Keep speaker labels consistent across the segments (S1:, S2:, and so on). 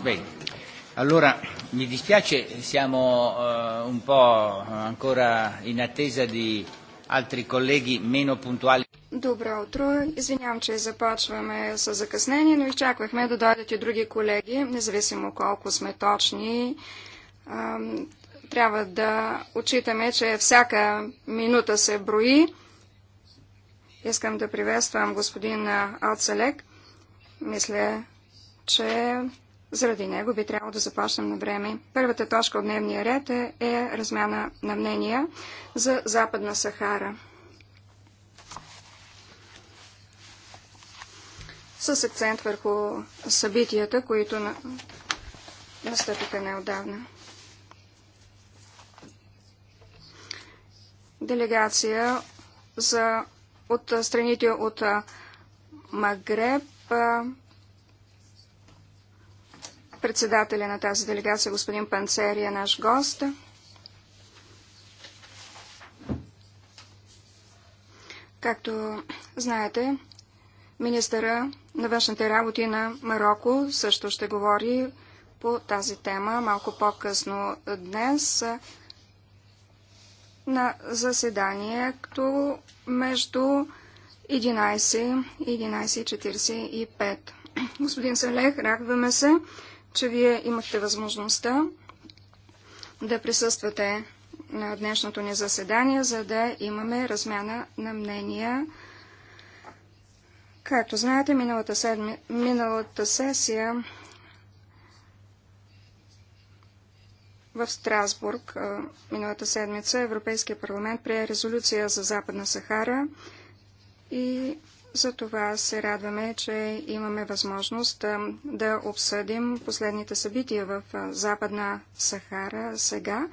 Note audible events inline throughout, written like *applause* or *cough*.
S1: Bene. Allora, mi dispiace, siamo uh, un po' ancora in attesa di altri colleghi meno puntuali.
S2: Добро утро. Извинявам, че започваме с закъснение, но изчаквахме да дойдат и други колеги, независимо колко сме точни. Трябва да отчитаме, че всяка минута се брои. Искам да приветствам господин Алцелек. Мисля, че заради него би трябвало да започнем на време. Първата точка от дневния ред е, е размяна на мнения за Западна Сахара. С акцент върху събитията, които на... настъпиха неодавна. Делегация за, от страните от Магреб Председателя на тази делегация, господин Панцери, е наш гост. Както знаете, министъра на външните работи на Марокко също ще говори по тази тема малко по-късно днес на заседанието между 11 и 11.45. Господин Салех, радваме се, че вие имахте възможността да присъствате на днешното ни заседание, за да имаме размяна на мнения. Както знаете, миналата, седми... миналата сесия в Страсбург, миналата седмица, Европейския парламент прие резолюция за Западна Сахара и затова се радваме, че имаме възможност да обсъдим последните събития в Западна Сахара сега,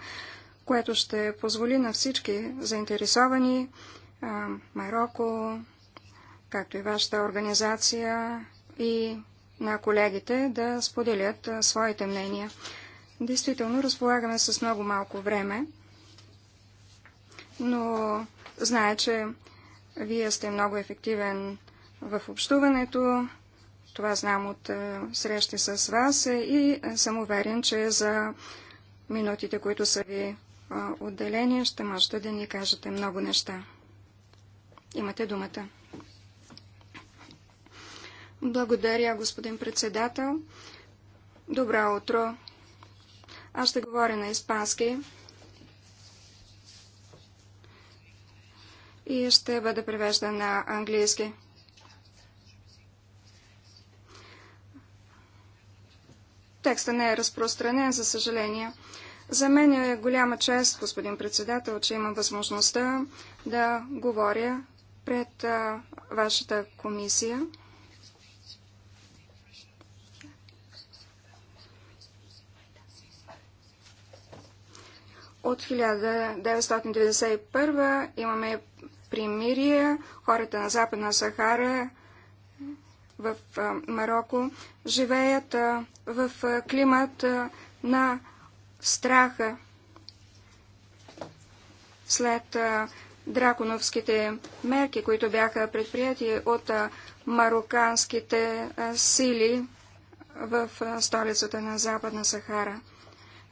S2: което ще позволи на всички заинтересовани Марокко, както и вашата организация и на колегите да споделят своите мнения. Действително, разполагаме с много малко време, но знае, че вие сте много ефективен в общуването. Това знам от е, срещи с вас е, и съм уверен, че за минутите, които са ви е, отделени, ще можете да ни кажете много неща. Имате думата. Благодаря, господин председател. Добро утро. Аз ще говоря на испански. и ще бъде превеждан на английски. Текста не е разпространен, за съжаление. За мен е голяма чест, господин председател, че имам възможността да говоря пред а, вашата комисия. От 1991 имаме примирие, хората на Западна Сахара в Марокко живеят в климат на страха. След драконовските мерки, които бяха предприяти от мароканските сили в столицата на Западна Сахара.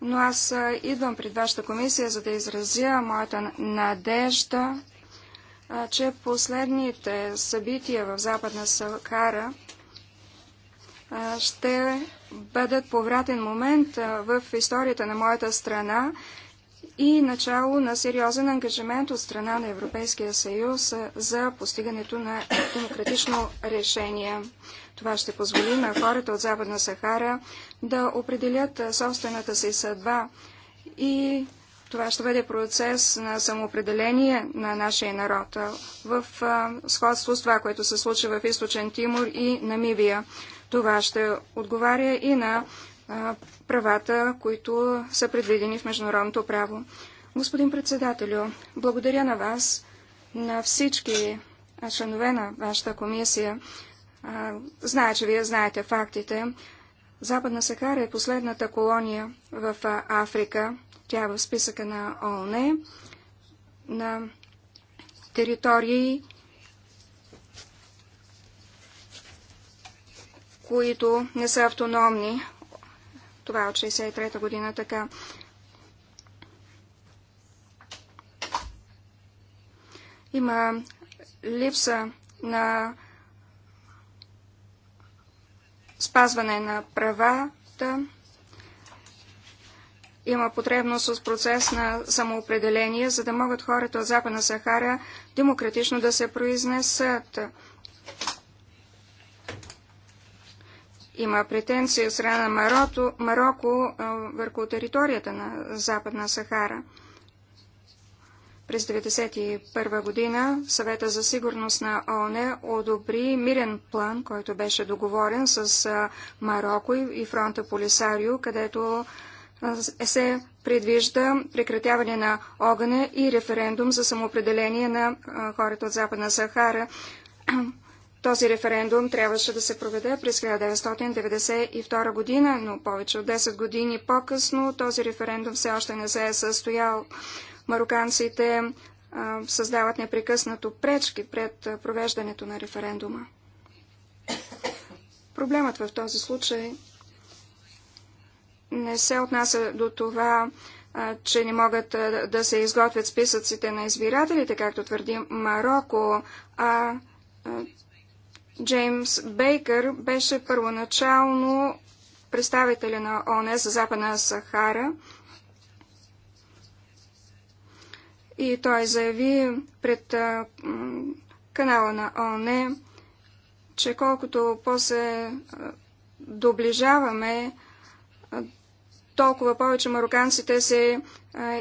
S2: Но аз идвам пред вашата комисия, за да изразя моята надежда че последните събития в Западна Сахара ще бъдат повратен момент в историята на моята страна и начало на сериозен ангажимент от страна на Европейския съюз за постигането на демократично решение. Това ще позволи на хората от Западна Сахара да определят собствената си съдба и това ще бъде процес на самоопределение на нашия народ в сходство с това, което се случи в Източен Тимур и Намибия. Това ще отговаря и на правата, които са предвидени в международното право. Господин председателю, благодаря на вас, на всички членове на вашата комисия. Зная, че вие знаете фактите. Западна Сахара е последната колония в Африка. Тя е в списъка на ООН на територии, които не са автономни. Това е от 1963 година така. Има липса на спазване на правата. Има потребност от процес на самоопределение, за да могат хората от Западна Сахара демократично да се произнесат. Има претенции от страна на Марокко върху територията на Западна Сахара. През 1991 година съвета за сигурност на ООН одобри мирен план, който беше договорен с Марокко и фронта Полисарио, където е, се предвижда прекратяване на огъня и референдум за самоопределение на хората от Западна Сахара. *clears throat* Този референдум трябваше да се проведе през 1992 година, но повече от 10 години по-късно този референдум все още не се е състоял мароканците създават непрекъснато пречки пред провеждането на референдума. Проблемът в този случай не се отнася до това, че не могат да се изготвят списъците на избирателите, както твърди Марокко, а Джеймс Бейкър беше първоначално представителя на ОНЕ за Западна Сахара – и той заяви пред канала на ООН, че колкото по-се доближаваме, толкова повече мароканците се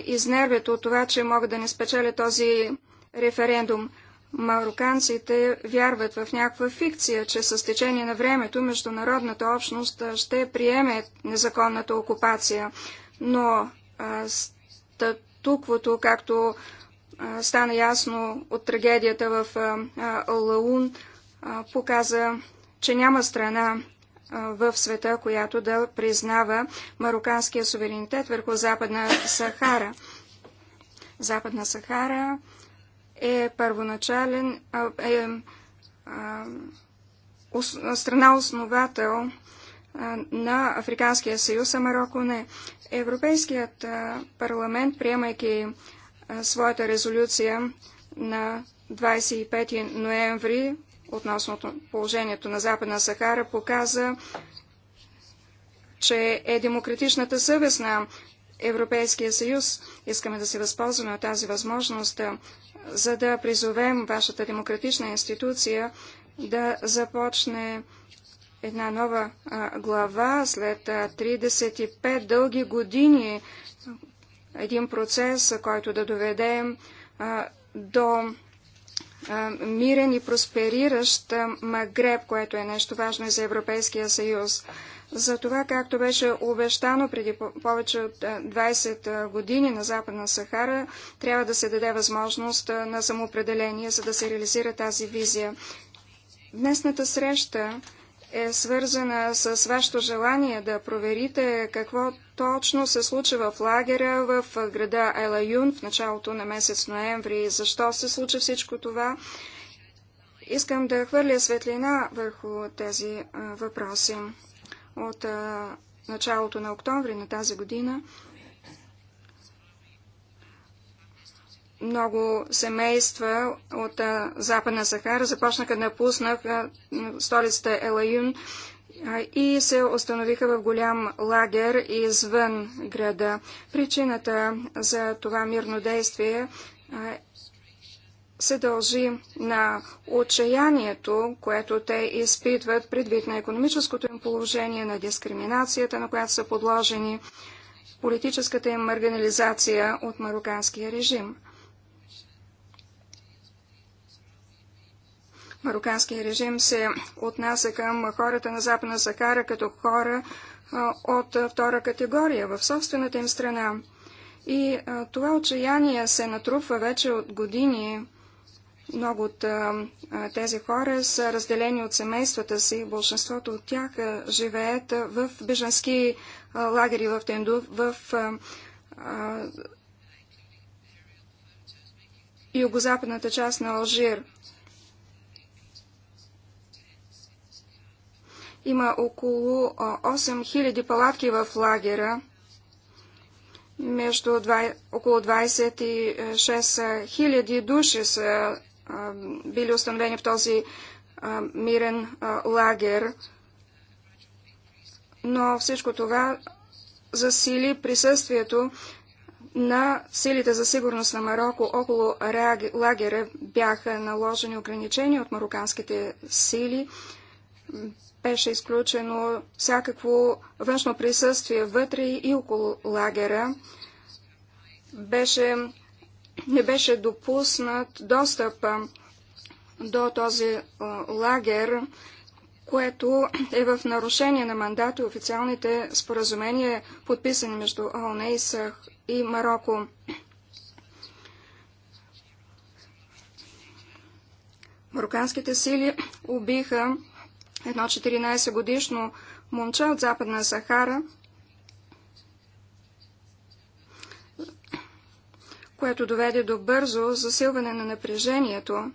S2: изнервят от това, че могат да не спечелят този референдум. Мароканците вярват в някаква фикция, че с течение на времето международната общност ще приеме незаконната окупация, но а, статуквото, както стана ясно от трагедията в Лаун, показа, че няма страна в света, която да признава мароканския суверенитет върху Западна Сахара. Западна Сахара е първоначален е, е, страна основател на Африканския съюз, а Марокко не. Европейският парламент, приемайки своята резолюция на 25 ноември относно положението на Западна Сахара, показа, че е демократичната съвест на Европейския съюз. Искаме да се възползваме от тази възможност, за да призовем вашата демократична институция да започне една нова а, глава след а, 35 дълги години, един процес, а, който да доведе до мирен и проспериращ Магреб, което е нещо важно и за Европейския съюз. За това, както беше обещано преди повече от 20 години на Западна Сахара, трябва да се даде възможност на самоопределение, за да се реализира тази визия. Днесната среща е свързана с вашето желание да проверите какво точно се случи в лагера в града Елаюн в началото на месец ноември. Защо се случи всичко това? Искам да хвърля светлина върху тези въпроси. От началото на октомври на тази година много семейства от а, Западна Сахара започнаха да напуснах столицата Елаюн и се установиха в голям лагер извън града. Причината за това мирно действие а, се дължи на отчаянието, което те изпитват предвид на економическото им положение, на дискриминацията, на която са подложени политическата им маргинализация от мароканския режим. мароканския режим се отнася към хората на Западна Сахара като хора от втора категория в собствената им страна. И това отчаяние се натрупва вече от години. Много от тези хора са разделени от семействата си. Большинството от тях живеят в бежански лагери в Тенду, в югозападната част на Алжир. Има около 8000 палатки в лагера, между 2, около 26 000 души са а, били установени в този а, мирен а, лагер. Но всичко това засили присъствието на силите за сигурност на Марокко около лагера бяха наложени ограничения от мароканските сили беше изключено всякакво външно присъствие вътре и около лагера. Беше, не беше допуснат достъп до този лагер, което е в нарушение на мандата и официалните споразумения, подписани между ООН и и Марокко. Мароканските сили убиха едно 14 годишно момче от Западна Сахара, което доведе до бързо засилване на напрежението.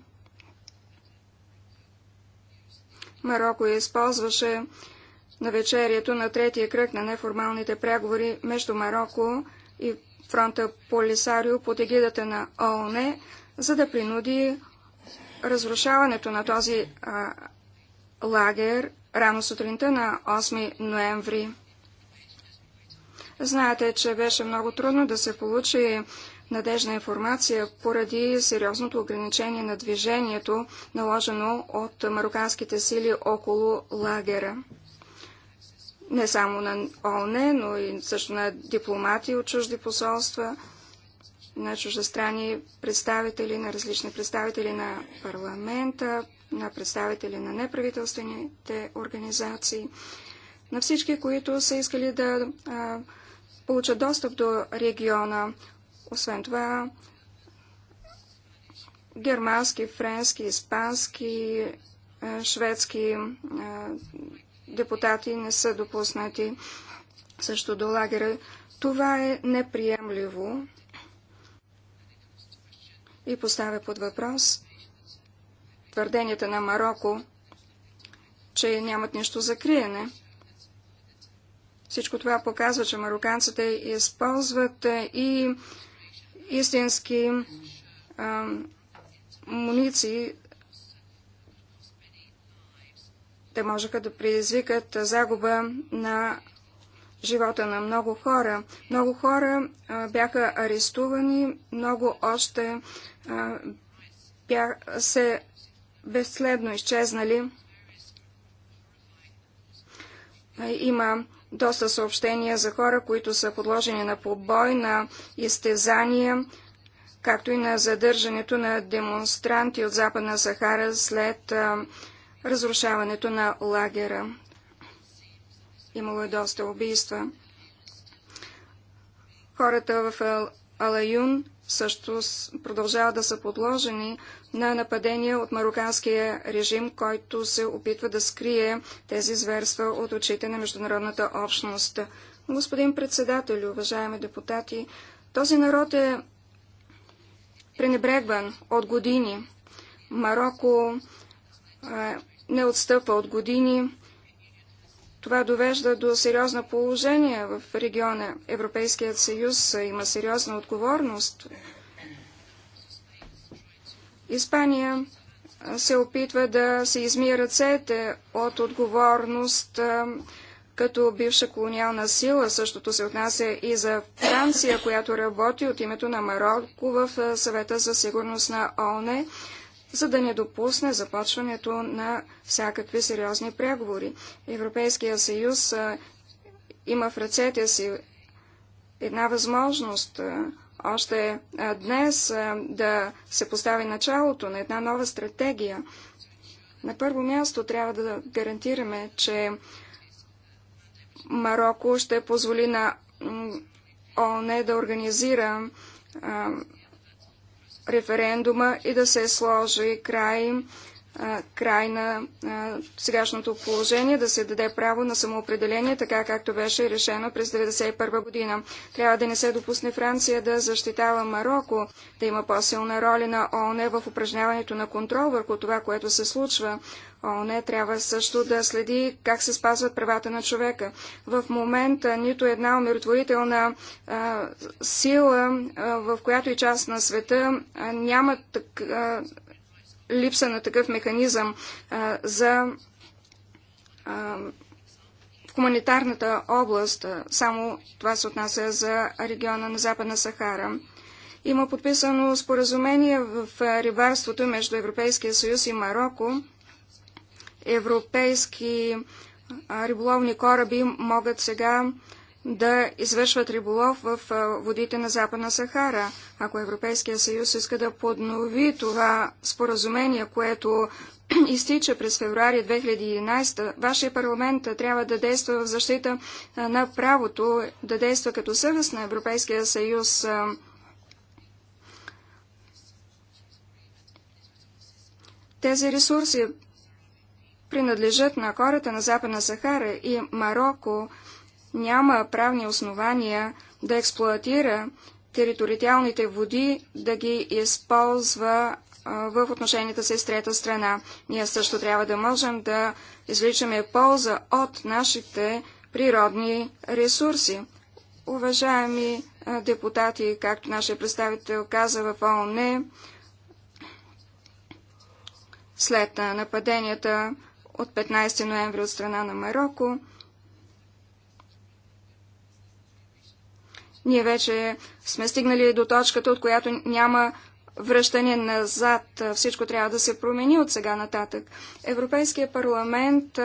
S2: Марокко използваше на вечерието на третия кръг на неформалните преговори между Марокко и фронта Полисарио под егидата на ООН, за да принуди разрушаването на този а, лагер рано сутринта на 8 ноември. Знаете, че беше много трудно да се получи надежна информация поради сериозното ограничение на движението, наложено от мароканските сили около лагера. Не само на ОНЕ, но и също на дипломати от чужди посолства – на чуждестранни представители, на различни представители на парламента, на представители на неправителствените организации, на всички, които са искали да а, получат достъп до региона. Освен това, германски, френски, испански, шведски а, депутати не са допуснати също до лагера. Това е неприемливо и поставя под въпрос твърденията на Марокко, че нямат нищо за криене. Всичко това показва, че мароканците използват е, и истински а, муниции. Те можеха да предизвикат загуба на живота на много хора. Много хора а, бяха арестувани, много още а, бя, се безследно изчезнали. А, има доста съобщения за хора, които са подложени на побой, на изтезания, както и на задържането на демонстранти от Западна Сахара след а, разрушаването на лагера. Имало е доста убийства. Хората в Алаюн също продължават да са подложени на нападения от мароканския режим, който се опитва да скрие тези зверства от очите на международната общност. Господин председател, уважаеми депутати, този народ е пренебрегван от години. Марокко не отстъпва от години това довежда до сериозно положение в региона. Европейският съюз има сериозна отговорност. Испания се опитва да се измие ръцете от отговорност като бивша колониална сила. Същото се отнася и за Франция, която работи от името на Марокко в съвета за сигурност на ОНЕ за да не допусне започването на всякакви сериозни преговори. Европейския съюз а, има в ръцете си една възможност а, още а, днес да се постави началото на една нова стратегия. На първо място трябва да гарантираме, че Марокко ще позволи на ОНЕ да организира референдума и да се сложи край край на сегашното положение, да се даде право на самоопределение, така както беше решено през 1991 година. Трябва да не се допусне Франция да защитава Марокко, да има по-силна роля на ООН в упражняването на контрол върху това, което се случва. ООН трябва също да следи как се спазват правата на човека. В момента нито една умиротворителна а, сила, а, в която и част на света а, няма так, а, липса на такъв механизъм а, за а, в хуманитарната област, само това се отнася за региона на Западна Сахара. Има подписано споразумение в рибарството между Европейския съюз и Марокко. Европейски риболовни кораби могат сега да извършват риболов в водите на Западна Сахара. Ако Европейския съюз иска да поднови това споразумение, което *clears throat* изтича през февруари 2011, вашия парламент трябва да действа в защита на правото, да действа като съвест на Европейския съюз. Тези ресурси принадлежат на хората на Западна Сахара и Марокко няма правни основания да експлоатира териториалните води, да ги използва в отношенията си с трета страна. Ние също трябва да можем да извличаме полза от нашите природни ресурси. Уважаеми депутати, както нашия представител каза в ООН, след нападенията от 15 ноември от страна на Марокко, Ние вече сме стигнали до точката, от която няма връщане назад. Всичко трябва да се промени от сега нататък. Европейския парламент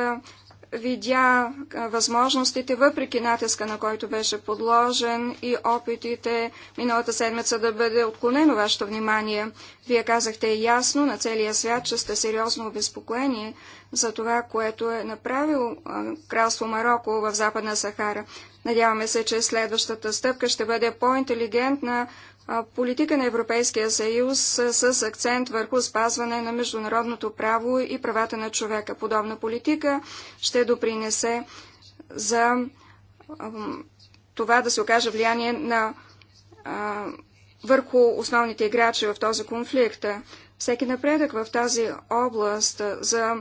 S2: видя възможностите, въпреки натиска, на който беше подложен и опитите миналата седмица да бъде отклонено вашето внимание. Вие казахте ясно на целия свят, че сте сериозно обезпокоени за това, което е направил Кралство Марокко в Западна Сахара. Надяваме се, че следващата стъпка ще бъде по-интелигентна политика на Европейския съюз с акцент върху спазване на международното право и правата на човека. Подобна политика ще допринесе за това да се окаже влияние на, върху основните играчи в този конфликт. Всеки напредък в тази област за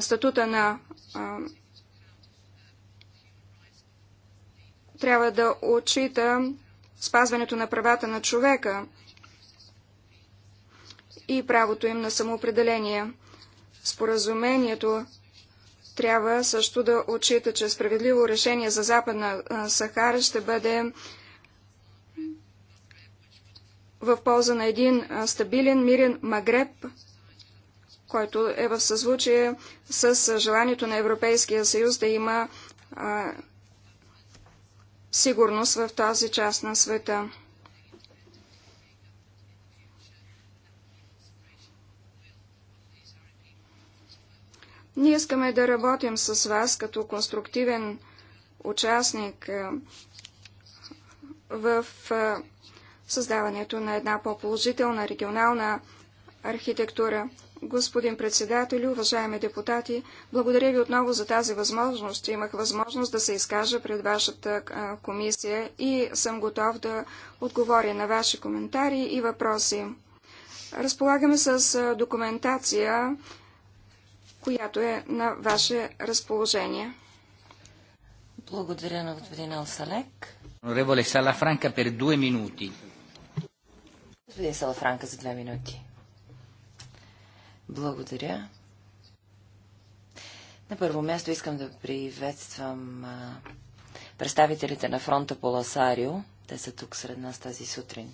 S2: статута на трябва да отчита спазването на правата на човека и правото им на самоопределение. Споразумението трябва също да отчита, че справедливо решение за Западна Сахара ще бъде в полза на един стабилен, мирен Магреб, който е в съзвучие с желанието на Европейския съюз да има сигурност в тази част на света. Ние искаме да работим с вас като конструктивен участник е, в е, създаването на една по-положителна регионална архитектура. Господин председател, уважаеми депутати, благодаря ви отново за тази възможност. Имах възможност да се изкажа пред вашата комисия и съм готов да отговоря на ваши коментари и въпроси. Разполагаме с документация, която е на ваше разположение. Благодаря на господин Алсалек.
S1: Онореволе Салафранка пер 2 минути.
S3: Господин Салафранка за 2 минути. Благодаря. На първо място искам да приветствам а, представителите на фронта по Ласарио. Те са тук сред нас тази сутрин.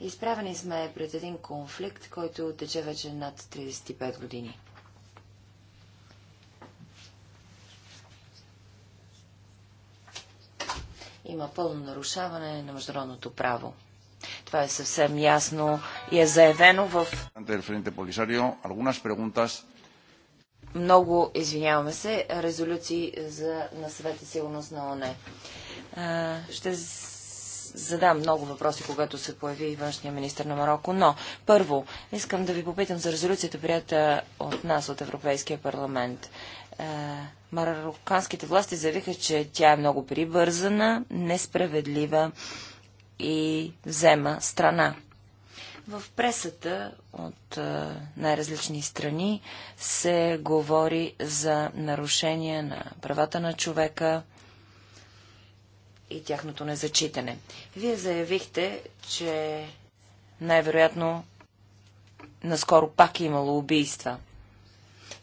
S3: Изправени сме пред един конфликт, който тече вече над 35 години. Има пълно нарушаване на международното право. Това е съвсем ясно и е заявено в... Много, извиняваме се, резолюции за, на съвета сигурност на ОНЕ. Ще задам много въпроси, когато се появи външния министр на Марокко, но първо искам да ви попитам за резолюцията, прията от нас, от Европейския парламент. Марокканските власти заявиха, че тя е много прибързана, несправедлива и взема страна. В пресата от най-различни страни се говори за нарушение на правата на човека и тяхното незачитане. Вие заявихте, че най-вероятно наскоро пак е имало убийства.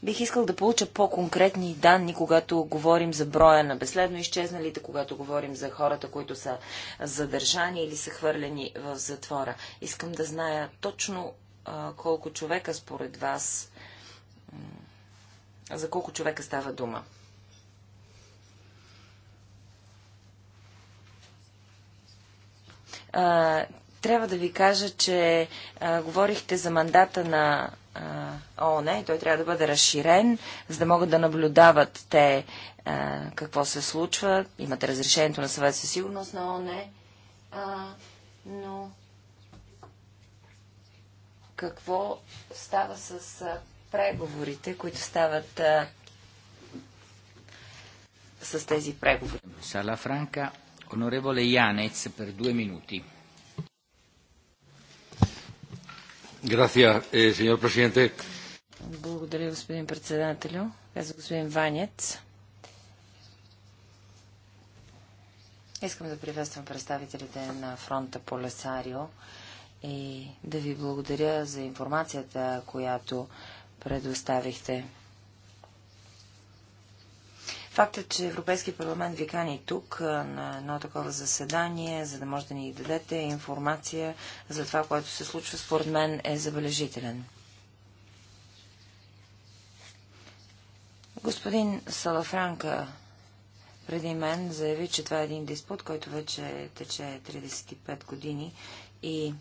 S3: Бих искал да получа по-конкретни данни, когато говорим за броя на безследно изчезналите, когато говорим за хората, които са задържани или са хвърлени в затвора. Искам да зная точно а, колко човека според вас, за колко човека става дума. А, трябва да ви кажа, че а, говорихте за мандата на О, не, той трябва да бъде разширен, за да могат да наблюдават те а, какво се случва. Имат разрешението на съвет със сигурност на Оне. а, но какво става с а, преговорите, които стават а, с тези преговори?
S1: Сала Франка, онореволе Янец, пер 2 минути. Eh,
S3: благодаря, господин председателю. Каза господин Ванец. Искам да приветствам представителите на фронта Полесарио и да ви благодаря за информацията, която предоставихте. Фактът, че Европейски парламент ви кани тук на едно такова заседание, за да може да ни дадете информация за това, което се случва, според мен е забележителен. Господин Салафранка преди мен заяви, че това е един диспут, който вече тече 35 години и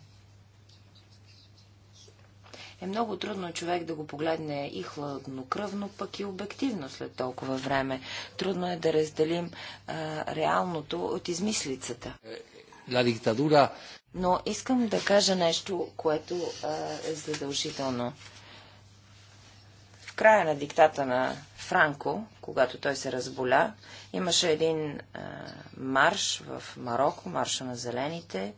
S3: е много трудно човек да го погледне и хладнокръвно, пък и обективно след толкова време. Трудно е да разделим а, реалното от измислицата. La dictadura... Но искам да кажа нещо, което а, е задължително. В края на диктата на Франко, когато той се разболя, имаше един а, марш в Марокко, марша на зелените,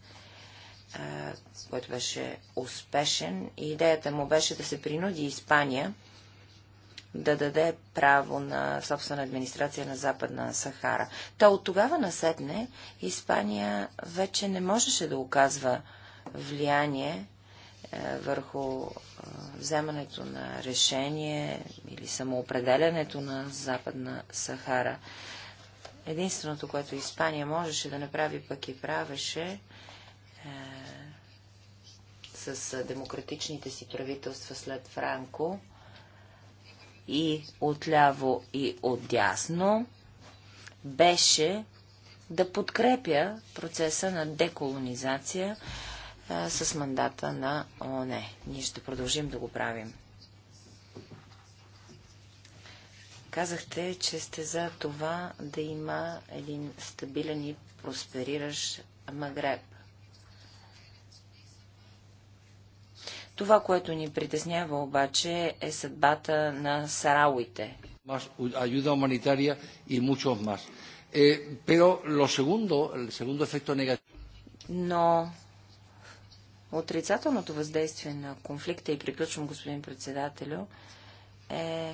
S3: който беше успешен. И идеята му беше да се принуди Испания да даде право на собствена администрация на Западна Сахара. Та от тогава насетне Испания вече не можеше да оказва влияние върху вземането на решение или самоопределянето на Западна Сахара. Единственото, което Испания можеше да направи, пък и правеше, с демократичните си правителства след Франко и отляво и отдясно, беше да подкрепя процеса на деколонизация а, с мандата на ОНЕ. Ние ще продължим да го правим. Казахте, че сте за това да има един стабилен и проспериращ Магреб. Това, което ни притеснява обаче е съдбата на сарауите.
S1: Eh, lo segundo, el segundo efecto
S3: Но отрицателното въздействие на конфликта, и приключвам, господин председателю, е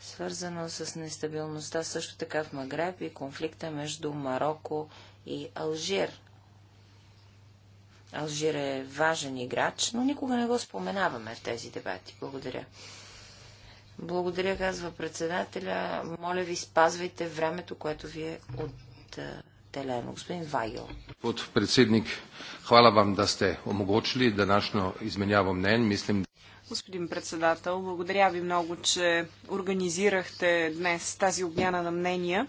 S3: свързано с нестабилността също така в Магреб и конфликта между Марокко и Алжир. Алжир е важен играч, но никога не го споменаваме в тези дебати. Благодаря. Благодаря, казва председателя. Моля ви, спазвайте времето, което ви е отделено. Господин Вайгел.
S2: председник, хвала вам да сте омогочили днешно изменявам мнен. Мислим...
S4: Господин председател, благодаря ви много, че организирахте днес тази обмяна на мнения.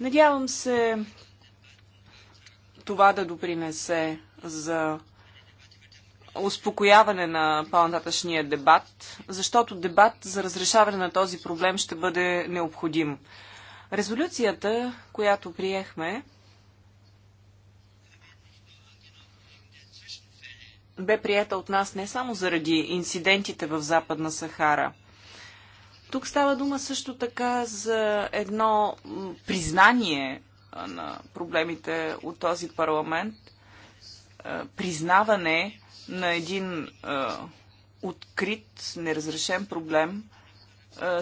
S4: Надявам се това да допринесе за успокояване на по-нататъчния дебат, защото дебат за разрешаване на този проблем ще бъде необходим. Резолюцията, която приехме, бе приета от нас не само заради инцидентите в Западна Сахара. Тук става дума също така за едно признание на проблемите от този парламент – признаване на един открит, неразрешен проблем,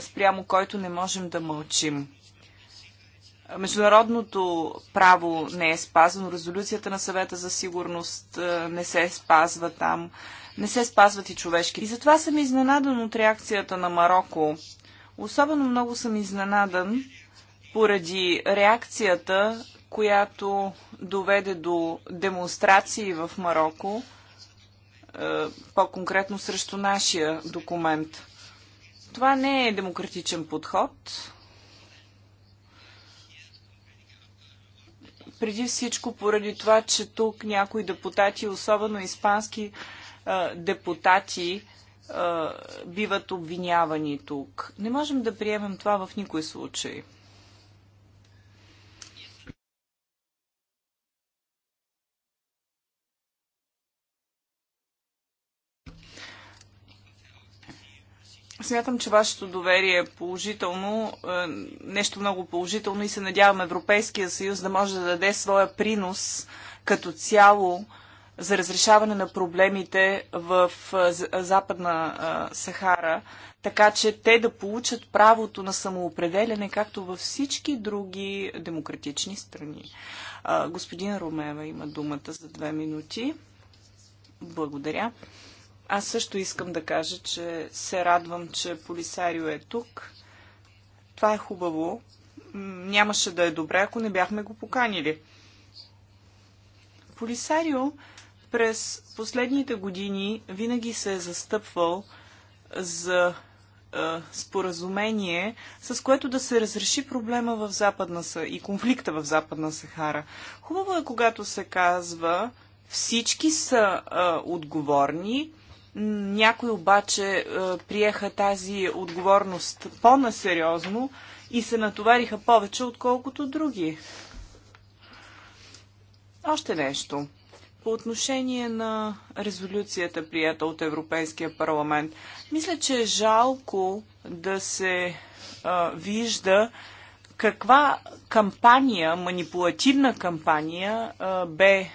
S4: спрямо който не можем да мълчим. Международното право не е спазвано, резолюцията на съвета за сигурност не се спазва там, не се спазват и човешки. И затова съм изненадан от реакцията на Марокко. Особено много съм изненадан поради реакцията която доведе до демонстрации в Марокко, е, по-конкретно срещу нашия документ. Това не е демократичен подход. Преди всичко поради това, че тук някои депутати, особено испански е, депутати, е, биват обвинявани тук. Не можем да приемем това в никой случай. Смятам, че вашето доверие е положително, е, нещо много положително и се надявам Европейския съюз да може да даде своя принос като цяло за разрешаване на проблемите в е, е, Западна Сахара, така че те да получат правото на самоопределяне, както във всички други демократични страни. Господин Ромева има думата за две минути. Благодаря. Аз също искам да кажа, че се радвам, че Полисарио е тук. Това е хубаво. Нямаше да е добре, ако не бяхме го поканили. Полисарио през последните години винаги се е застъпвал за е, споразумение, с което да се разреши проблема в Западна и конфликта в Западна Сахара. Хубаво е, когато се казва всички са е, отговорни, някои обаче е, приеха тази отговорност по-насериозно и се натовариха повече, отколкото други. Още нещо. По отношение на резолюцията, прията от Европейския парламент, мисля, че е жалко да се а, е, вижда, каква кампания, манипулативна кампания бе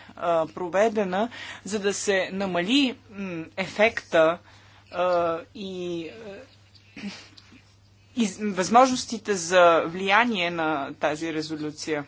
S4: проведена, за да се намали ефекта и възможностите за влияние на тази резолюция.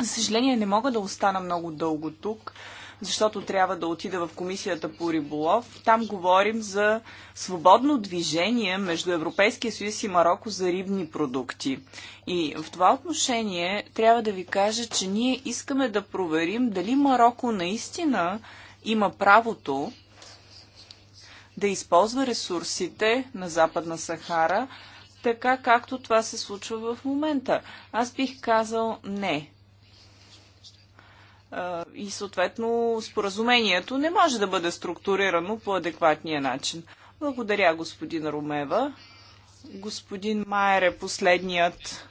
S4: За съжаление, не мога да остана много дълго тук, защото трябва да отида в комисията по риболов. Там говорим за свободно движение между Европейския съюз и Марокко за рибни продукти. И в това отношение трябва да ви кажа, че ние искаме да проверим дали Марокко наистина има правото да използва ресурсите на Западна Сахара, така както това се случва в момента. Аз бих казал не и съответно споразумението не може да бъде структурирано по адекватния начин. Благодаря, господин Румева. Господин Майер е последният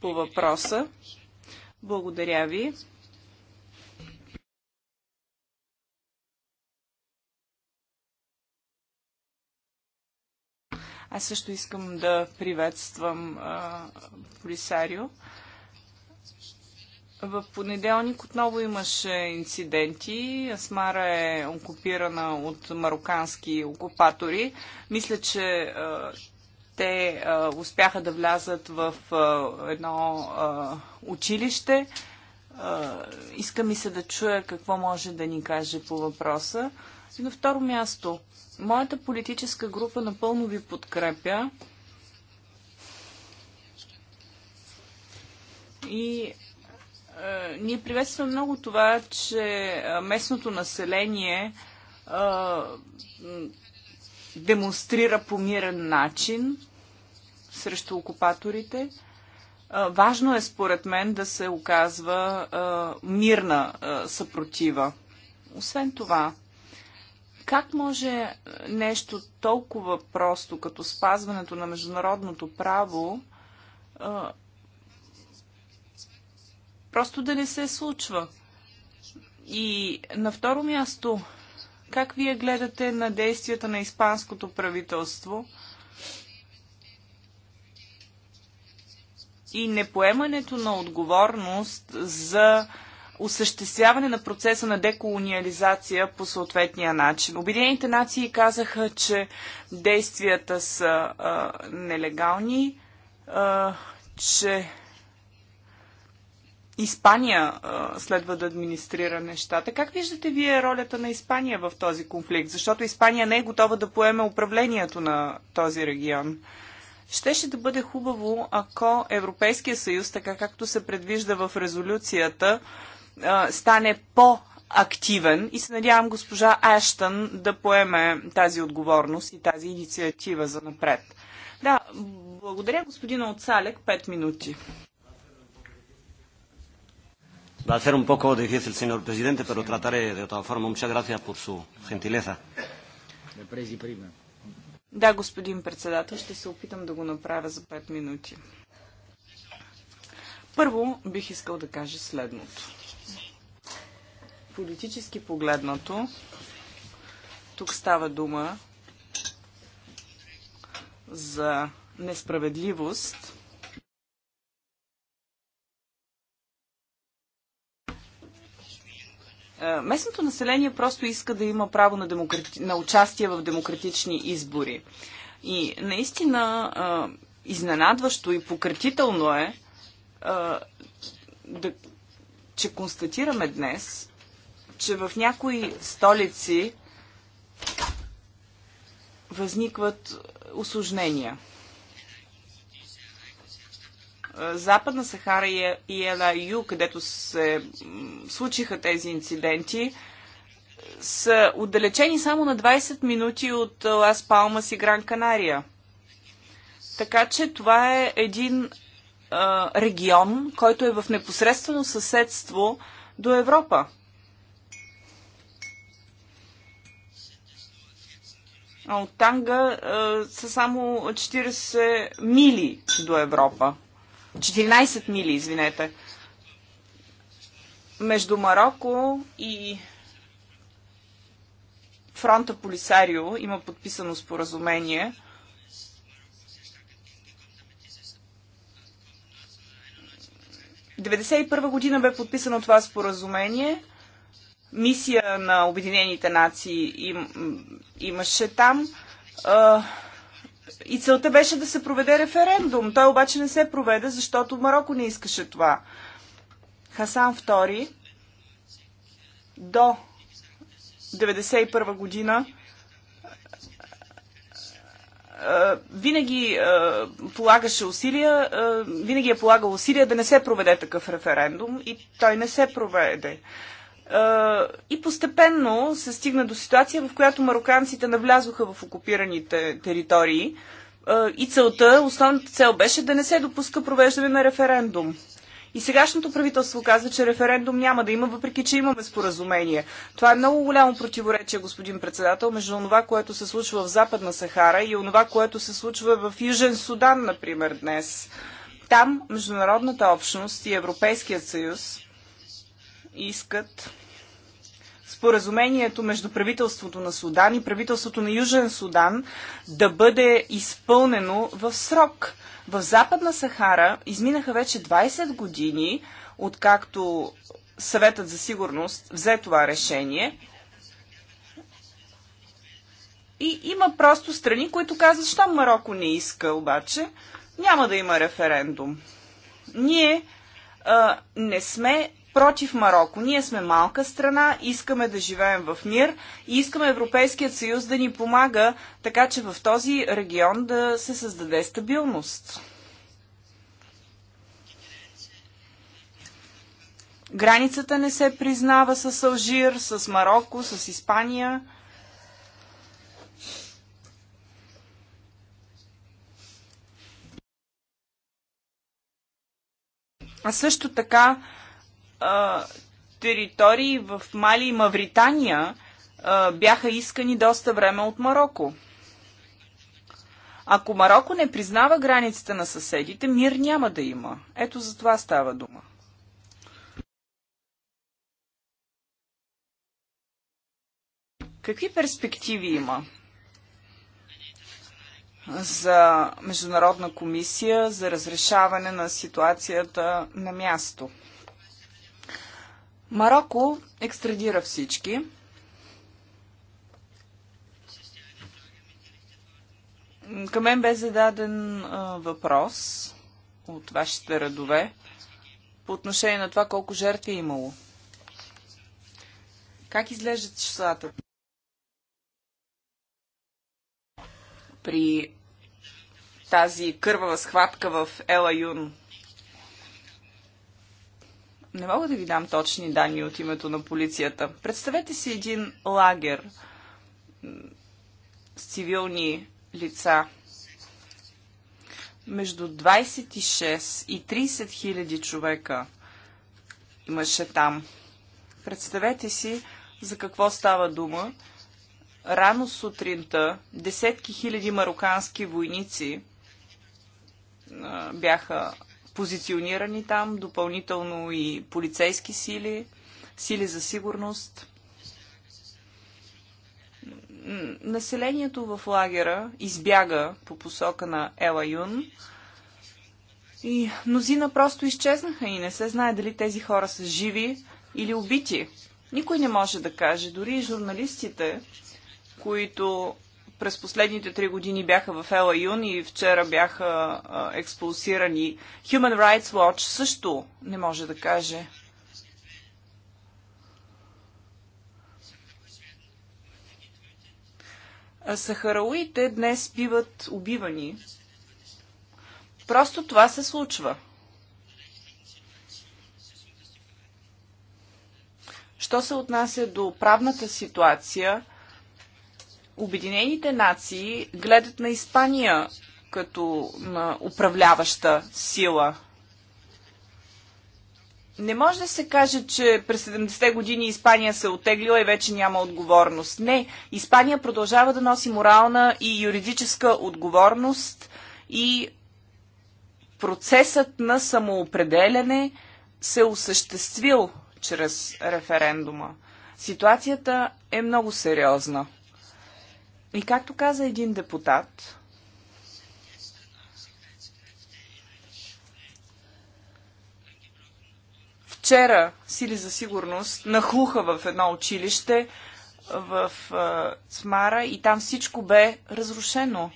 S4: по въпроса. Благодаря ви. Аз също искам да приветствам а, Полисарио. В понеделник отново имаше инциденти. Асмара е окупирана от марокански окупатори. Мисля, че те успяха да влязат в едно училище. Иска ми се да чуя какво може да ни каже по въпроса. И на второ място, моята политическа група напълно ви подкрепя. И е, ние приветстваме много това, че е, местното население е, демонстрира по мирен начин срещу окупаторите. важно е, според мен, да се оказва мирна съпротива. Освен това, как може нещо толкова просто, като спазването на международното право, просто да не се случва. И на второ място, как вие гледате на действията на испанското правителство и непоемането на отговорност за осъществяване на процеса на деколониализация по съответния начин. Обединените нации казаха, че действията са а, нелегални, а, че Испания а, следва да администрира нещата. Как виждате вие ролята на Испания в този конфликт? Защото Испания не е готова да поеме управлението на този регион. Щеше да бъде хубаво, ако Европейския съюз, така както се предвижда в резолюцията, а, стане по активен и се надявам госпожа Аштън да поеме тази отговорност и тази инициатива за напред. Да, благодаря господина Отсалек, 5 минути.
S1: Va a ser un poco difícil, señor presidente, pero sí. trataré de otra forma. Muchas gracias por su gentileza.
S4: Да, господин председател, ще се опитам да го направя за 5 минути. Първо бих искал да кажа следното. Политически погледнато, тук става дума за несправедливост, Е, местното население просто иска да има право на, демократи... на участие в демократични избори. И наистина е, изненадващо и пократително е, е, да, че констатираме днес, че в някои столици възникват осложнения. Западна Сахара и Елаю, където се случиха тези инциденти, са отдалечени само на 20 минути от Лас Палмас и Гран Канария. Така че това е един а, регион, който е в непосредствено съседство до Европа. А от Танга а, са само 40 мили до Европа. 14 мили, извинете, между Марокко и фронта Полисарио има подписано споразумение. В 1991 година бе подписано това споразумение. Мисия на Обединените нации им, имаше там. И целта беше да се проведе референдум. Той обаче не се проведе, защото Марокко не искаше това. Хасан II до 1991 година винаги полагаше усилия, винаги е полагал усилия да не се проведе такъв референдум и той не се проведе и постепенно се стигна до ситуация, в която мароканците навлязоха в окупираните територии и целта, основната цел беше да не се допуска провеждане на референдум. И сегашното правителство казва, че референдум няма да има, въпреки че имаме споразумение. Това е много голямо противоречие, господин председател, между това, което се случва в Западна Сахара и това, което се случва в Южен Судан, например, днес. Там международната общност и Европейският съюз искат споразумението между правителството на Судан и правителството на Южен Судан да бъде изпълнено в срок. В Западна Сахара изминаха вече 20 години, откакто съветът за сигурност взе това решение. И има просто страни, които казват, що Марокко не иска, обаче няма да има референдум. Ние а, не сме против Марокко. Ние сме малка страна, искаме да живеем в мир и искаме Европейският съюз да ни помага, така че в този регион да се създаде стабилност. Границата не се признава с Алжир, с Марокко, с Испания. А също така а, територии в Мали и Мавритания а, бяха искани доста време от Марокко. Ако Марокко не признава границите на съседите, мир няма да има. Ето за това става дума. Какви перспективи има за Международна комисия за разрешаване на ситуацията на място? Марокко екстрадира всички. Към мен бе зададен а, въпрос от вашите редове по отношение на това колко жертви е имало. Как изглеждат числата? При тази кървава схватка в Ела Юн не мога да ви дам точни данни от името на полицията. Представете си един лагер с цивилни лица. Между 26 и 30 хиляди човека имаше там. Представете си за какво става дума. Рано сутринта десетки хиляди марокански войници бяха позиционирани там, допълнително и полицейски сили, сили за сигурност. Населението в лагера избяга по посока на Ела Юн и мнозина просто изчезнаха и не се знае дали тези хора са живи или убити. Никой не може да каже, дори и журналистите, които през последните три години бяха в Ела Юн и вчера бяха а, експулсирани. Human Rights Watch също не може да каже. Сахарауите днес биват убивани. Просто това се случва. Що се отнася до правната ситуация, Обединените нации гледат на Испания като на управляваща сила. Не може да се каже, че през 70-те години Испания се е отеглила и вече няма отговорност. Не, Испания продължава да носи морална и юридическа отговорност и процесът на самоопределяне се е осъществил чрез референдума. Ситуацията е много сериозна. И както каза един депутат, вчера сили за сигурност нахлуха в едно училище в Смара и там всичко бе разрушено.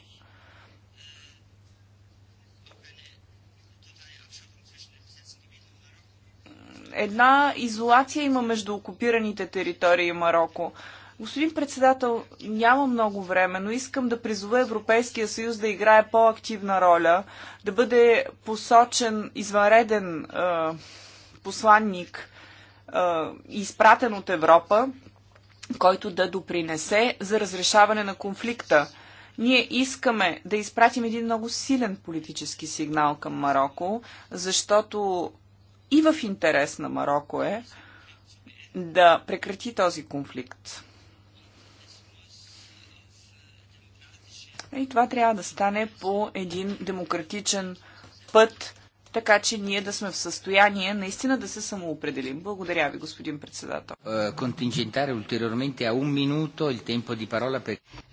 S4: Една изолация има между окупираните територии и Марокко. Господин председател, няма много време, но искам да призова Европейския съюз да играе по-активна роля, да бъде посочен извънреден е, посланник, е, изпратен от Европа, който да допринесе за разрешаване на конфликта. Ние искаме да изпратим един много силен политически сигнал към Марокко, защото и в интерес на Марокко е да прекрати този конфликт. И това трябва да стане по един демократичен път, така че ние да сме в състояние наистина да се самоопределим. Благодаря ви, господин
S1: председател. Е, контингентаре ултериорменте а минуто или темпо ди парола.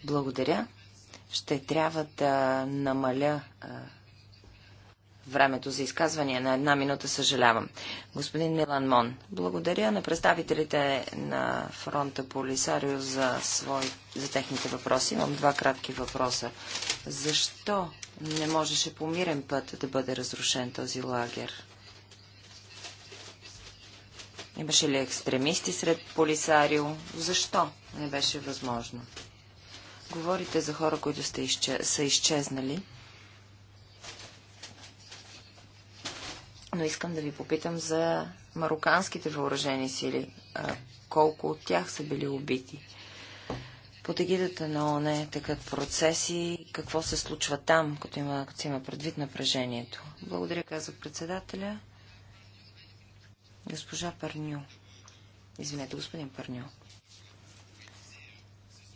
S3: Благодаря. Ще трябва да намаля е, времето за изказвания на една минута, съжалявам. Господин Милан Мон, благодаря на представителите на фронта Полисарио за, свой, за техните въпроси. Имам два кратки въпроса. Защо не можеше по мирен път да бъде разрушен този лагер? Имаше ли екстремисти сред Полисарио? Защо не беше възможно? Говорите за хора, които сте изче... са изчезнали. но искам да ви попитам за мароканските въоръжени сили. Колко от тях са били убити? Под егидата на ОНЕ такът процеси. Какво се случва там, като има, като има предвид напрежението? Благодаря, казва председателя. Госпожа Парню. Извинете, господин Парню.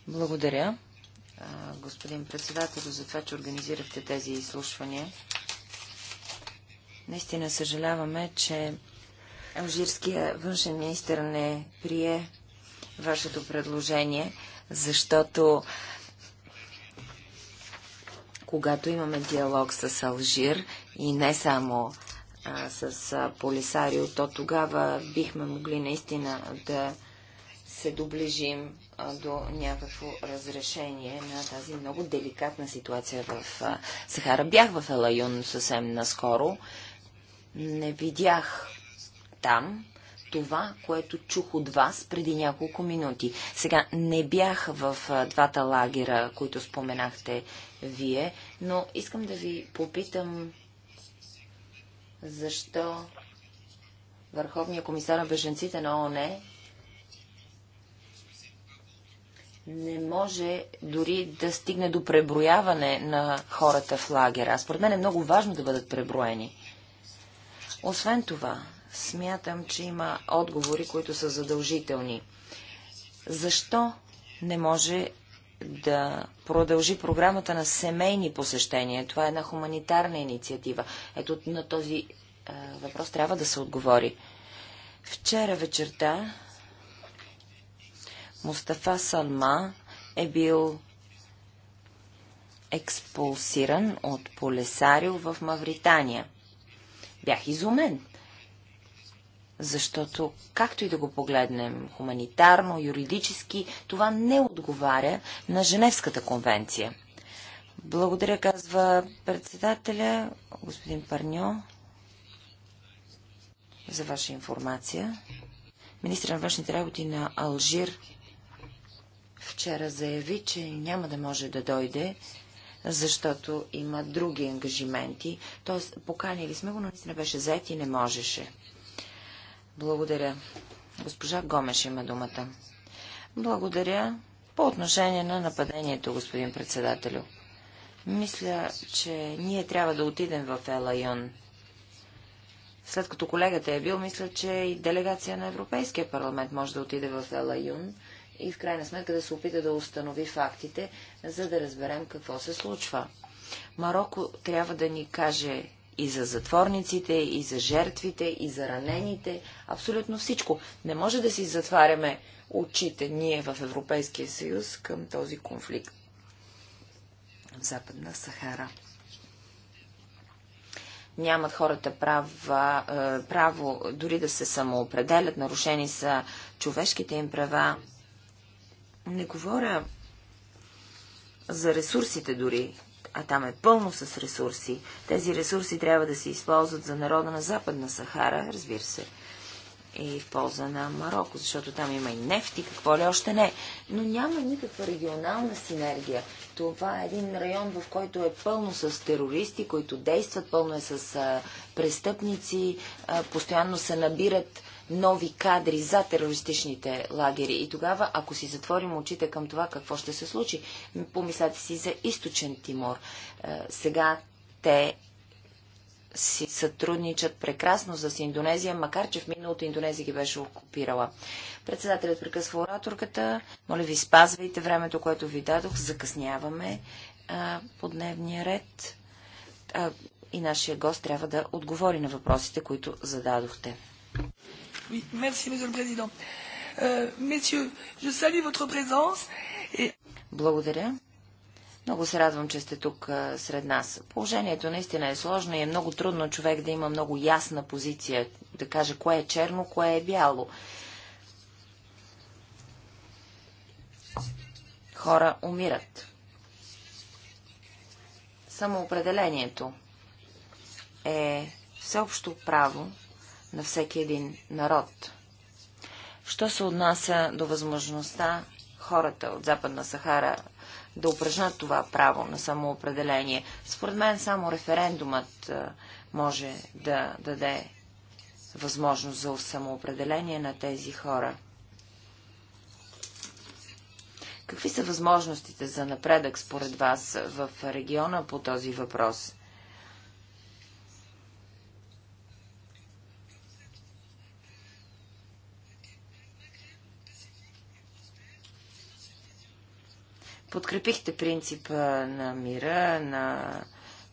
S3: Благодаря, господин председател, за това, че организирахте тези изслушвания. Наистина съжаляваме, че алжирския външен министр не прие вашето предложение, защото когато имаме диалог с Алжир и не само а, с а, Полисарио, то тогава бихме могли наистина да се доближим а, до някакво разрешение на тази много деликатна ситуация в а, Сахара. Бях в Елаюн съвсем наскоро не видях там това, което чух от вас преди няколко минути. Сега не бях в двата лагера, които споменахте вие, но искам да ви попитам защо Върховният комисар на беженците на ООН не може дори да стигне до преброяване на хората в лагера. Според мен е много важно да бъдат преброени. Освен това, смятам, че има отговори, които са задължителни. Защо не може да продължи програмата на семейни посещения? Това е една хуманитарна инициатива. Ето на този е, въпрос трябва да се отговори. Вчера вечерта Мустафа Салма е бил експулсиран от Полесарио в Мавритания – Бях изумен. Защото, както и да го погледнем, хуманитарно, юридически, това не отговаря на Женевската конвенция. Благодаря, казва председателя, господин Парньо, за ваша информация. Министрът на външните работи на Алжир вчера заяви, че няма да може да дойде, защото има други ангажименти. Тоест, поканили сме го, но не беше заед и не можеше. Благодаря. Госпожа Гомеш има думата. Благодаря. По отношение на нападението, господин председателю. Мисля, че ние трябва да отидем в Елайон. След като колегата е бил, мисля, че и делегация на Европейския парламент може да отиде в Елайон и в крайна сметка да се опита да установи фактите, за да разберем какво се случва. Марокко трябва да ни каже и за затворниците, и за жертвите, и за ранените, абсолютно всичко. Не може да си затваряме очите ние в Европейския съюз към този конфликт в Западна Сахара. Нямат хората права, е, право дори да се самоопределят, нарушени са човешките им права, не говоря за ресурсите дори, а там е пълно с ресурси. Тези ресурси трябва да се използват за народа на Западна Сахара, разбира се, и в полза на Марокко, защото там има и нефт и какво ли още не. Но няма никаква регионална синергия. Това е един район, в който е пълно с терористи, които действат, пълно е с а, престъпници, а, постоянно се набират нови кадри за терористичните лагери. И тогава, ако си затворим очите към това какво ще се случи, помислете си за източен Тимор. Е, сега те си сътрудничат прекрасно с Индонезия, макар че в миналото Индонезия ги беше окупирала. Председателят прекъсва ораторката. Моля ви, спазвайте времето, което ви дадох. Закъсняваме а, е, по дневния ред. А, е, и нашия гост трябва да отговори на въпросите, които зададохте.
S1: Euh,
S3: Благодаря. Много се радвам, че сте тук сред нас. Положението наистина е сложно и е много трудно човек да има много ясна позиция, да каже кое е черно, кое е бяло. Хора умират. Самоопределението е всеобщо право, на всеки един народ. Що се отнася до възможността хората от Западна Сахара да упражнат това право на самоопределение, според мен само референдумът е, може да даде възможност за самоопределение на тези хора. Какви са възможностите за напредък според вас в региона по този въпрос? Подкрепихте принципа на мира, на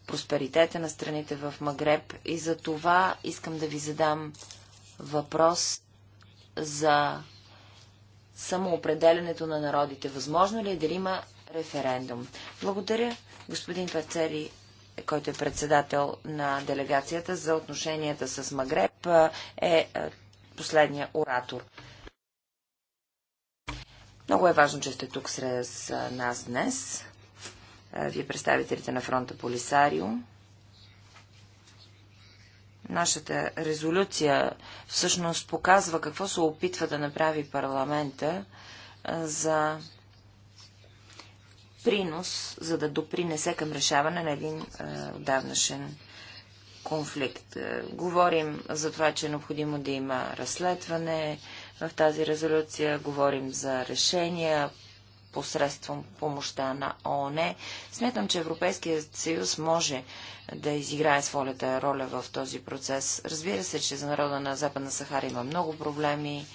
S3: просперитета на страните в Магреб и за това искам да ви задам въпрос за самоопределенето на народите. Възможно ли е да има референдум? Благодаря, господин Пацери, който е председател на делегацията за отношенията с Магреб, е, е последния оратор. Много е важно, че сте тук сред нас днес. Е, вие представителите на фронта Полисарио. Нашата резолюция всъщност показва какво се опитва да направи парламента е, за принос, за да допринесе към решаване на един е, отдавнашен конфликт. Говорим за това, че е необходимо да има разследване, в тази резолюция говорим за решения посредством помощта на ООН. Смятам, че Европейският съюз може да изиграе своята роля в този процес. Разбира се, че за народа на Западна Сахара има много проблеми.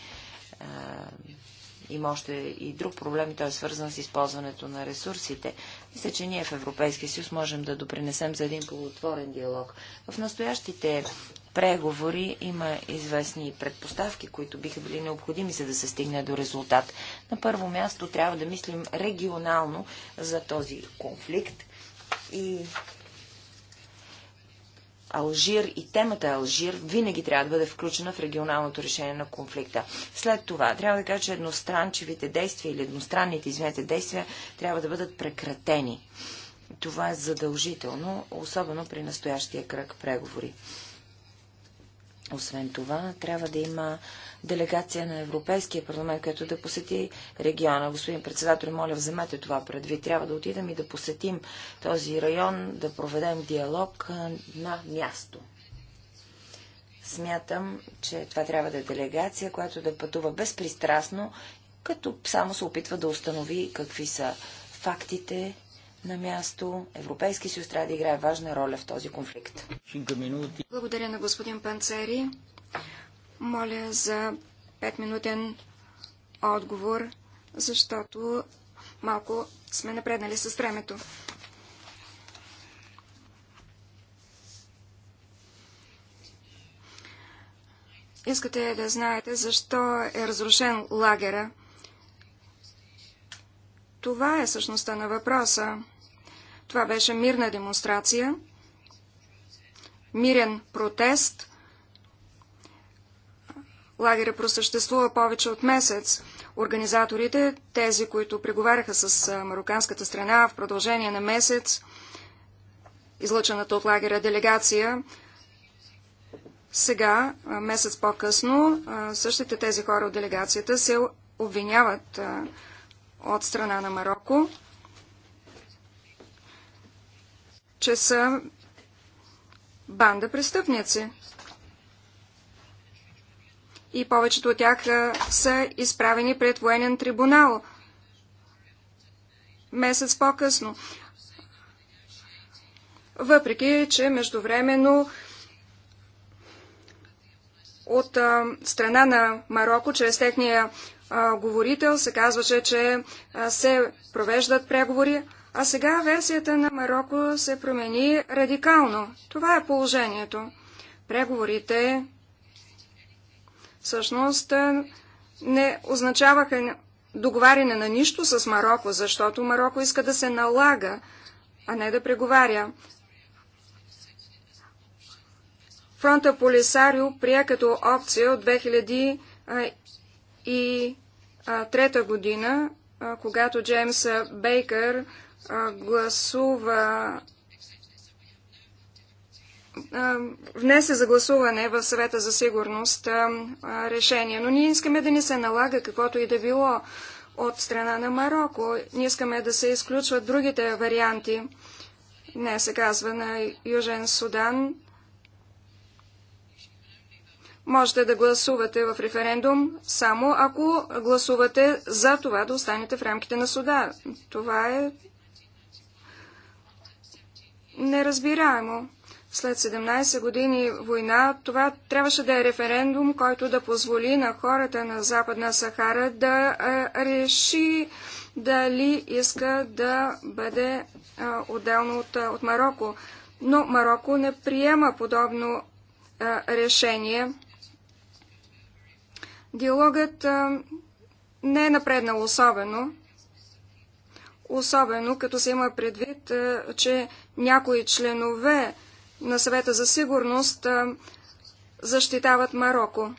S3: има още и друг проблем, и той е свързан с използването на ресурсите. Мисля, че ние в Европейския съюз можем да допринесем за един полутворен диалог. В настоящите преговори има известни предпоставки, които биха били необходими, за да се стигне до резултат. На първо място трябва да мислим регионално за този конфликт и Алжир и темата Алжир винаги трябва да бъде включена в регионалното решение на конфликта. След това трябва да кажа, че едностранчивите действия или едностранните, извинете, действия трябва да бъдат прекратени. Това е задължително, особено при настоящия кръг преговори. Освен това, трябва да има делегация на Европейския парламент, която да посети региона. Господин председател, моля, вземете това предвид. Трябва да отидем и да посетим този район, да проведем диалог на място. Смятам, че това трябва да е делегация, която да пътува безпристрастно, като само се опитва да установи какви са фактите на място. Европейски съюз трябва да играе важна роля в този конфликт.
S2: Благодаря на господин Панцери. Моля за 5-минутен отговор, защото малко сме напреднали с времето. Искате да знаете защо е разрушен лагера. Това е същността на въпроса. Това беше мирна демонстрация, мирен протест. Лагерът просъществува повече от месец. Организаторите, тези, които преговаряха с мароканската страна в продължение на месец, излъчената от лагера делегация, сега, месец по-късно, същите тези хора от делегацията се обвиняват от страна на Марокко че са банда престъпници. И повечето от тях са изправени пред военен трибунал месец по-късно. Въпреки, че междувременно от а, страна на Марокко, чрез техния говорител се казваше, че се провеждат преговори, а сега версията на Марокко се промени радикално. Това е положението. Преговорите всъщност не означаваха договаряне на нищо с Марокко, защото Марокко иска да се налага, а не да преговаря. Фронта Полисарио прие като опция от 2000 и Трета година, когато Джеймс Бейкър гласува внесе за гласуване в съвета за сигурност решение. Но ние искаме да ни се налага каквото и да било от страна на Марокко. Ние искаме да се изключват другите варианти. Не се казва на Южен Судан, Можете да гласувате в референдум само ако гласувате за това да останете в рамките на суда. Това е неразбираемо. След 17 години война, това трябваше да е референдум, който да позволи на хората на Западна Сахара да реши дали иска да бъде отделно от, от Марокко. Но Марокко не приема подобно решение. Диалогът не е напреднал особено, особено като се има предвид, че някои членове на съвета за сигурност защитават Марокко.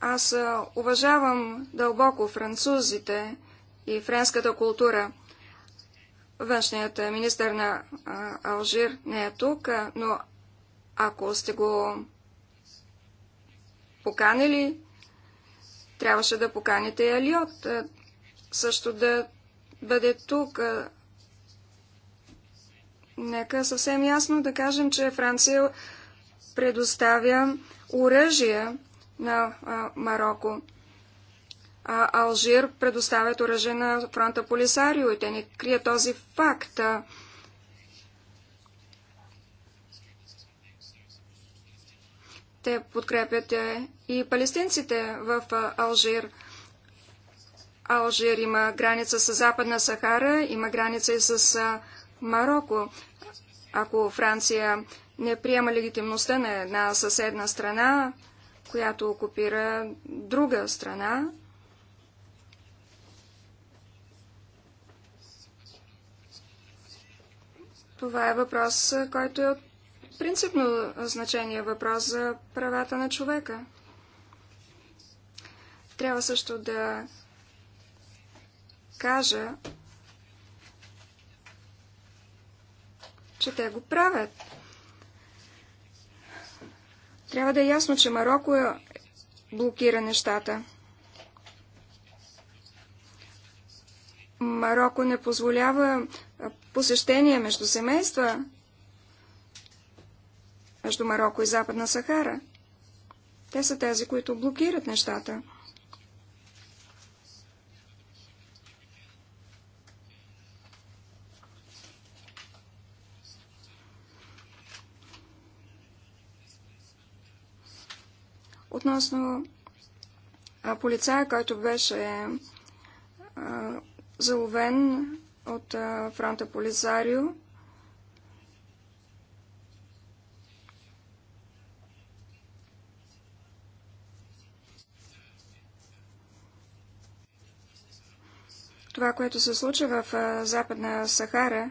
S2: Аз уважавам дълбоко французите и френската култура. Външният министр на Алжир не е тук, но ако сте го поканили, трябваше да поканите и Алиот е, също да бъде тук. Е, нека съвсем ясно да кажем, че Франция предоставя оръжия на а, Марокко. А Алжир предоставят оръжие на фронта Полисарио и те не крият този факт. Те подкрепят е, и палестинците в Алжир. Алжир има граница с Западна Сахара, има граница и с Марокко. Ако Франция не приема легитимността на една съседна страна, която окупира друга страна, това е въпрос, който е от принципно значение е въпрос за правата на човека. Трябва също да кажа, че те го правят. Трябва да е ясно, че Марокко е блокира нещата. Марокко не позволява посещение между семейства, между Марокко и Западна Сахара. Те са тези, които блокират нещата. Относно полицая, който беше а, заловен от а, фронта Полисарио, това, което се случва в Западна Сахара.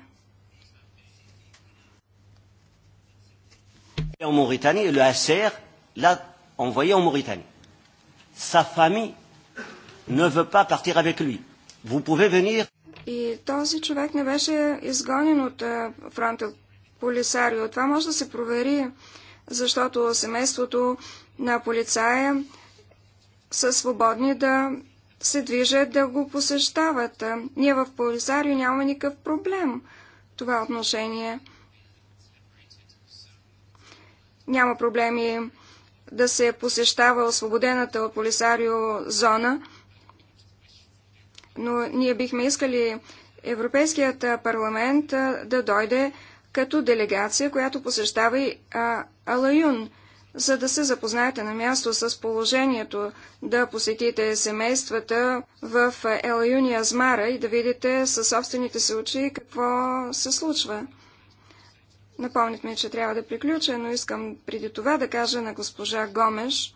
S1: En Mauritanie, et le HCR l'a envoyé en Mauritanie. Sa famille ne veut pas partir avec lui. Vous pouvez venir.
S2: И този човек не беше изгонен от фронта полисарио. Това може да се провери, защото семейството на полицая са свободни да се движат да го посещават. Ние в Полизарио няма никакъв проблем в това отношение. Няма проблеми да се посещава освободената от Полисарио зона, но ние бихме искали Европейският парламент да дойде като делегация, която посещава и Алаюн за да се запознаете на място с положението, да посетите семействата в Ел Юния Змара и да видите със собствените си очи какво се случва. Напомнят ми, че трябва да приключа, но искам преди това да кажа на госпожа Гомеш,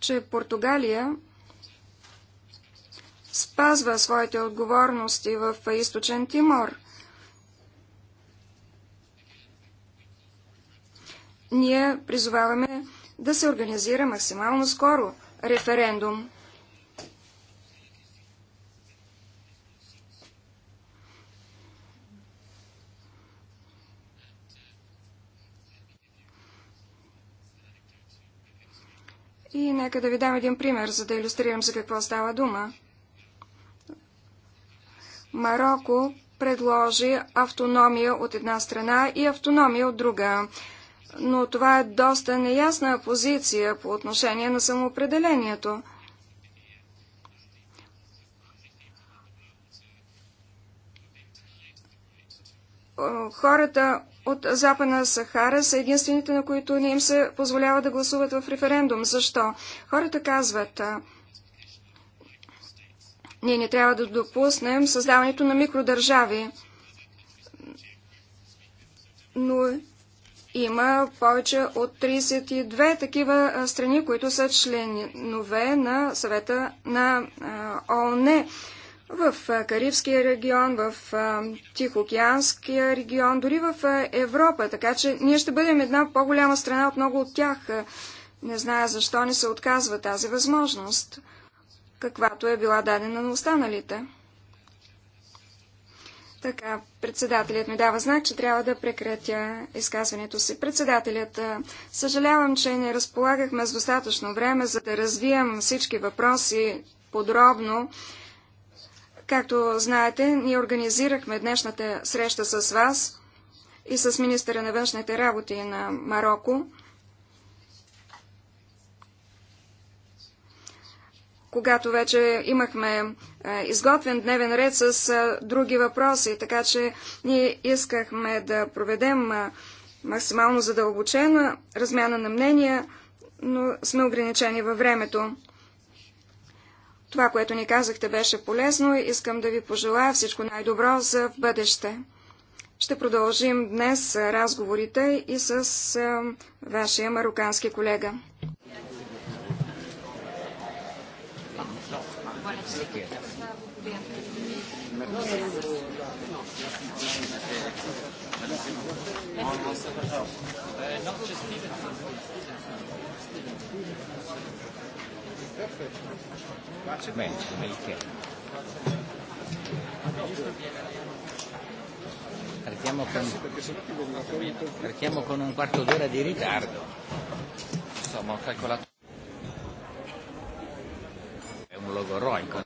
S2: че Португалия спазва своите отговорности в източен Тимор. ние призоваваме да се организира максимално скоро референдум. И нека да ви дам един пример, за да иллюстрирам за какво става дума. Марокко предложи автономия от една страна и автономия от друга но това е доста неясна позиция по отношение на самоопределението. Хората от Западна Сахара са единствените, на които не им се позволява да гласуват в референдум. Защо? Хората казват, ние не трябва да допуснем създаването на микродържави. Но има повече от 32 такива страни, които са членове на съвета на ООН в Карибския регион, в Тихоокеанския регион, дори в Европа. Така че ние ще бъдем една по-голяма страна от много от тях. Не зная защо не се отказва тази възможност, каквато е била дадена на останалите. Така, председателят ми дава знак, че трябва да прекратя изказването си. Председателят, съжалявам, че не разполагахме с достатъчно време, за да развием всички въпроси подробно. Както знаете, ние организирахме днешната среща с вас и с министъра на външните работи на Марокко. когато вече имахме е, изготвен дневен ред с е, други въпроси, така че ние искахме да проведем е, максимално задълбочена размяна на мнения, но сме ограничени във времето. Това, което ни казахте, беше полезно. Искам да ви пожелая всичко най-добро за в бъдеще. Ще продължим днес разговорите и с вашия марокански колега.
S1: Partiamo con, partiamo con un quarto d'ora di ritardo. Insomma, ho calcolato. È un logo roico.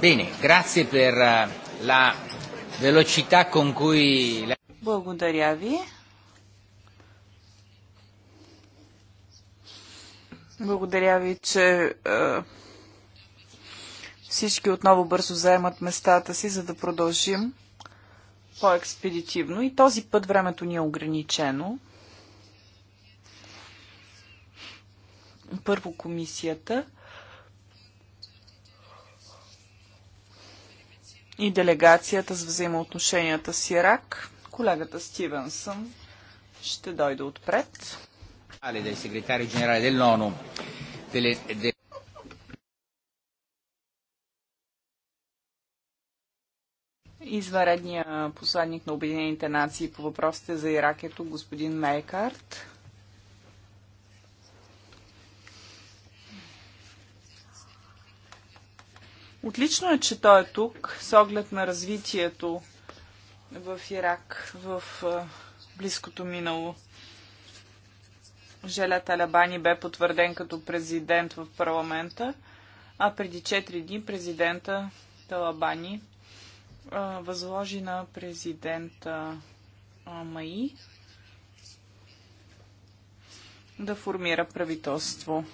S1: Bene, grazie per eh, la velocità con cui... Благодаря
S4: ви. Благодаря ви, че е, всички отново бързо заемат местата си, за да продължим по-експедитивно. И този път времето ни е ограничено. Първо комисията и делегацията с взаимоотношенията с Ирак. Колегата Стивенсън ще дойде отпред. Извънредния посланник на Обединените нации по въпросите за Ирак ето господин Мейкарт. Отлично е, че той е тук с оглед на развитието в Ирак в близкото минало. Желя Талябани бе потвърден като президент в парламента, а преди 4 дни президента Талабани възложи на президента Маи да формира правителство.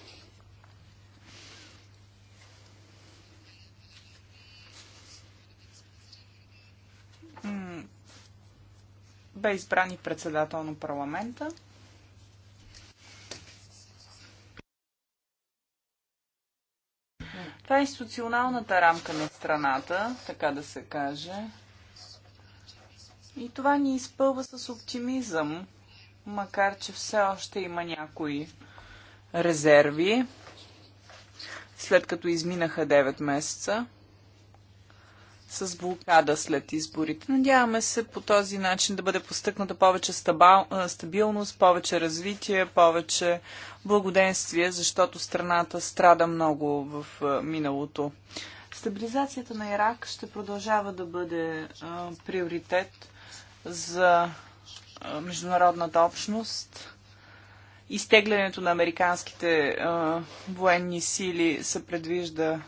S4: бе избран и председател на парламента. Това е институционалната рамка на страната, така да се каже. И това ни изпълва с оптимизъм, макар че все още има някои резерви, след като изминаха 9 месеца с блокада след изборите. Надяваме се по този начин да бъде постъкната повече стабилност, повече развитие, повече благоденствие, защото страната страда много в миналото. Стабилизацията на Ирак ще продължава да бъде приоритет за международната общност. Изтеглянето на американските военни сили се предвижда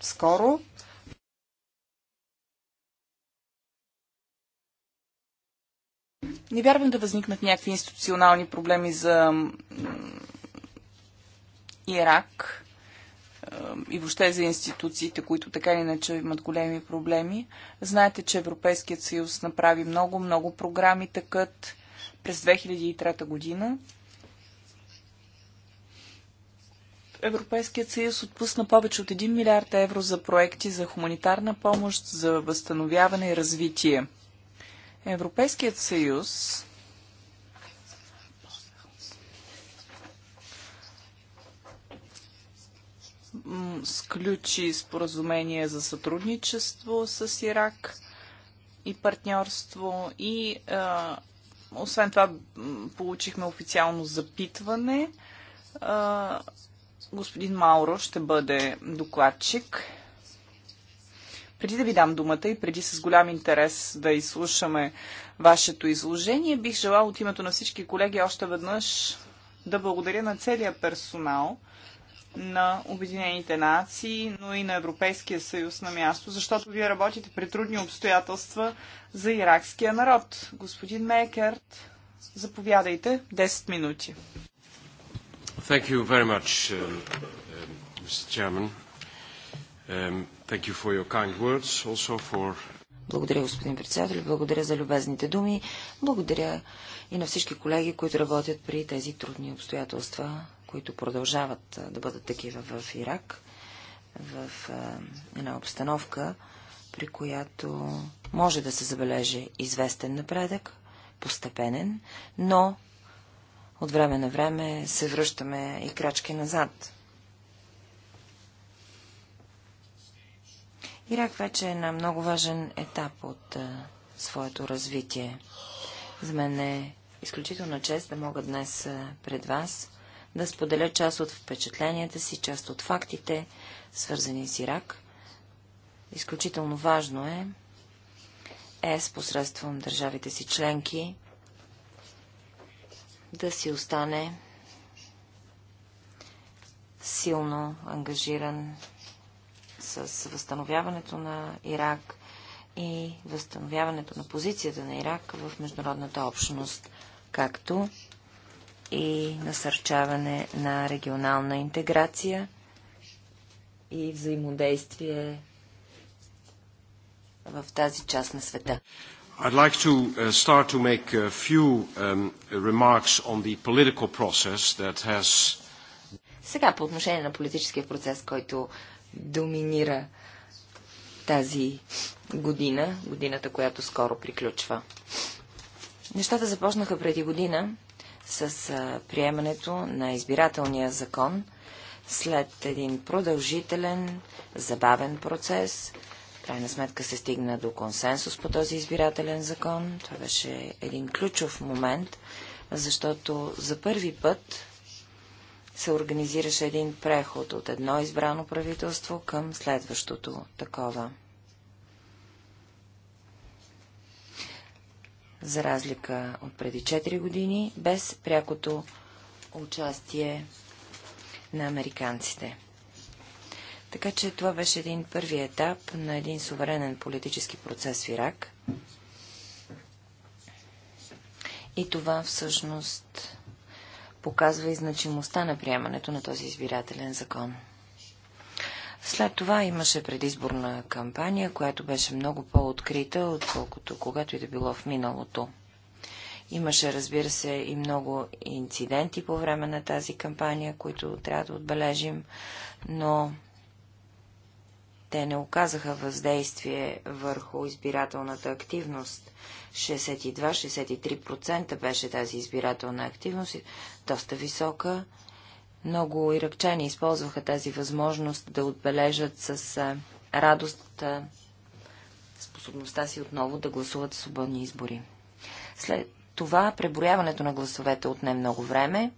S4: скоро. Не вярвам да възникнат някакви институционални проблеми за Ирак и въобще за институциите, които така или иначе имат големи проблеми. Знаете, че Европейският съюз направи много, много програми такът през 2003 година. Европейският съюз отпусна повече от 1 милиард евро за проекти за хуманитарна помощ, за възстановяване и развитие. Европейският съюз сключи споразумение за сътрудничество с Ирак и партньорство и а, освен това получихме официално запитване. А, господин Мауро ще бъде докладчик преди да ви дам думата и преди с голям интерес да изслушаме вашето изложение, бих желал от името на всички колеги още веднъж да благодаря на целия персонал на Обединените нации, но и на Европейския съюз на място, защото вие работите при трудни обстоятелства за иракския народ. Господин Мейкерт, заповядайте 10 минути.
S1: Thank you very much, uh, uh, Mr. Chairman. Um,
S3: благодаря, господин председател. Благодаря за любезните думи. Благодаря и на всички колеги, които работят при тези трудни обстоятелства, които продължават да бъдат такива в Ирак, в една обстановка, при която може да се забележи известен напредък, постепенен, но от време на време се връщаме и крачки назад. Ирак вече е на много важен етап от а, своето развитие. За мен е изключително чест да мога днес а, пред вас да споделя част от впечатленията си, част от фактите, свързани с Ирак. Изключително важно е ЕС посредством държавите си членки да си остане силно ангажиран с възстановяването на Ирак и възстановяването на позицията на Ирак в международната общност, както и насърчаване на регионална интеграция и взаимодействие в тази част на света. I'd
S1: like to uh, start to make a few um, remarks on the political process that has
S3: Сега по отношение на политическия процес, който uh, доминира тази година, годината, която скоро приключва. Нещата започнаха преди година с приемането на избирателния закон след един продължителен, забавен процес. В крайна сметка се стигна до консенсус по този избирателен закон. Това беше един ключов момент, защото за първи път се организираше един преход от едно избрано правителство към следващото такова. За разлика от преди 4 години, без прякото участие на американците. Така че това беше един първи етап на един суверенен политически процес в Ирак. И това всъщност показва и значимостта на приемането на този избирателен закон. След това имаше предизборна кампания, която беше много по-открита, отколкото когато и да било в миналото. Имаше, разбира се, и много инциденти по време на тази кампания, които трябва да отбележим, но те не оказаха въздействие върху избирателната активност. 62-63% беше тази избирателна активност, доста висока. Много иракчани използваха тази възможност да отбележат с радост способността си отново да гласуват свободни избори. След това преброяването на гласовете отне много време.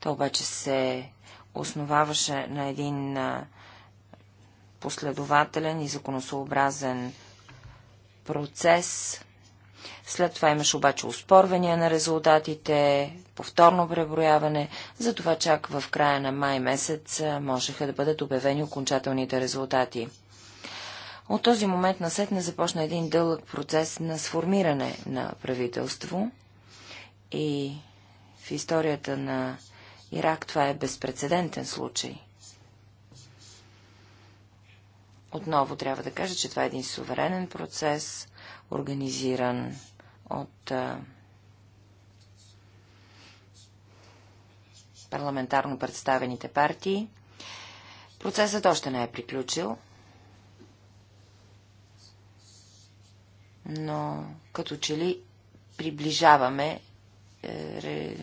S3: То обаче се основаваше на един последователен и законосообразен процес. След това имаше обаче успорвания на резултатите, повторно преброяване, затова чак в края на май месец можеха да бъдат обявени окончателните резултати. От този момент не започна един дълъг процес на сформиране на правителство и в историята на Ирак това е безпредседентен случай – отново трябва да кажа, че това е един суверенен процес, организиран от парламентарно представените партии. Процесът още не е приключил, но като че ли приближаваме е, ре,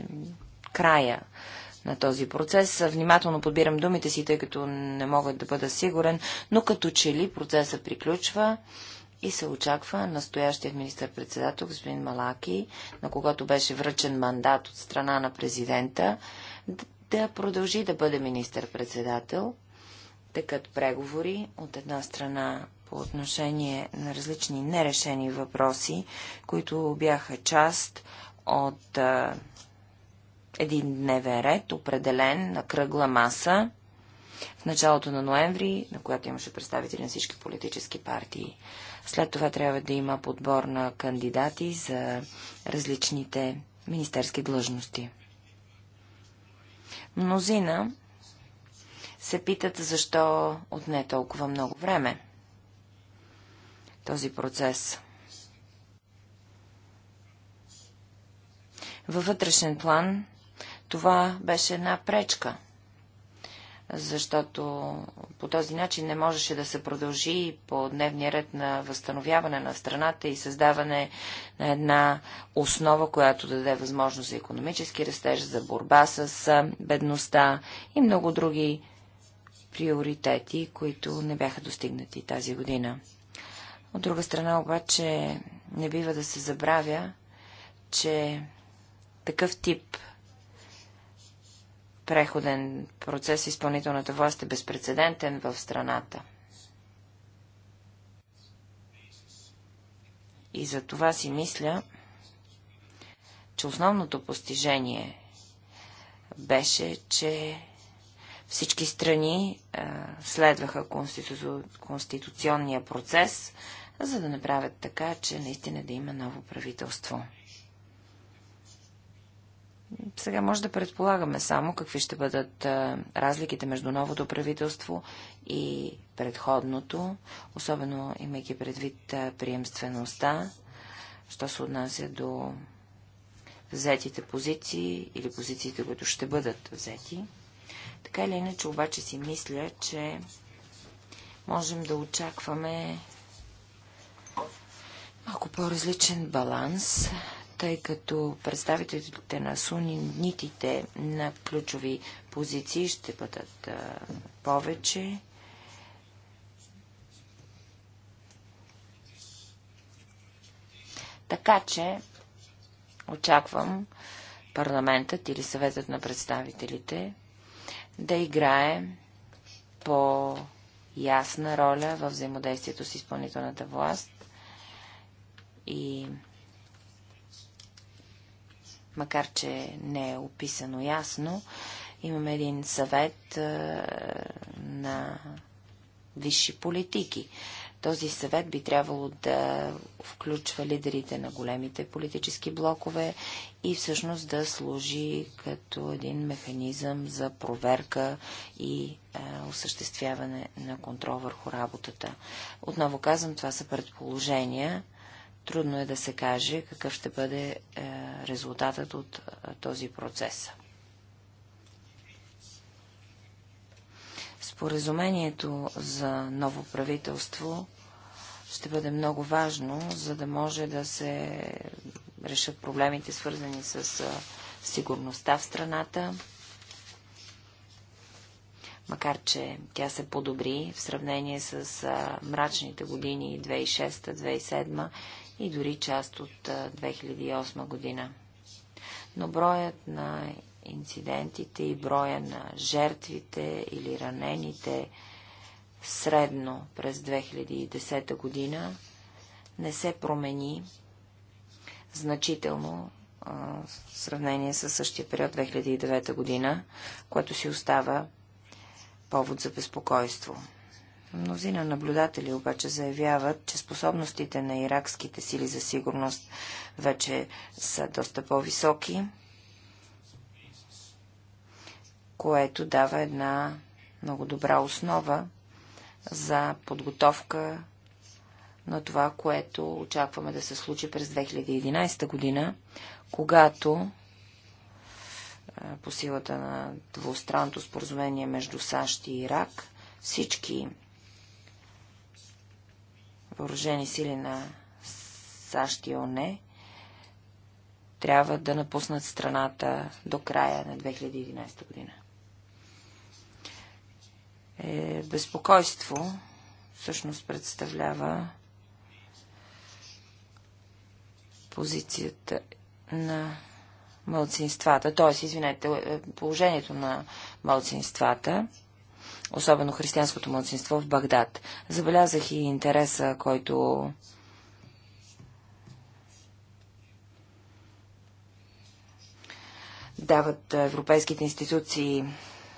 S3: края на този процес. Внимателно подбирам думите си, тъй като не мога да бъда сигурен, но като че ли процеса приключва и се очаква настоящият министър-председател, господин Малаки, на когато беше връчен мандат от страна на президента, да продължи да бъде министър-председател. Тъкат преговори от една страна по отношение на различни нерешени въпроси, които бяха част от един дневен ред, определен на кръгла маса в началото на ноември, на която имаше представители на всички политически партии. След това трябва да има подбор на кандидати за различните министерски длъжности. Мнозина се питат защо отне толкова много време този процес. Във вътрешен план това беше една пречка, защото по този начин не можеше да се продължи по дневния ред на възстановяване на страната и създаване на една основа, която да даде възможност за економически растеж, за борба с бедността и много други приоритети, които не бяха достигнати тази година. От друга страна обаче не бива да се забравя, че такъв тип преходен процес изпълнителната власт е безпредседентен в страната. И за това си мисля, че основното постижение беше, че всички страни а, следваха конститу... конституционния процес, за да направят така, че наистина да има ново правителство. Сега може да предполагаме само какви ще бъдат разликите между новото правителство и предходното, особено имайки предвид приемствеността, що се отнася до взетите позиции или позициите, които ще бъдат взети. Така или иначе, обаче си мисля, че можем да очакваме малко по-различен баланс тъй като представителите на сунитите на ключови позиции ще бъдат повече. Така че очаквам парламентът или съветът на представителите да играе по ясна роля в взаимодействието с изпълнителната власт и макар че не е описано ясно. Имаме един съвет е, на висши политики. Този съвет би трябвало да включва лидерите на големите политически блокове и всъщност да служи като един механизъм за проверка и е, осъществяване на контрол върху работата. Отново казвам, това са предположения. Трудно е да се каже какъв ще бъде е, резултатът от е, този процес. Споразумението за ново правителство ще бъде много важно, за да може да се решат проблемите, свързани с е, сигурността в страната. Макар, че тя се подобри в сравнение с мрачните години 2006-2007, и дори част от 2008 година. Но броят на инцидентите и броя на жертвите или ранените средно през 2010 година не се промени значително в сравнение с същия период 2009 година, което си остава повод за безпокойство. Мнозина наблюдатели обаче заявяват, че способностите на иракските сили за сигурност вече са доста по-високи, което дава една много добра основа за подготовка на това, което очакваме да се случи през 2011 година, когато по силата на двустранното споразумение между САЩ и Ирак, всички въоръжени сили на САЩ и ОНЕ трябва да напуснат страната до края на 2011 година. Е, безпокойство всъщност представлява позицията на мълцинствата, т.е. извинете, е, положението на мълцинствата особено християнското младсинство в Багдад. Забелязах и интереса, който дават европейските институции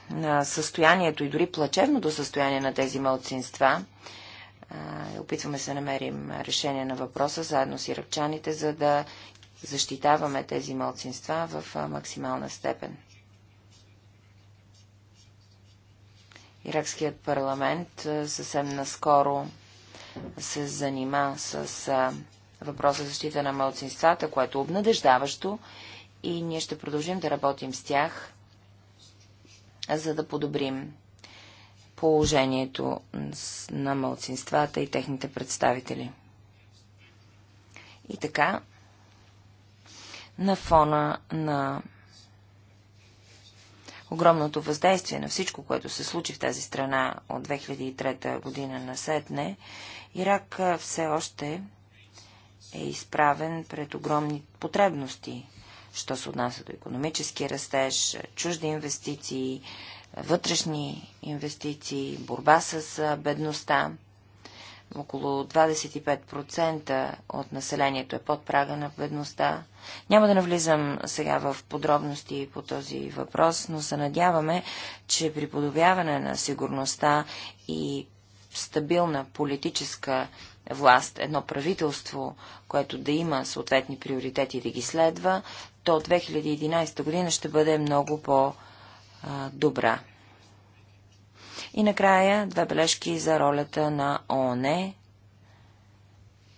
S3: на състоянието и дори плачевното състояние на тези мълцинства. Опитваме се да намерим решение на въпроса заедно с иракчаните, за да защитаваме тези мълцинства в максимална степен. Иракският парламент съвсем наскоро се занима с въпроса за защита на малцинствата, което е обнадеждаващо и ние ще продължим да работим с тях, за да подобрим положението на малцинствата и техните представители. И така, на фона на огромното въздействие на всичко, което се случи в тази страна от 2003 година на Сетне, Ирак все още е изправен пред огромни потребности, що се отнася до економически растеж, чужди инвестиции, вътрешни инвестиции, борба с бедността около 25% от населението е под прага на бедността. Няма да навлизам сега в подробности по този въпрос, но се надяваме, че при подобяване на сигурността и стабилна политическа власт, едно правителство, което да има съответни приоритети да ги следва, то 2011 година ще бъде много по-добра. И накрая две бележки за ролята на ООН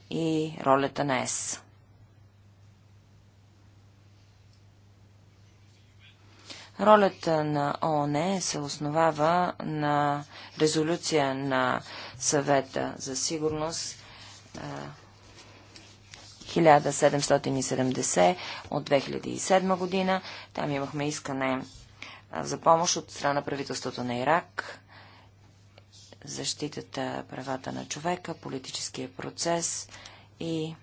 S3: и ролята на ЕС. Ролята на ООН се основава на резолюция на съвета за сигурност 1770 от 2007 година. Там имахме искане за помощ от страна правителството на Ирак защитата правата на човека, политическия процес и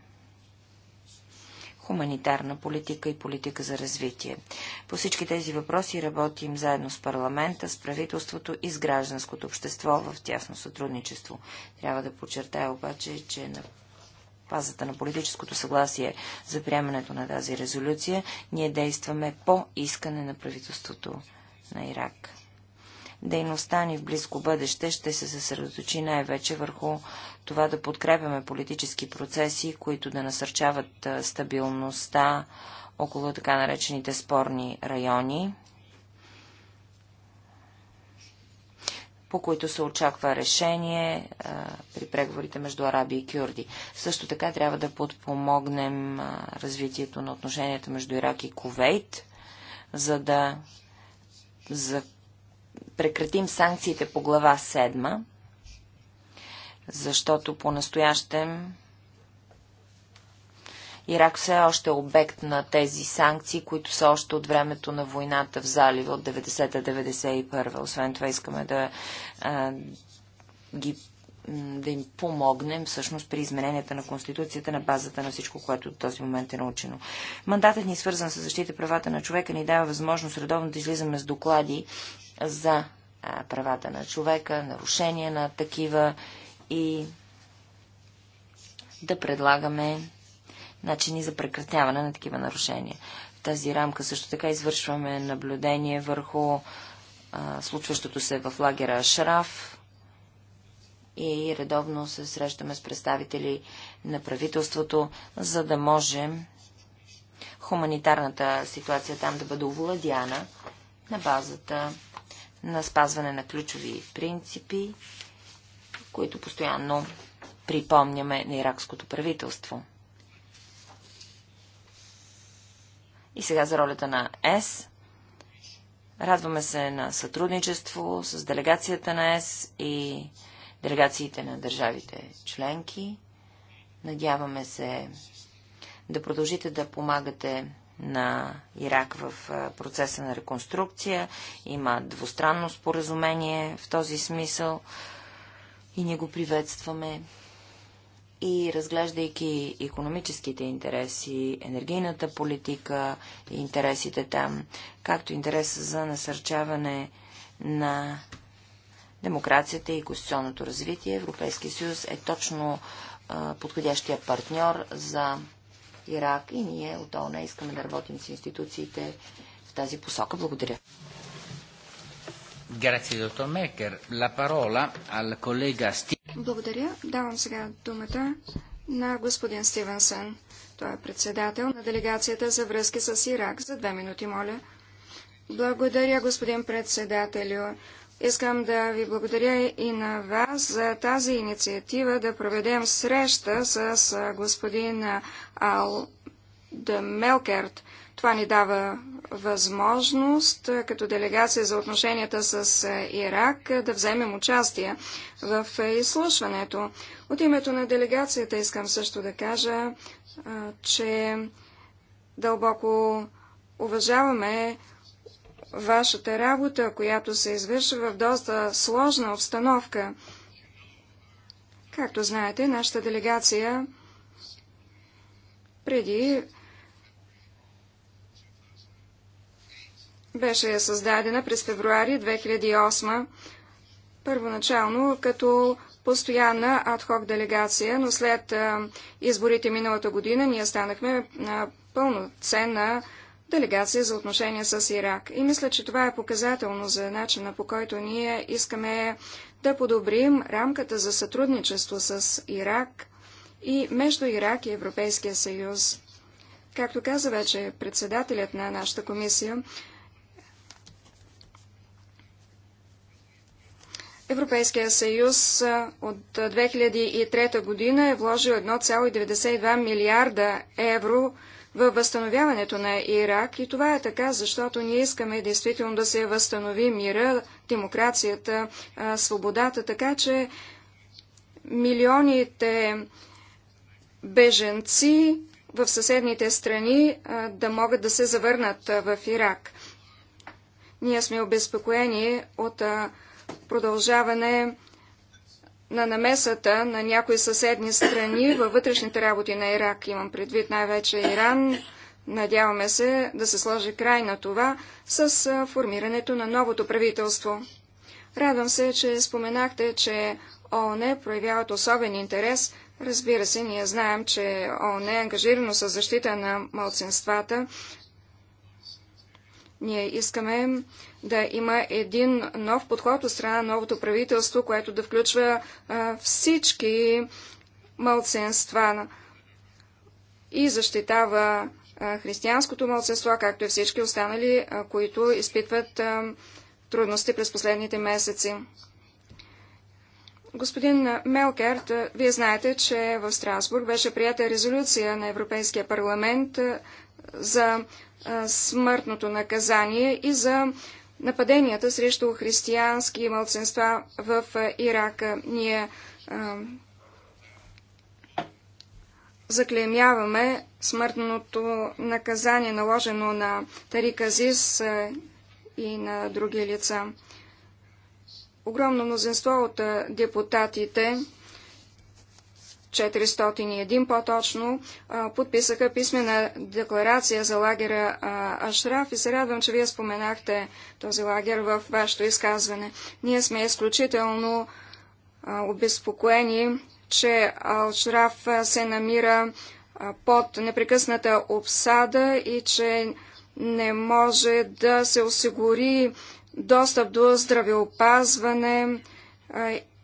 S3: хуманитарна политика и политика за развитие. По всички тези въпроси работим заедно с парламента, с правителството и с гражданското общество в тясно сътрудничество. Трябва да подчертая обаче, че на фазата на политическото съгласие за приемането на тази резолюция, ние действаме по искане на правителството на Ирак. Дейността ни в близко бъдеще ще се съсредоточи най-вече върху това да подкрепяме политически процеси, които да насърчават стабилността около така наречените спорни райони, по които се очаква решение а, при преговорите между араби и кюрди. Също така трябва да подпомогнем а, развитието на отношенията между Ирак и Кувейт, за да за прекратим санкциите по глава 7, защото по-настоящем Ирак все още е обект на тези санкции, които са още от времето на войната в залива от 90-91. Освен това искаме да, а, ги, да им помогнем всъщност при измененията на Конституцията на базата на всичко, което до този момент е научено. Мандатът ни, свързан с защита правата на човека, ни дава възможност редовно да излизаме с доклади за правата на човека, нарушения на такива и да предлагаме начини за прекратяване на такива нарушения. В тази рамка също така извършваме наблюдение върху случващото се в лагера Шраф и редовно се срещаме с представители на правителството, за да можем хуманитарната ситуация там да бъде овладяна на базата на спазване на ключови принципи, които постоянно припомняме на иракското правителство. И сега за ролята на ЕС. Радваме се на сътрудничество с делегацията на ЕС и делегациите на държавите членки. Надяваме се да продължите да помагате на Ирак в процеса на реконструкция. Има двустранно споразумение в този смисъл и ние го приветстваме. И разглеждайки економическите интереси, енергийната политика, интересите там, както интереса за насърчаване на демокрацията и конституционното развитие, Европейския съюз е точно подходящия партньор за Ирак и ние от ОНА искаме да работим с институциите в тази посока. Благодаря.
S2: Благодаря. Давам сега думата на господин Стивенсън. Той е председател на делегацията за връзки с Ирак. За две минути, моля. Благодаря, господин председателю. Искам да ви благодаря и на вас за тази инициатива да проведем среща с господин Ал де Мелкерт. Това ни дава възможност като делегация за отношенията с Ирак да вземем участие в изслушването. От името на делегацията искам също да кажа, че дълбоко уважаваме вашата работа, която се извършва в доста сложна обстановка. Както знаете, нашата делегация преди беше създадена през февруари 2008, първоначално като постоянна адхок делегация, но след изборите миналата година ние станахме пълноценна делегация за отношения с Ирак. И мисля, че това е показателно за начина по който ние искаме да подобрим рамката за сътрудничество с Ирак и между Ирак и Европейския съюз. Както каза вече председателят на нашата комисия, Европейския съюз от 2003 година е вложил 1,92 милиарда евро във възстановяването на Ирак и това е така, защото ние искаме действително да се възстанови мира, демокрацията, свободата, така че милионите беженци в съседните страни да могат да се завърнат в Ирак. Ние сме обезпокоени от продължаване на намесата на някои съседни страни във вътрешните работи на Ирак. Имам предвид най-вече Иран. Надяваме се да се сложи край на това с формирането на новото правителство. Радвам се, че споменахте, че ООН проявяват особен интерес. Разбира се, ние знаем, че ООН е ангажирано с защита на малцинствата. Ние искаме да има един нов подход от страна на новото правителство, което да включва а, всички мълценства и защитава а, християнското мълценство, както и всички останали, а, които изпитват трудности през последните месеци. Господин Мелкерт, вие знаете, че в Страсбург беше прията резолюция на Европейския парламент за смъртното наказание и за нападенията срещу християнски мълценства в Ирака. Ние а, заклемяваме смъртното наказание, наложено на Тарик Азис и на други лица. Огромно мнозинство от депутатите 401 по-точно подписаха писмена декларация за лагера Ашраф и се радвам, че вие споменахте този лагер в вашето изказване. Ние сме изключително обезпокоени, че Ашраф се намира под непрекъсната обсада и че не може да се осигури достъп до здравеопазване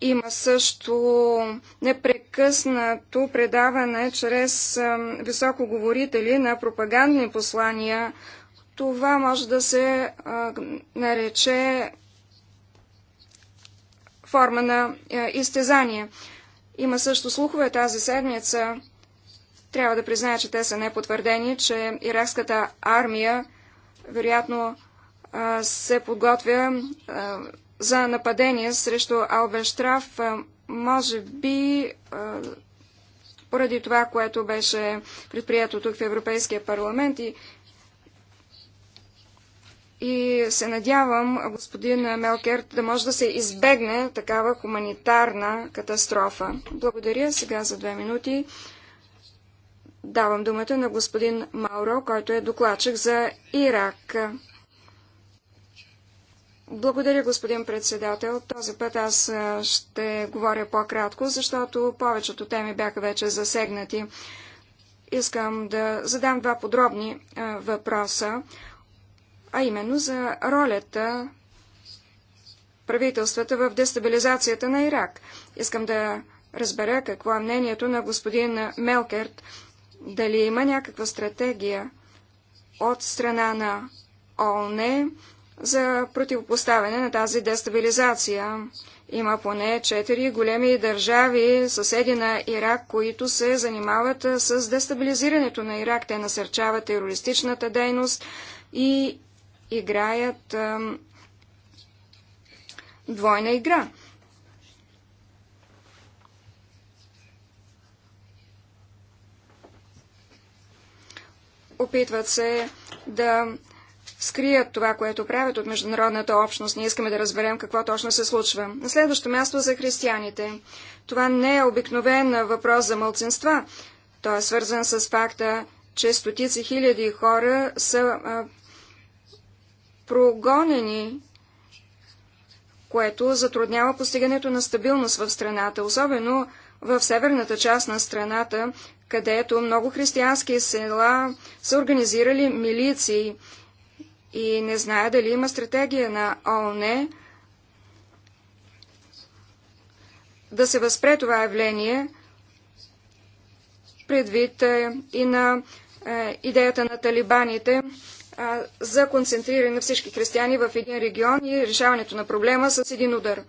S2: има също непрекъснато предаване чрез високоговорители на пропагандни послания. Това може да се а, нарече форма на а, изтезание. Има също слухове тази седмица. Трябва да призная, че те са непотвърдени, че иракската армия вероятно а, се подготвя за нападение срещу Албенштраф, може би поради това, което беше предприето тук в Европейския парламент и, и се надявам господин Мелкерт да може да се избегне такава хуманитарна катастрофа. Благодаря сега за две минути. Давам думата на господин Мауро, който е докладчик за Ирак. Благодаря, господин председател. Този път аз ще говоря по-кратко, защото повечето теми бяха вече засегнати. Искам да задам два подробни въпроса, а именно за ролята правителствата в дестабилизацията на Ирак. Искам да разбера какво е мнението на господин Мелкерт, дали има някаква стратегия от страна на ООН за противопоставяне на тази дестабилизация. Има поне четири големи държави, съседи на Ирак, които се занимават с дестабилизирането на Ирак. Те насърчават терористичната дейност и играят двойна игра. Опитват се да скрият това, което правят от международната общност. Ние искаме да разберем какво точно се случва. На следващо място за християните. Това не е обикновен въпрос за мълцинства. Той е свързан с факта, че стотици хиляди хора са а, прогонени, което затруднява постигането на стабилност в страната, особено в северната част на страната, където много християнски села са организирали милиции и не зная дали има стратегия на ООН да се възпре това явление предвид е, и на е, идеята на талибаните е, за концентриране на всички християни в един регион и решаването на проблема с един удар.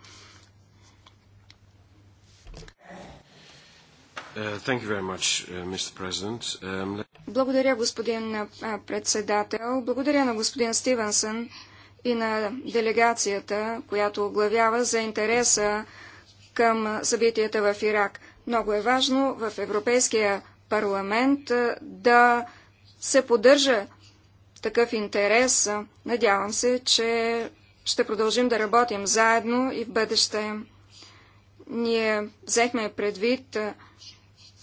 S2: Uh, uh, um, Благодаря, господин председател. Благодаря на господин Стивенсън и на делегацията, която оглавява за интереса към събитията в Ирак. Много е важно в Европейския парламент да се поддържа такъв интерес. Надявам се, че ще продължим да работим заедно и в бъдеще. Ние взехме предвид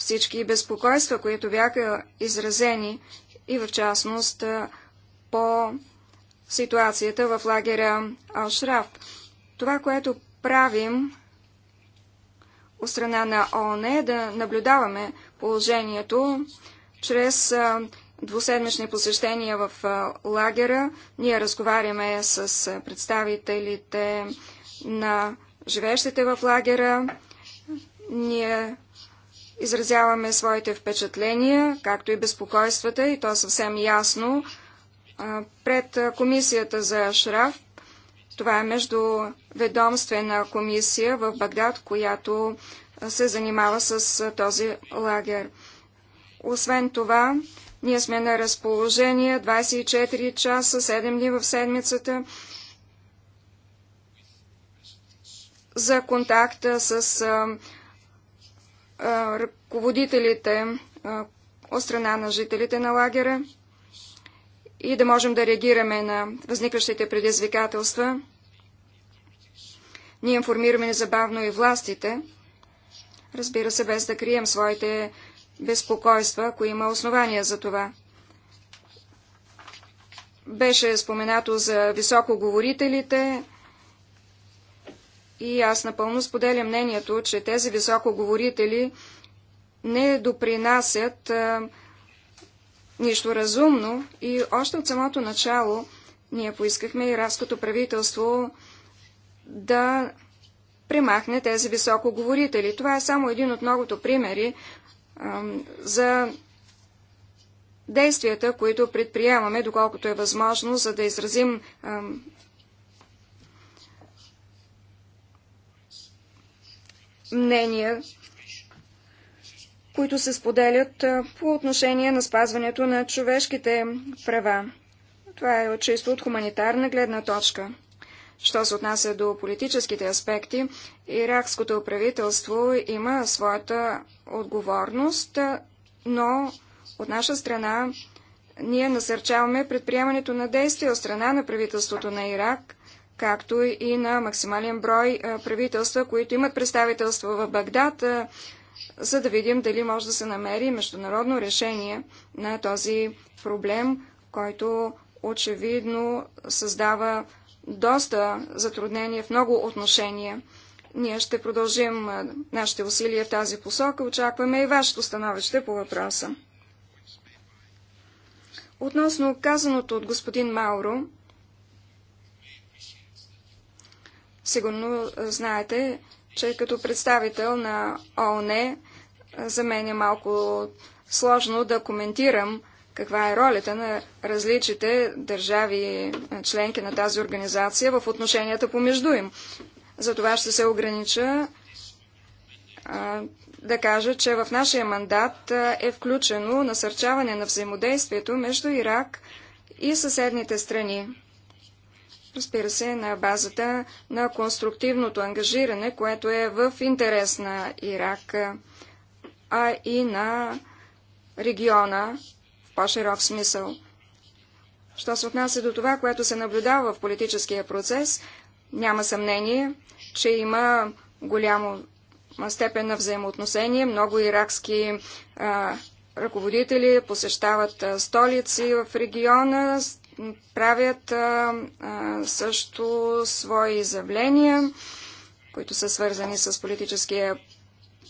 S2: всички безпокойства, които бяха изразени и в частност по ситуацията в лагеря Алшраф. Това, което правим от страна на ООН е да наблюдаваме положението чрез двуседмични посещения в лагера. Ние разговаряме с представителите на живеещите в лагера. Ние Изразяваме своите впечатления, както и безпокойствата, и то съвсем ясно, пред комисията за Шраф. Това е междуведомствена комисия в Багдад, която се занимава с този лагер. Освен това, ние сме на разположение 24 часа, 7 дни в седмицата за контакта с ръководителите от страна на жителите на лагера и да можем да реагираме на възникващите предизвикателства. Ние информираме незабавно и властите, разбира се, без да крием своите безпокойства, ако има основания за това. Беше споменато за високоговорителите, и аз напълно споделя мнението, че тези високоговорители не допринасят а, нищо разумно и още от самото начало ние поискахме иракското правителство да примахне тези високоговорители. Това е само един от многото примери а, за действията, които предприемаме, доколкото е възможно, за да изразим а, мнения, които се споделят по отношение на спазването на човешките права. Това е чисто от хуманитарна гледна точка. Що се отнася до политическите аспекти, иракското правителство има своята отговорност, но от наша страна ние насърчаваме предприемането на действия от страна на правителството на Ирак както и на максимален брой правителства, които имат представителство в Багдад, за да видим дали може да се намери международно решение на този проблем, който очевидно създава доста затруднения в много отношения. Ние ще продължим нашите усилия в тази посока. Очакваме и вашето становище по въпроса. Относно казаното от господин Мауро, Сигурно знаете, че като представител на ООН за мен е малко сложно да коментирам каква е ролята на различните държави, членки на тази организация в отношенията помежду им. За това ще се огранича да кажа, че в нашия мандат е включено насърчаване на взаимодействието между Ирак и съседните страни разбира се, на базата на конструктивното ангажиране, което е в интерес на Ирак, а и на региона в по-широк смисъл. Що се отнася до това, което се наблюдава в политическия процес, няма съмнение, че има голямо степен на взаимоотношение. Много иракски а, ръководители посещават столици в региона, правят а, а, също свои изявления, които са свързани с политическия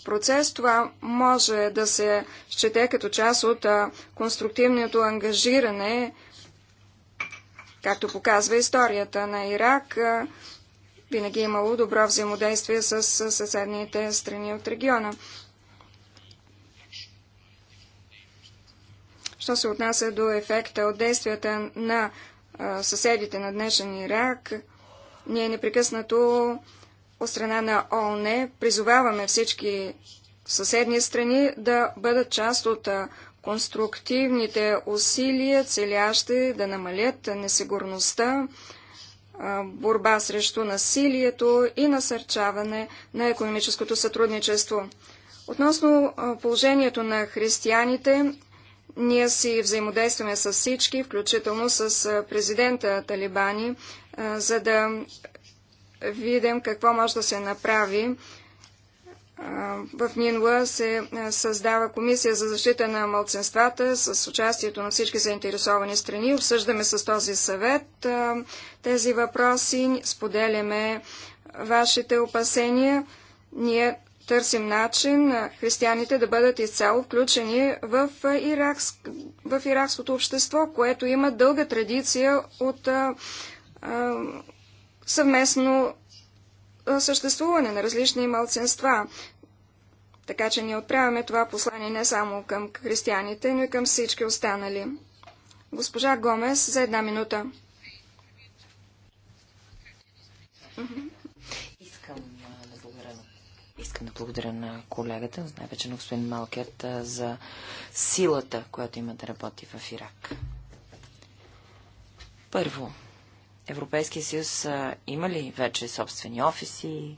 S2: процес. Това може да се счете като част от а, конструктивното ангажиране, както показва историята на Ирак. А, винаги е имало добро взаимодействие с съседните страни от региона. Що се отнася до ефекта от действията на съседите на днешен Ирак, ние непрекъснато от страна на ООН призоваваме всички съседни страни да бъдат част от конструктивните усилия, целящи да намалят несигурността, борба срещу насилието и насърчаване на економическото сътрудничество. Относно положението на християните, ние си взаимодействаме с всички, включително с президента Талибани, за да видим какво може да се направи. В НИНЛА се създава комисия за защита на мълценствата с участието на всички заинтересовани страни. Обсъждаме с този съвет тези въпроси, споделяме вашите опасения. Ние търсим начин християните да бъдат изцяло включени в, иракс, в иракското общество, което има дълга традиция от а, а, съвместно съществуване на различни малцинства. Така че ние отправяме това послание не само към християните, но и към всички останали. Госпожа Гомес за една минута. Mm-hmm.
S3: Искам да благодаря на колегата, най-вече на господин Малкет, за силата, която има да работи в Ирак. Първо, Европейския съюз има ли вече собствени офиси?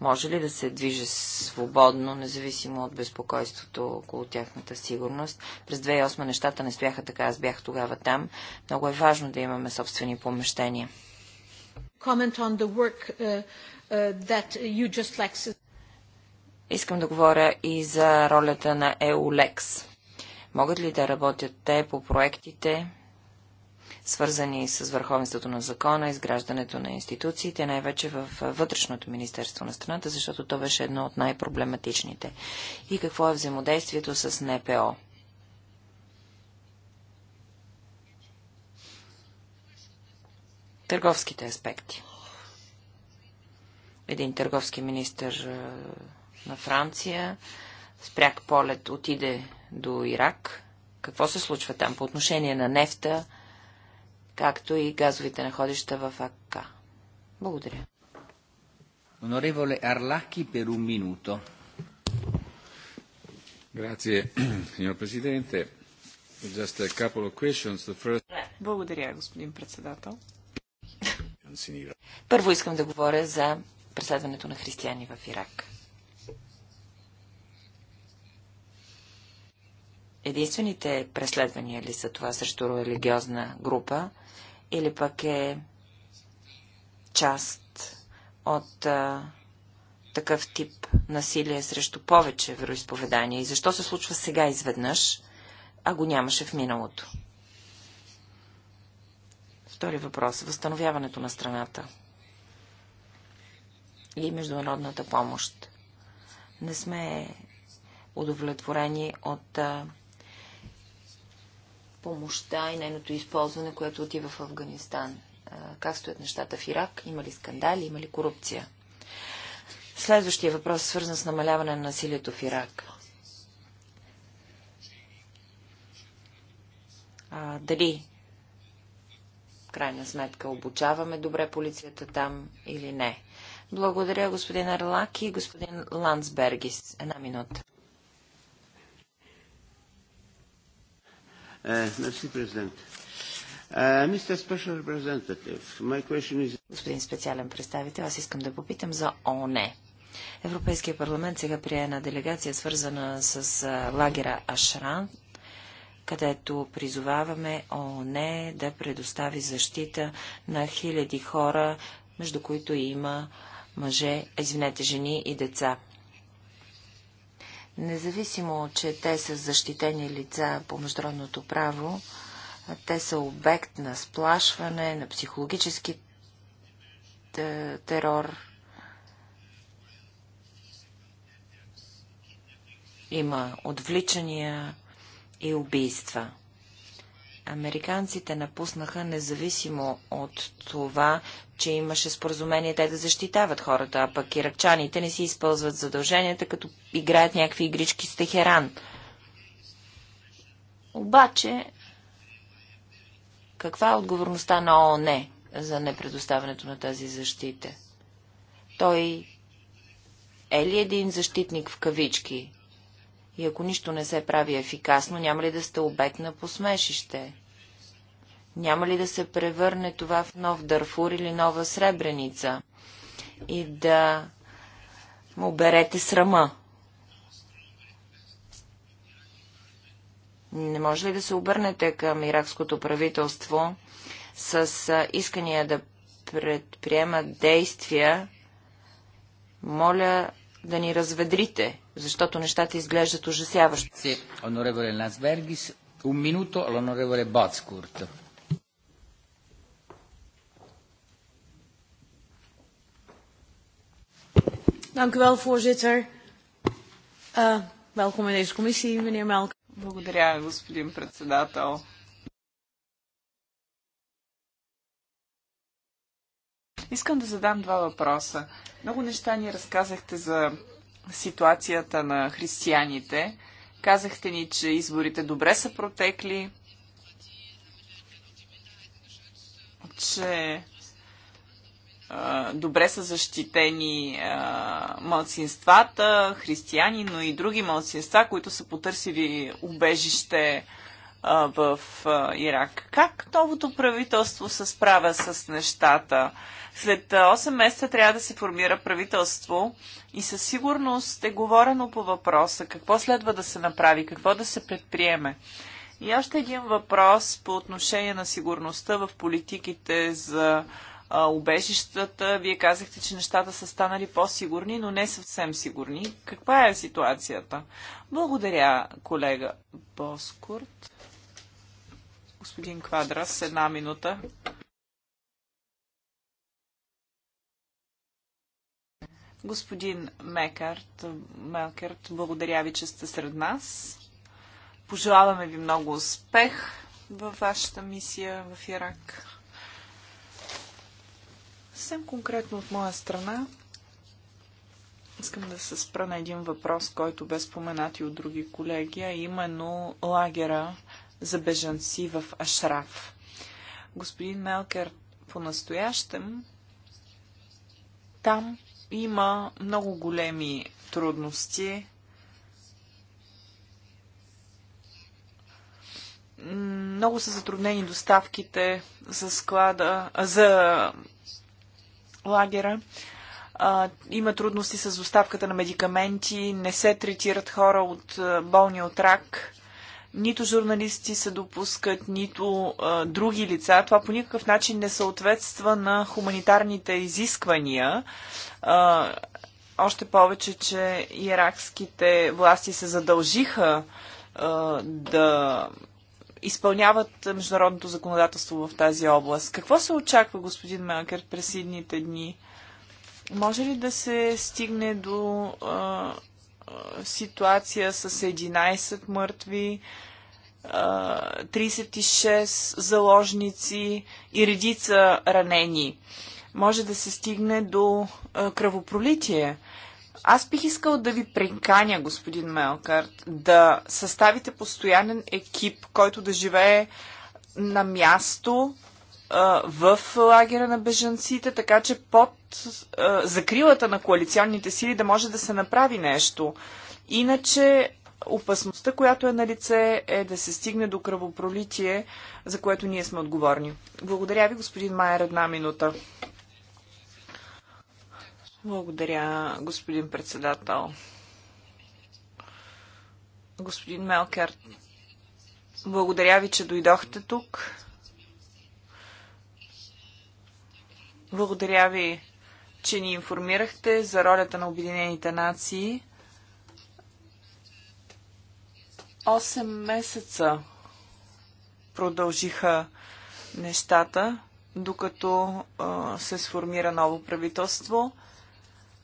S3: Може ли да се движи свободно, независимо от безпокойството около тяхната сигурност? През 2008 нещата не стояха така, аз бях тогава там. Много е важно да имаме собствени помещения.
S1: Comment on the work, uh, uh, that you just like...
S3: Искам да говоря и за ролята на EULEX. Могат ли да работят те по проектите, свързани с върховенството на закона, изграждането на институциите, най-вече в Вътрешното министерство на страната, защото то беше едно от най-проблематичните. И какво е взаимодействието с НПО? Търговските аспекти. Един търговски министр на Франция спряк полет отиде до Ирак. Какво се случва там по отношение на нефта, както и газовите находища в АК? Благодаря. Onorevole
S1: Арлаки, per un minuto. Grazie, *clears throat* signor Presidente. Just a couple of questions. The first...
S3: Благодаря, господин председател. Първо искам да говоря за преследването на християни в Ирак. единствените преследвания ли са това срещу религиозна група или пък е част от а, такъв тип насилие срещу повече вероисповедания и защо се случва сега изведнъж, а го нямаше в миналото? Втори въпрос. Възстановяването на страната и международната помощ. Не сме удовлетворени от а, помощта и нейното използване, което отива в Афганистан? Как стоят нещата в Ирак? Има ли скандали? Има ли корупция? Следващия въпрос е свързан с намаляване на насилието в Ирак. А, дали крайна сметка обучаваме добре полицията там или не. Благодаря господин Арлаки и господин Ландсбергис. Една минута. Е, значи, е, Господин специален представител, аз искам да попитам за ООН. Европейския парламент сега прие една делегация, свързана с е, лагера Ашран, където призоваваме ООН да предостави защита на хиляди хора, между които има мъже, извинете, жени и деца. Независимо, че те са защитени лица по международното право, те са обект на сплашване, на психологически терор. Има отвличания и убийства. Американците напуснаха независимо от това, че имаше споразумение те да защитават хората, а пък иракчаните не си използват задълженията, като играят някакви игрички с Техеран. Обаче, каква е отговорността на ООН за непредоставянето на тази защита? Той е ли един защитник в кавички? И ако нищо не се прави ефикасно, няма ли да сте обект на посмешище? Няма ли да се превърне това в нов Дарфур или нова Сребреница? И да му берете срама. Не може ли да се обърнете към иракското правителство с искания да предприемат действия? Моля да ни разведрите, защото нещата изглеждат ужасяващо. un minuto all'onorevole Bozkurt.
S1: Dank u wel, voorzitter. Uh, welkom in deze commissie, meneer Melk.
S4: Благодаря, господин председател. Искам да задам два въпроса. Много неща ни разказахте за ситуацията на християните. Казахте ни, че изборите добре са протекли, че добре са защитени малцинствата, християни, но и други малцинства, които са потърсили убежище в Ирак. Как новото правителство се справя с нещата? След 8 месеца трябва да се формира правителство и със сигурност е говорено по въпроса какво следва да се направи, какво да се предприеме. И още един въпрос по отношение на сигурността в политиките за убежищата. Вие казахте, че нещата са станали по-сигурни, но не съвсем сигурни. Каква е ситуацията? Благодаря, колега Боскурт. Господин Квадрас, една минута. Господин Мекарт, Мелкерт, благодаря ви, че сте сред нас. Пожелаваме ви много успех във вашата мисия в Ирак. Съвсем конкретно от моя страна искам да се спра на един въпрос, който бе споменат и от други колеги, а именно лагера за бежанци в Ашраф. Господин Мелкер, по-настоящем там има много големи трудности. Много са затруднени доставките за склада, за лагера. има трудности с доставката на медикаменти, не се третират хора от болни от рак, нито журналисти се допускат, нито а, други лица. Това по никакъв начин не съответства на хуманитарните изисквания. А, още повече, че иракските власти се задължиха да изпълняват международното законодателство в тази област. Какво се очаква, господин Мелкер, през едните дни? Може ли да се стигне до а, ситуация с 11 мъртви, а, 36 заложници и редица ранени? Може да се стигне до а, кръвопролитие. Аз бих искал да ви преканя, господин Мелкарт, да съставите постоянен екип, който да живее на място в лагера на бежанците, така че под закрилата на коалиционните сили да може да се направи нещо. Иначе опасността, която е на лице, е да се стигне до кръвопролитие, за което ние сме отговорни. Благодаря ви, господин Майер, една минута. Благодаря, господин председател. Господин Мелкер, благодаря ви, че дойдохте тук. Благодаря ви, че ни информирахте за ролята на Обединените нации. 8 месеца продължиха нещата, докато а, се сформира ново правителство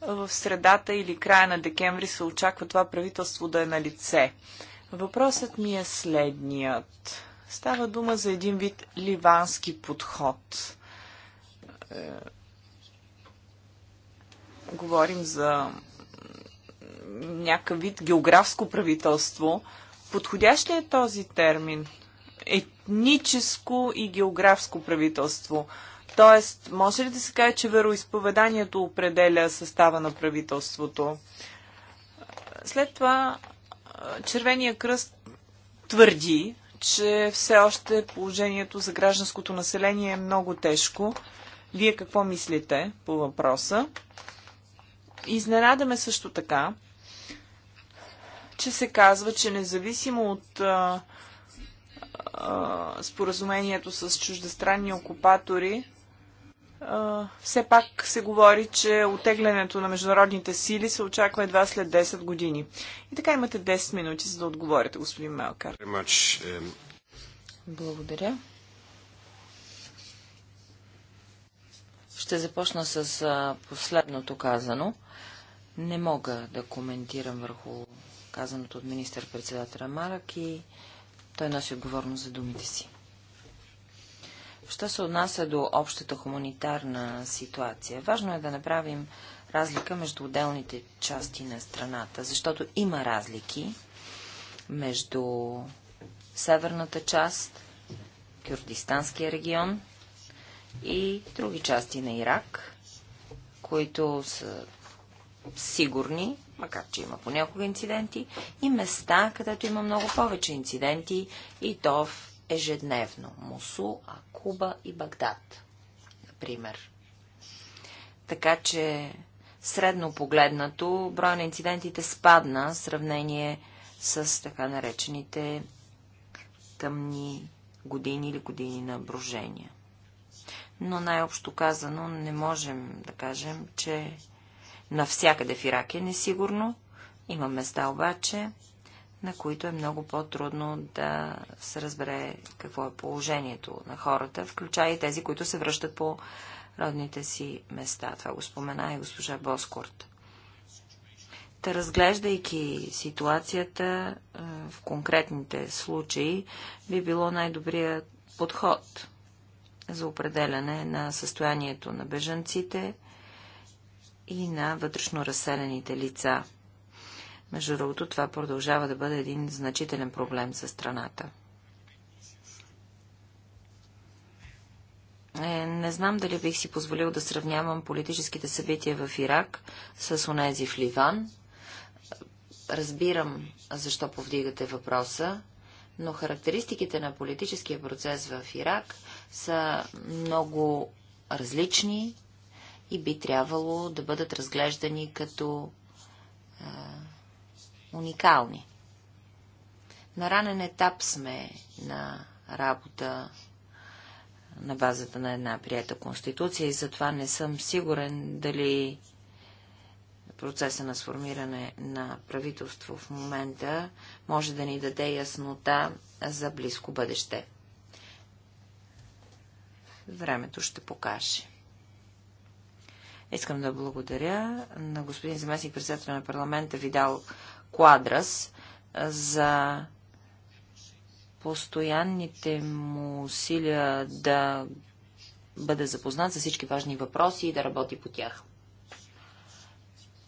S4: в средата или края на декември се очаква това правителство да е на лице. Въпросът ми е следният. Става дума за един вид ливански подход. Е, говорим за някакъв вид географско правителство. Подходящ ли е този термин? Етническо и географско правителство. Тоест, може ли да се каже, че вероисповеданието определя състава на правителството? След това Червения кръст твърди, че все още положението за гражданското население е много тежко. Вие какво мислите по въпроса? Изненадаме също така, че се казва, че независимо от а, а, споразумението с чуждестранни окупатори, все пак се говори, че отеглянето на международните сили се очаква едва след 10 години. И така имате 10 минути, за да отговорите, господин Малкар.
S3: Um, Благодаря. Ще започна с последното казано. Не мога да коментирам върху казаното от министър-председателя Марак и той носи отговорност за думите си. Що се отнася до общата хуманитарна ситуация, важно е да направим разлика между отделните части на страната, защото има разлики между северната част, Кюрдистанския регион и други части на Ирак, които са сигурни, макар че има понякога инциденти, и места, където има много повече инциденти и то в ежедневно. Мусу, Акуба и Багдад, например. Така че, средно погледнато, броя на инцидентите спадна в сравнение с така наречените тъмни години или години на брожения. Но най-общо казано не можем да кажем, че навсякъде в Ирак е несигурно. Има места обаче, на които е много по-трудно да се разбере какво е положението на хората, включая и тези, които се връщат по родните си места. Това го спомена и госпожа Боскорт. Та разглеждайки ситуацията е, в конкретните случаи, би било най-добрият подход за определяне на състоянието на бежанците и на вътрешно разселените лица – между другото, това продължава да бъде един значителен проблем за страната. Е, не знам дали бих си позволил да сравнявам политическите събития в Ирак с онези в Ливан. Разбирам защо повдигате въпроса, но характеристиките на политическия процес в Ирак са много различни и би трябвало да бъдат разглеждани като уникални. На ранен етап сме на работа на базата на една прията конституция и затова не съм сигурен дали процеса на сформиране на правителство в момента може да ни даде яснота за близко бъдеще. Времето ще покаже. Искам да благодаря на господин заместник председател на парламента Видал Квадрас за постоянните му усилия да бъде запознат за всички важни въпроси и да работи по тях.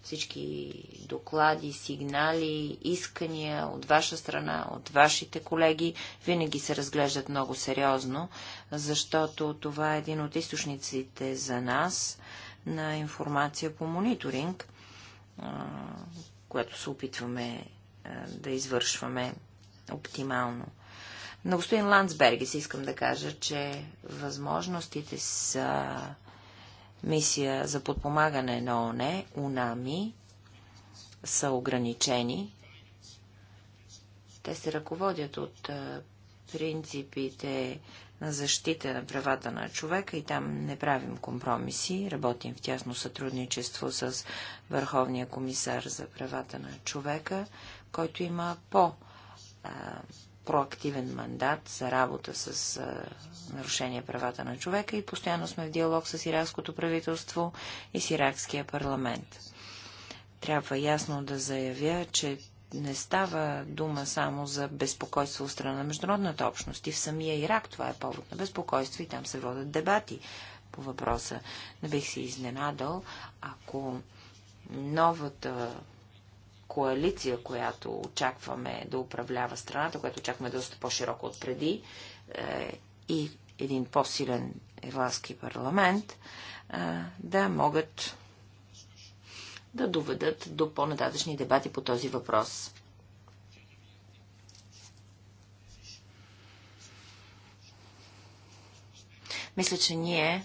S3: Всички доклади, сигнали, искания от ваша страна, от вашите колеги винаги се разглеждат много сериозно, защото това е един от източниците за нас на информация по мониторинг което се опитваме е, да извършваме оптимално. На господин се искам да кажа, че възможностите са мисия за подпомагане на ОНЕ, УНАМИ, са ограничени. Те се ръководят от е, принципите на защита на правата на човека и там не правим компромиси, работим в тясно сътрудничество с Върховния комисар за правата на човека, който има по- проактивен мандат за работа с а, нарушение правата на човека и постоянно сме в диалог с иракското правителство и с иракския парламент. Трябва ясно да заявя, че не става дума само за безпокойство от страна на международната общност. И в самия Ирак това е повод на безпокойство и там се водят дебати по въпроса. Не бих се изненадал, ако новата коалиция, която очакваме да управлява страната, която очакваме доста по-широко от преди, е, и един по-силен ирландски парламент, е, да могат да доведат до по-нататъчни дебати по този въпрос. Мисля, че ние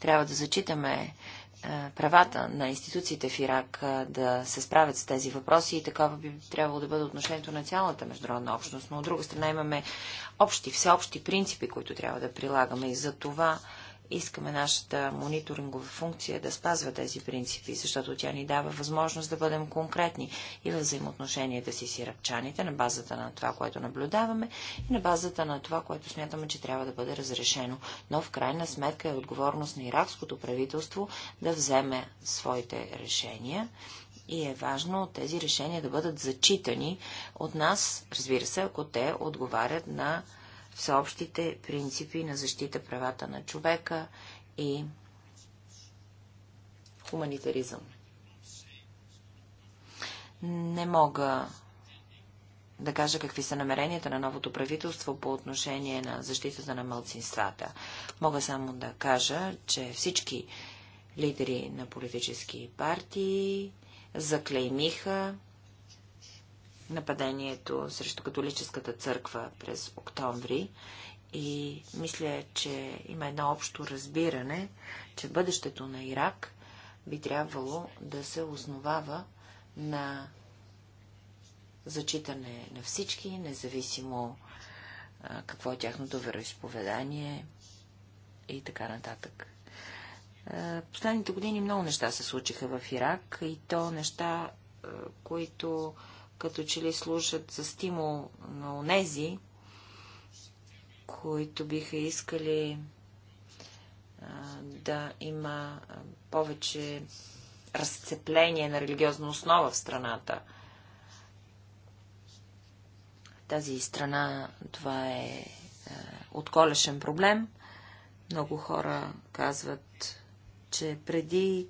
S3: трябва да зачитаме е, правата на институциите в Ирак е, да се справят с тези въпроси и такова би трябвало да бъде отношението на цялата международна общност. Но от друга страна имаме общи, всеобщи принципи, които трябва да прилагаме и за това искаме нашата мониторингова функция да спазва тези принципи, защото тя ни дава възможност да бъдем конкретни и във взаимоотношенията си с иракчаните, на базата на това, което наблюдаваме и на базата на това, което смятаме, че трябва да бъде разрешено. Но в крайна сметка е отговорност на иракското правителство да вземе своите решения и е важно тези решения да бъдат зачитани от нас, разбира се, ако те отговарят на всеобщите принципи на защита правата на човека и хуманитаризъм. Не мога да кажа какви са намеренията на новото правителство по отношение на защитата на мълцинствата. Мога само да кажа, че всички лидери на политически партии заклеймиха нападението срещу католическата църква през октомври и мисля, че има едно общо разбиране, че бъдещето на Ирак би трябвало да се основава на зачитане на всички, независимо какво е тяхното вероисповедание и така нататък. последните години много неща се случиха в Ирак и то неща, които като че ли служат за стимул на онези, които биха искали а, да има повече разцепление на религиозна основа в страната. Тази страна, това е, е отколешен проблем. Много хора казват, че преди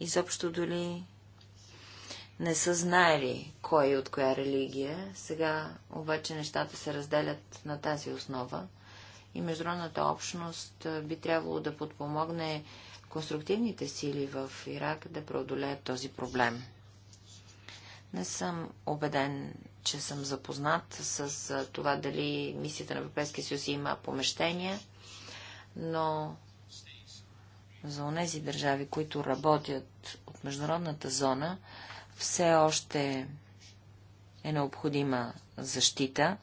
S3: изобщо дали не са знаели кой е от коя религия. Сега обаче нещата се разделят на тази основа и международната общност би трябвало да подпомогне конструктивните сили в Ирак да преодолеят този проблем. Не съм убеден, че съм запознат с това дали мисията на Европейския съюз има помещения, но за онези държави, които работят от международната зона, все още е необходима защита.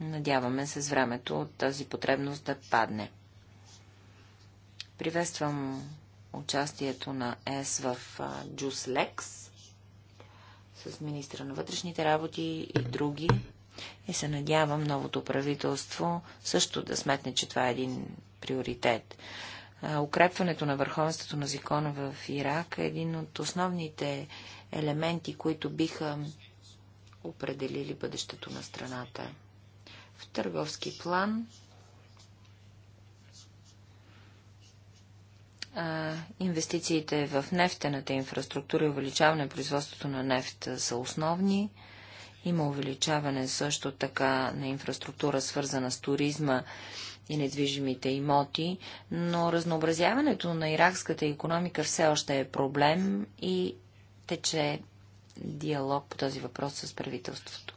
S3: Надяваме се с времето от тази потребност да падне. Приветствам участието на ЕС в Джуслекс с министра на вътрешните работи и други. И се надявам новото правителство също да сметне, че това е един приоритет укрепването на върховенството на закона в Ирак е един от основните елементи, които биха определили бъдещето на страната. В търговски план инвестициите в нефтената инфраструктура и увеличаване на производството на нефт са основни. Има увеличаване също така на инфраструктура, свързана с туризма и недвижимите имоти, но разнообразяването на иракската економика все още е проблем и тече диалог по този въпрос с правителството.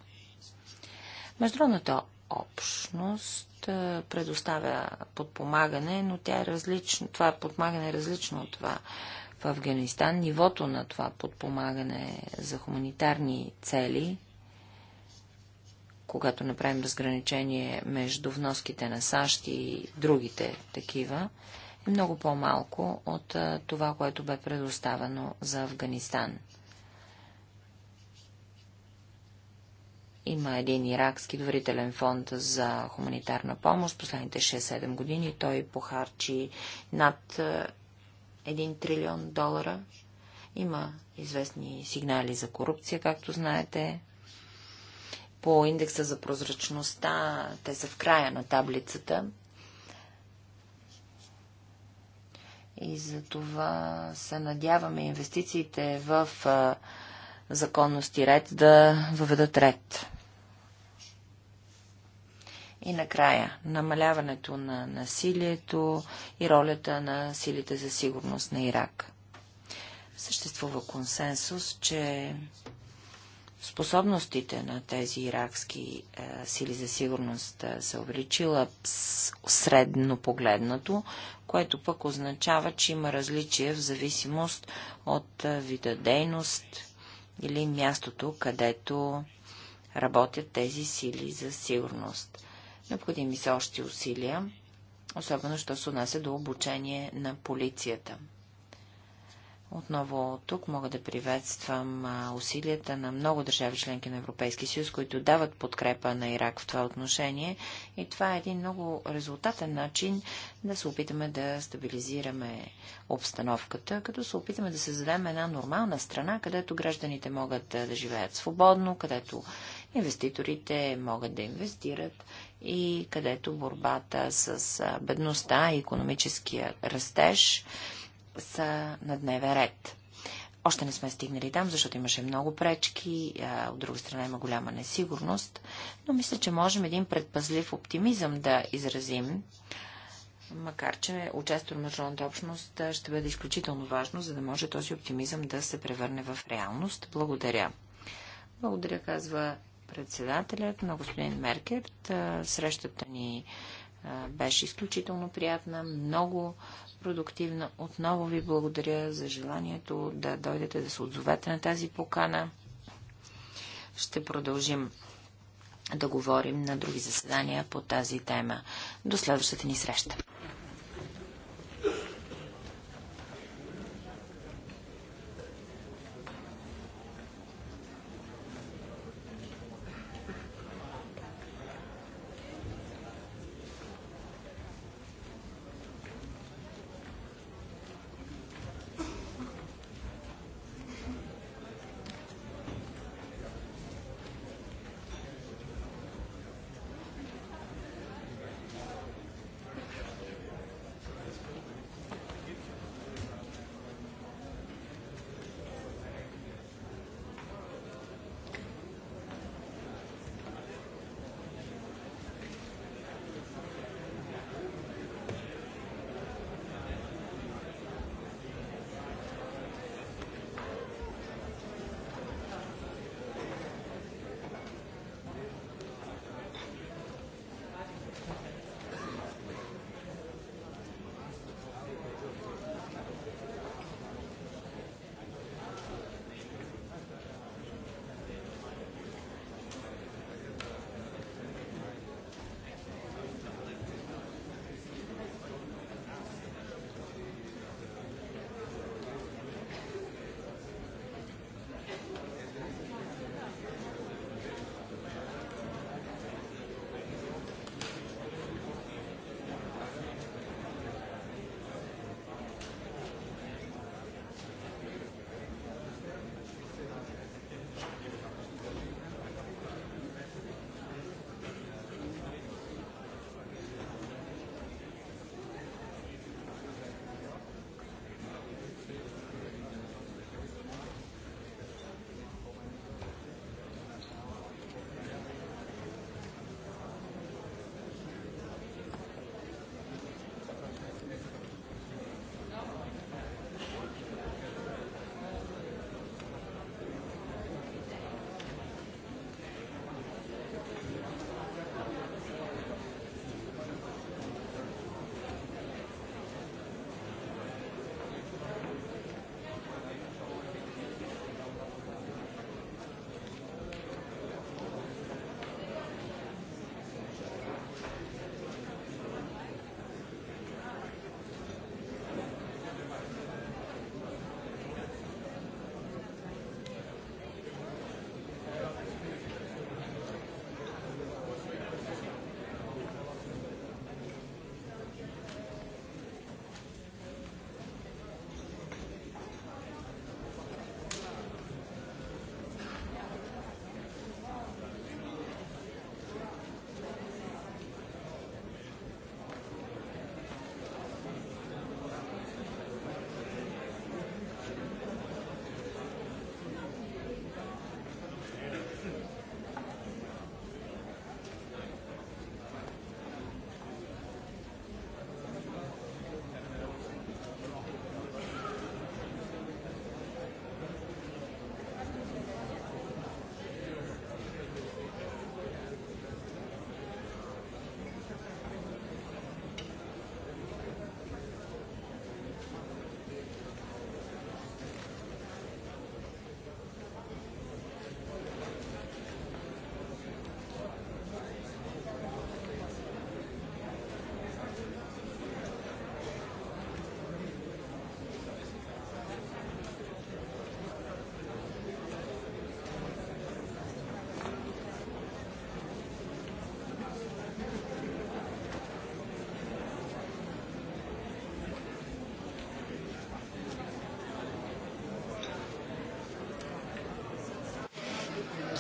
S3: Международната общност предоставя подпомагане, но тя е различно, това подпомагане е различно от това в Афганистан. Нивото на това подпомагане за хуманитарни цели когато направим разграничение между вноските на САЩ и другите такива, е много по-малко от това, което бе предоставено за Афганистан. Има един иракски доверителен фонд за хуманитарна помощ. Последните 6-7 години той похарчи над 1 трилион долара. Има известни сигнали за корупция, както знаете. По индекса за прозрачността, те са в края на таблицата. И за това се надяваме инвестициите в законност и ред да въведат ред. И накрая, намаляването на насилието и ролята на силите за сигурност на Ирак. Съществува консенсус, че способностите на тези иракски е, сили за сигурност е, се увеличила средно погледнато, което пък означава, че има различия в зависимост от е, вида дейност или мястото, където работят тези сили за сигурност. Необходими са още усилия, особено що се отнася до обучение на полицията. Отново тук мога да приветствам усилията на много държави членки на Европейски съюз, които дават подкрепа на Ирак в това отношение. И това е един много резултатен начин да се опитаме да стабилизираме обстановката, като се опитаме да създадем една нормална страна, където гражданите могат да, да живеят свободно, където инвеститорите могат да инвестират и където борбата с бедността и економическия растеж са на дневен ред. Още не сме стигнали там, защото имаше много пречки, а, от друга страна има голяма несигурност, но мисля, че можем един предпазлив оптимизъм да изразим, макар че участието на международната общност ще бъде изключително важно, за да може този оптимизъм да се превърне в реалност. Благодаря. Благодаря, казва председателят на господин Меркерт. Срещата ни беше изключително приятна. Много продуктивна. Отново ви благодаря за желанието да дойдете да се отзовете на тази покана. Ще продължим да говорим на други заседания по тази тема. До следващата ни среща.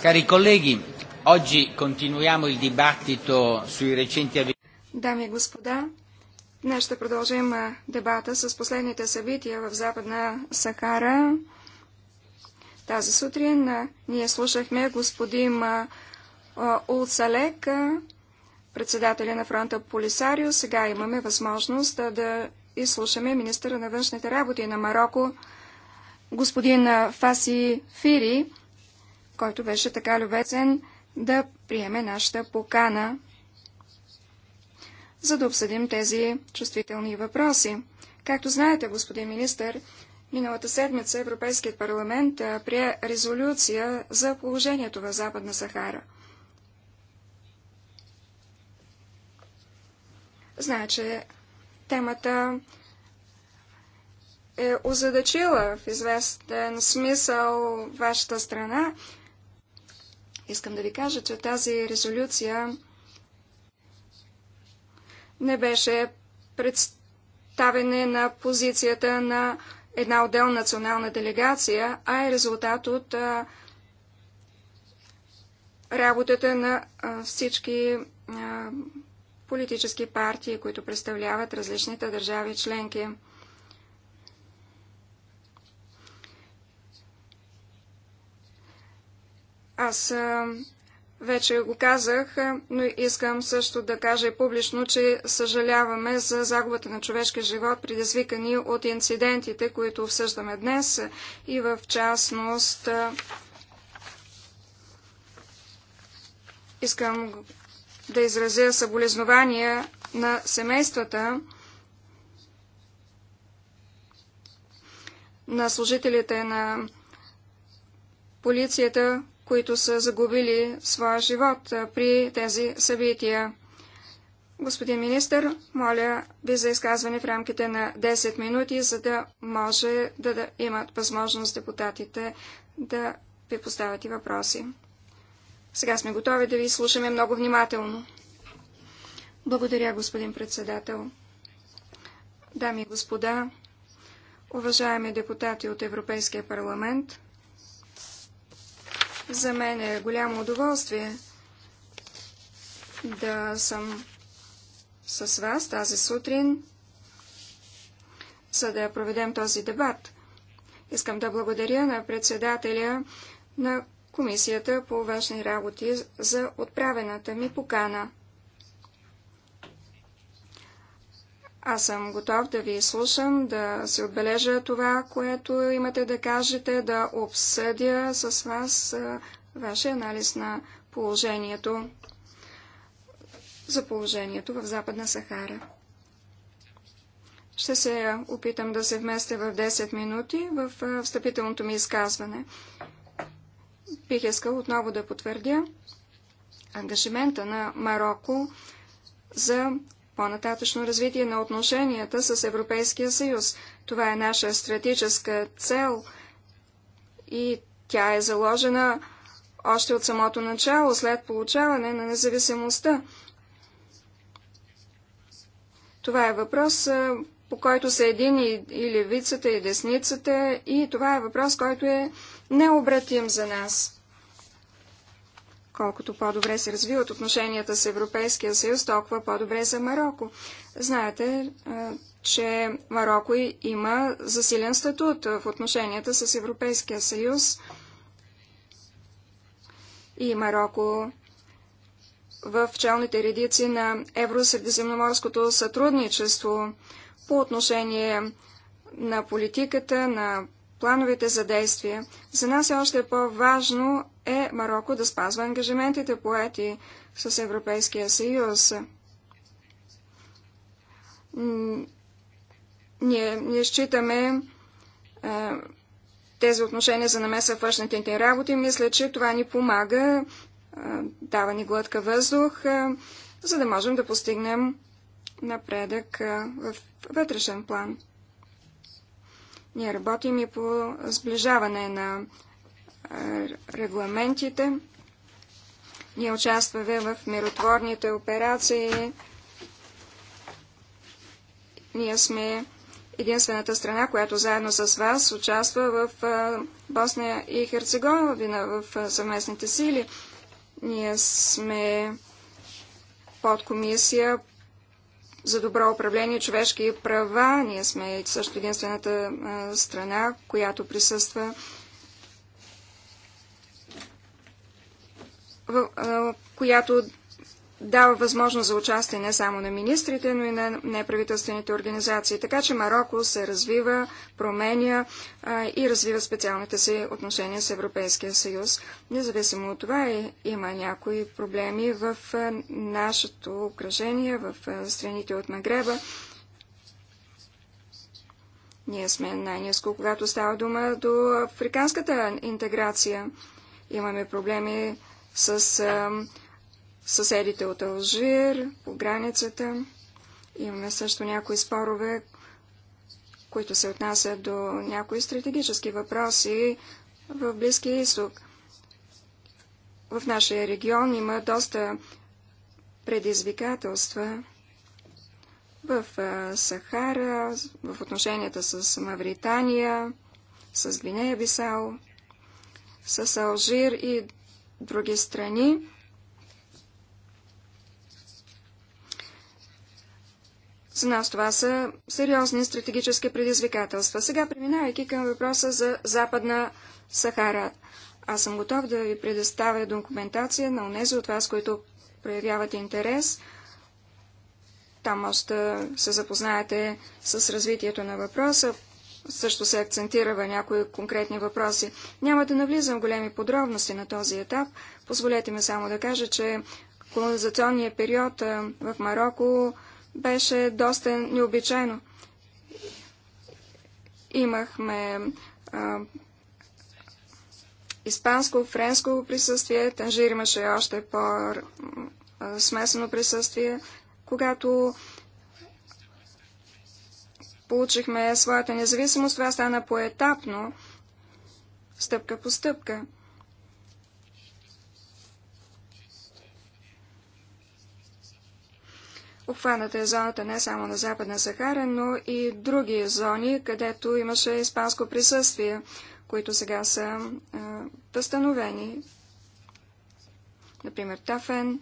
S1: Cari colleghi, oggi continuiamo il dibattito sui recenti
S2: Дами и господа, днес ще продължим дебата с последните събития в Западна Сахара. Тази сутрин ние слушахме господин Улцалек, председателя на фронта Полисарио. Сега имаме възможност да изслушаме министъра на външните работи на Марокко, господин Фаси Фири който беше така любезен да приеме нашата покана, за да обсъдим тези чувствителни въпроси. Както знаете, господин министър, миналата седмица Европейският парламент прие резолюция за положението в Западна Сахара. Знае, че темата е озадачила в известен смисъл вашата страна, Искам да ви кажа, че тази резолюция не беше представене на позицията на една отделна национална делегация, а е резултат от работата на всички политически партии, които представляват различните държави членки. Аз вече го казах, но искам също да кажа и публично, че съжаляваме за загубата на човешкия живот, предизвикани от инцидентите, които обсъждаме днес и в частност искам да изразя съболезнования на семействата на служителите на полицията, които са загубили своя живот при тези събития. Господин министр, моля ви за изказване в рамките на 10 минути, за да може да, да имат възможност депутатите да ви поставят и въпроси. Сега сме готови да ви слушаме много внимателно. Благодаря, господин председател. Дами и господа, уважаеми депутати от Европейския парламент, за мен е голямо удоволствие да съм с вас тази сутрин, за да проведем този дебат. Искам да благодаря на председателя на Комисията по външни работи за отправената ми покана. Аз съм готов да ви слушам, да се отбележа това, което имате да кажете, да обсъдя с вас вашия анализ на положението за положението в Западна Сахара. Ще се опитам да се вместя в 10 минути в встъпителното ми изказване. Бих искал отново да потвърдя ангажимента на Марокко за по-нататъчно развитие на отношенията с Европейския съюз. Това е наша стратегическа цел и тя е заложена още от самото начало, след получаване на независимостта. Това е въпрос, по който са едини и левицата, и десницата, и това е въпрос, който е необратим за нас. Колкото по-добре се развиват отношенията с Европейския съюз, толкова по-добре за Марокко. Знаете, че Марокко има засилен статут в отношенията с Европейския съюз. И Марокко в челните редици на Евросредиземноморското сътрудничество по отношение на политиката, на плановете за действие. За нас е още по-важно е Марокко да спазва ангажиментите поети с Европейския съюз. Ние, ние считаме тези отношения за намеса в външните ни работи. Мисля, че това ни помага, дава ни глътка въздух, за да можем да постигнем напредък в вътрешен план. Ние работим и по сближаване на регламентите. Ние участваме в миротворните операции. Ние сме единствената страна, която заедно с вас участва в Босния и Херцеговина в съвместните сили. Ние сме под комисия за добро управление човешки права. Ние сме също единствената страна, която присъства която дава възможност за участие не само на министрите, но и на неправителствените организации. Така че Марокко се развива, променя а, и развива специалните си отношения с Европейския съюз. Независимо от това е, има някои проблеми в а, нашето окръжение, в а, страните от Магреба. Ние сме най-низко, когато става дума до африканската интеграция. Имаме проблеми с а, съседите от Алжир, по границата. Имаме също някои спорове, които се отнасят до някои стратегически въпроси в Близкия изток. В нашия регион има доста предизвикателства в Сахара, в отношенията с Мавритания, с Гвинея-Бисал, с Алжир и други страни. За нас това са сериозни стратегически предизвикателства. Сега, преминавайки към въпроса за Западна Сахара, аз съм готов да ви предоставя документация на унези от вас, които проявяват интерес. Там може да се запознаете с развитието на въпроса също се акцентира в някои конкретни въпроси. Няма да навлизам големи подробности на този етап. Позволете ми само да кажа, че колонизационният период в Марокко беше доста необичайно. Имахме а, испанско, френско присъствие, Танжир имаше още по-смесено присъствие, когато получихме своята независимост, това стана поетапно, стъпка по стъпка. Обхваната е зоната не само на Западна Сахара, но и други зони, където имаше испанско присъствие, които сега са е, възстановени. Например, Тафен.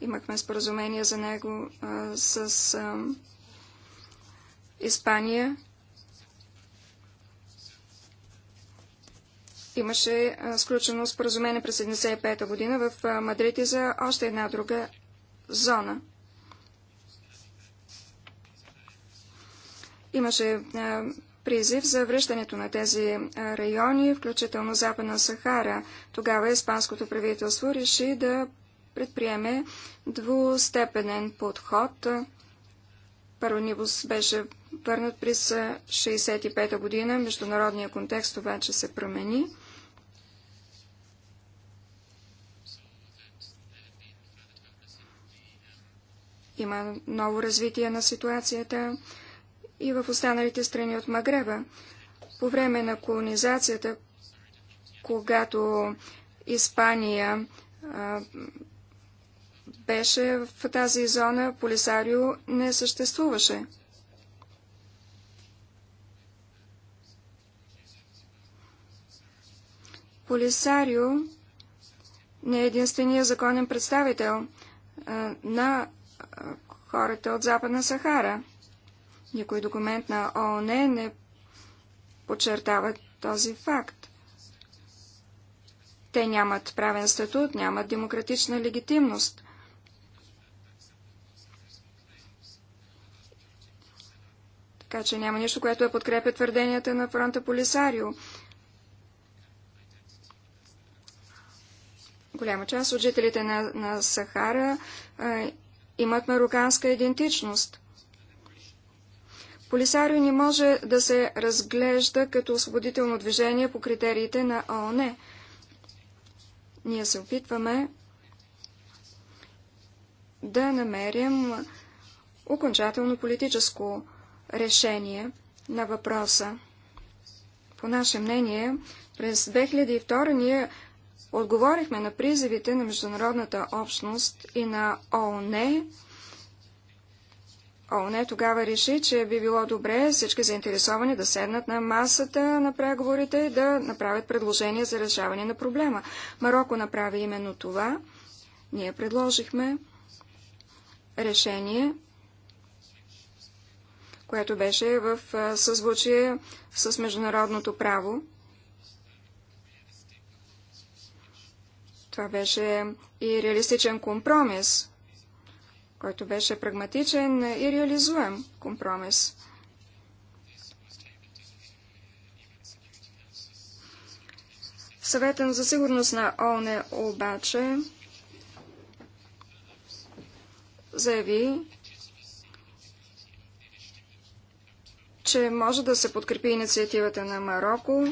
S2: Имахме споразумение за него е, с е, Испания имаше сключено споразумение през 1975 година в Мадрид и за още една друга зона. Имаше призив за връщането на тези райони, включително Западна Сахара. Тогава испанското правителство реши да предприеме двустепенен подход. Първо ниво беше върнат през 1965 година. Международния контекст обаче се промени. Има ново развитие на ситуацията и в останалите страни от Магреба. По време на колонизацията, когато Испания а, беше в тази зона, Полисарио не съществуваше. Полисарио не е единствения законен представител на хората от Западна Сахара. Никой документ на ООН не подчертава този факт. Те нямат правен статут, нямат демократична легитимност. Така че няма нищо, което да подкрепя твърденията на фронта Полисарио. Голяма част от жителите на, на Сахара а, имат мароканска идентичност. Полисарио не може да се разглежда като освободително движение по критериите на ООН. Ние се опитваме да намерим окончателно политическо решение на въпроса. По наше мнение, през 2002 ние Отговорихме на призивите на международната общност и на ООН. ООН тогава реши, че би било добре всички заинтересовани да седнат на масата на преговорите и да направят предложение за решаване на проблема. Марокко направи именно това. Ние предложихме решение, което беше в съзвучие с международното право. Това беше и реалистичен компромис, който беше прагматичен и реализуем компромис. Съветен за сигурност на ООН обаче заяви, че може да се подкрепи инициативата на Марокко.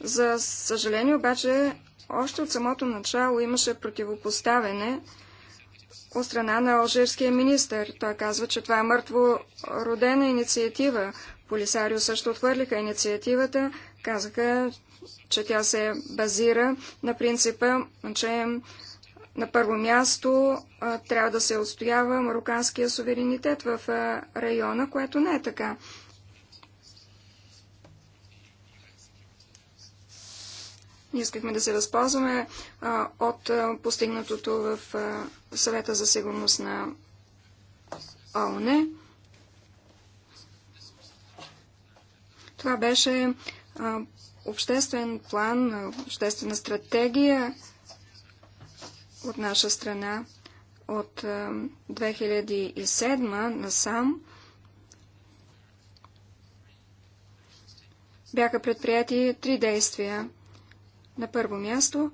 S2: За съжаление обаче още от самото начало имаше противопоставяне от страна на алжирския министр. Той казва, че това е мъртво родена инициатива. Полисарио също отхвърлиха инициативата. Казаха, че тя се базира на принципа, че на първо място трябва да се отстоява мароканския суверенитет в района, което не е така. Ние искахме да се възползваме а, от а, постигнатото в а, съвета за сигурност на ООН. Това беше а, обществен план, обществена стратегия от наша страна от 2007 насам. Бяха предприяти три действия на първо място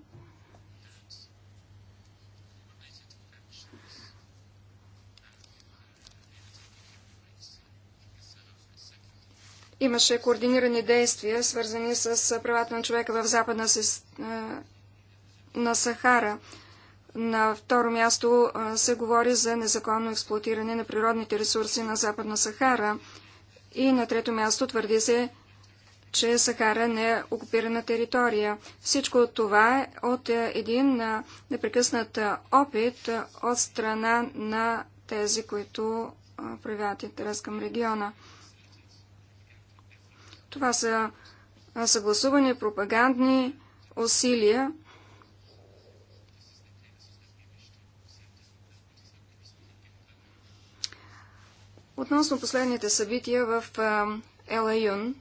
S2: имаше координирани действия, свързани с правата на човека в западна на Сахара. На второ място се говори за незаконно експлуатиране на природните ресурси на Западна Сахара. И на трето място твърди се, че Сахара не е окупирана територия. Всичко това е от е, един е, непрекъснат е, опит от страна на тези, които проявяват интерес към региона. Това са съгласувани пропагандни усилия, Относно последните събития в Елайон,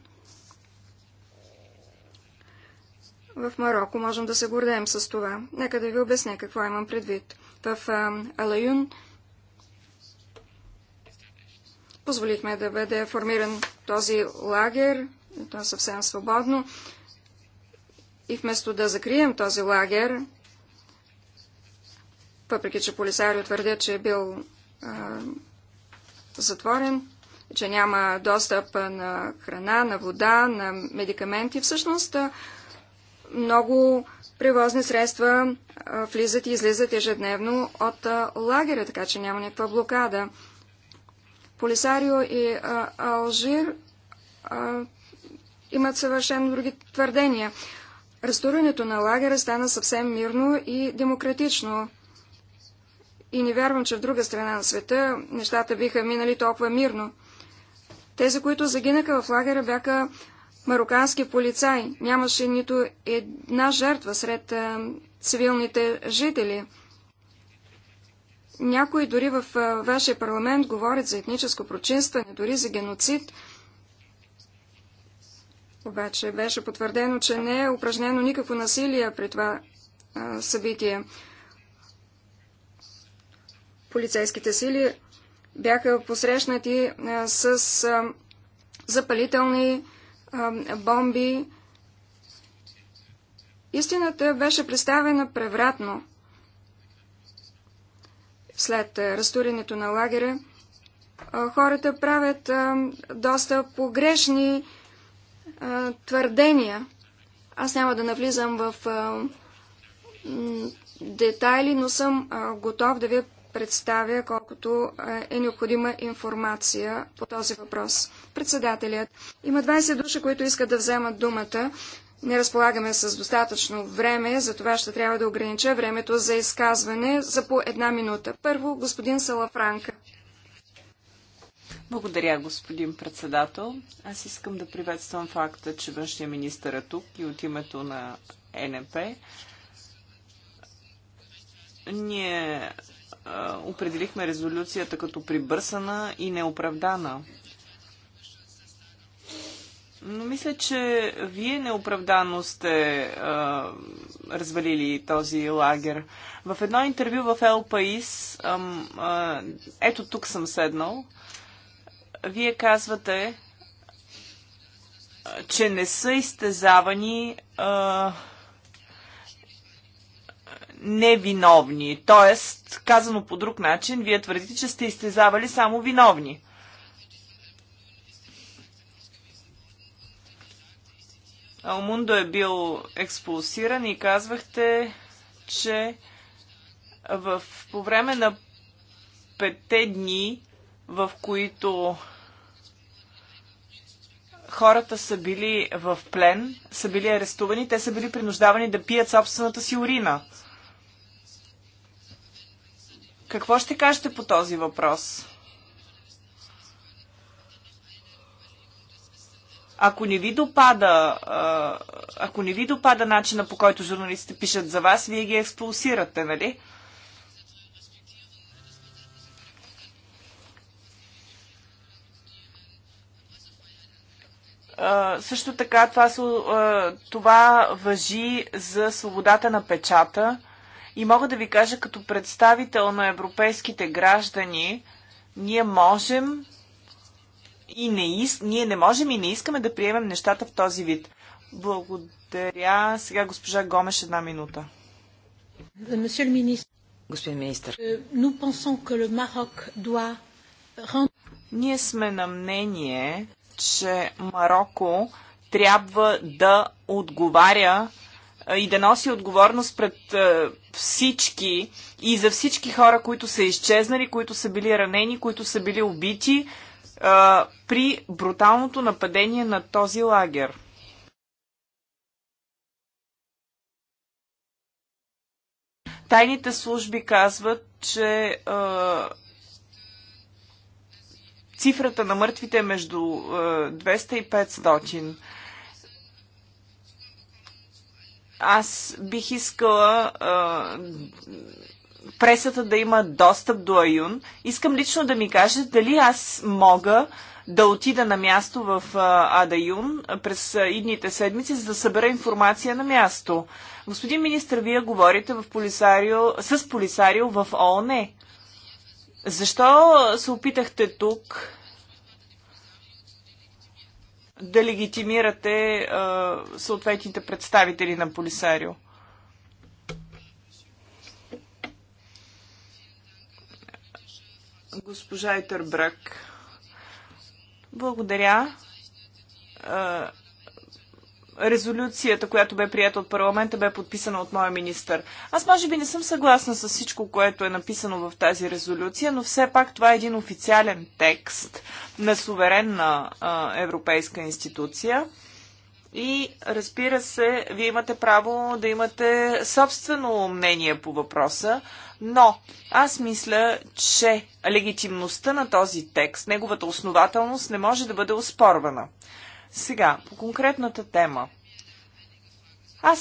S2: В Марокко можем да се гордеем с това. Нека да ви обясня какво имам предвид. В Алаюн позволихме да бъде формиран този лагер, то е съвсем свободно. И вместо да закрием този лагер, въпреки че полицари твърдят, че е бил а, затворен, че няма достъп на храна, на вода, на медикаменти, всъщност много превозни средства влизат и излизат ежедневно от лагеря, така че няма никаква блокада. Полисарио и Алжир имат съвършено други твърдения. Разтурването на лагера стана съвсем мирно и демократично. И не вярвам, че в друга страна на света нещата биха минали толкова мирно. Тези, които загинаха в лагера, бяха марокански полицай Нямаше нито една жертва сред цивилните жители. Някои дори в вашия парламент говорят за етническо прочинстване, дори за геноцид. Обаче беше потвърдено, че не е упражнено никакво насилие при това събитие. Полицейските сили бяха посрещнати с запалителни бомби. Истината беше представена превратно. След разтурянето на лагера, хората правят доста погрешни твърдения. Аз няма да навлизам в детайли, но съм готов да ви представя колкото е необходима информация по този въпрос. Председателят. Има 20 души, които искат да вземат думата. Не разполагаме с достатъчно време, за това ще трябва да огранича времето за изказване за по една минута. Първо, господин Салафранка.
S4: Благодаря, господин председател. Аз искам да приветствам факта, че външния министър е тук и от името на НП. Ние определихме резолюцията като прибърсана и неоправдана. Но мисля, че вие неоправдано сте а, развалили този лагер. В едно интервю в Ел Паис, а, ето тук съм седнал, вие казвате, а, че не са изтезавани а, невиновни. Тоест, казано по друг начин, вие твърдите, че сте изтезавали само виновни. Алмундо е бил експулсиран и казвахте, че в, по време на петте дни, в които хората са били в плен, са били арестувани, те са били принуждавани да пият собствената си урина. Какво ще кажете по този въпрос? Ако не ви допада, ако не ви допада начина по който журналистите пишат за вас, вие ги експулсирате, нали? също така това, това въжи за свободата на печата. И мога да ви кажа, като представител на европейските граждани, ние можем и не, из... ние не можем и не искаме да приемем нещата в този вид. Благодаря. Сега госпожа Гомеш една минута. Господин министр,
S1: euh, ние сме на
S4: мнение, че Марокко трябва да отговаря и да носи отговорност пред всички и за всички хора, които са изчезнали, които са били ранени, които са били убити а, при бруталното нападение на този лагер. Тайните служби казват, че а, цифрата на мъртвите е между а, 200 и 500 аз бих искала а, пресата да има достъп до Аюн. Искам лично да ми каже дали аз мога да отида на място в а, Адаюн през а, идните седмици, за да събера информация на място. Господин министр, вие говорите в полисарио, с полисарио в ООН. Е. Защо се опитахте тук да легитимирате а, съответните представители на Полисарио. Госпожа Итербрък. Благодаря. А, резолюцията, която бе прията от парламента, бе подписана от моя министър. Аз може би не съм съгласна с всичко, което е написано в тази резолюция, но все пак това е един официален текст на суверенна а, европейска институция. И разбира се, вие имате право да имате собствено мнение по въпроса, но аз мисля, че легитимността на този текст, неговата основателност не може да бъде оспорвана. Сега, по конкретната тема. Аз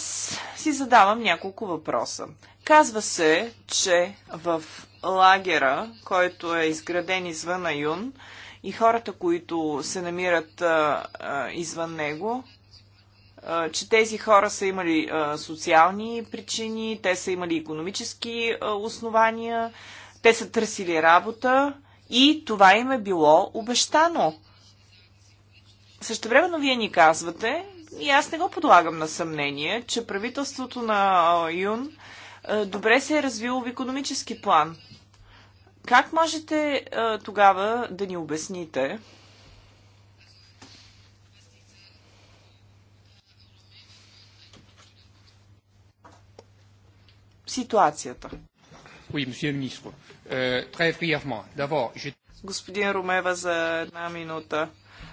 S4: си задавам няколко въпроса. Казва се, че в лагера, който е изграден извън на Юн, и хората, които се намират а, а, извън него, а, че тези хора са имали а, социални причини, те са имали економически а, основания, те са търсили работа и това им е било обещано. Същевременно вие ни казвате, и аз не го подлагам на съмнение, че правителството на Юн добре се е развило в економически план. Как можете тогава да ни обясните?
S1: ситуацията. Euh,
S4: Господин Румева за една минута.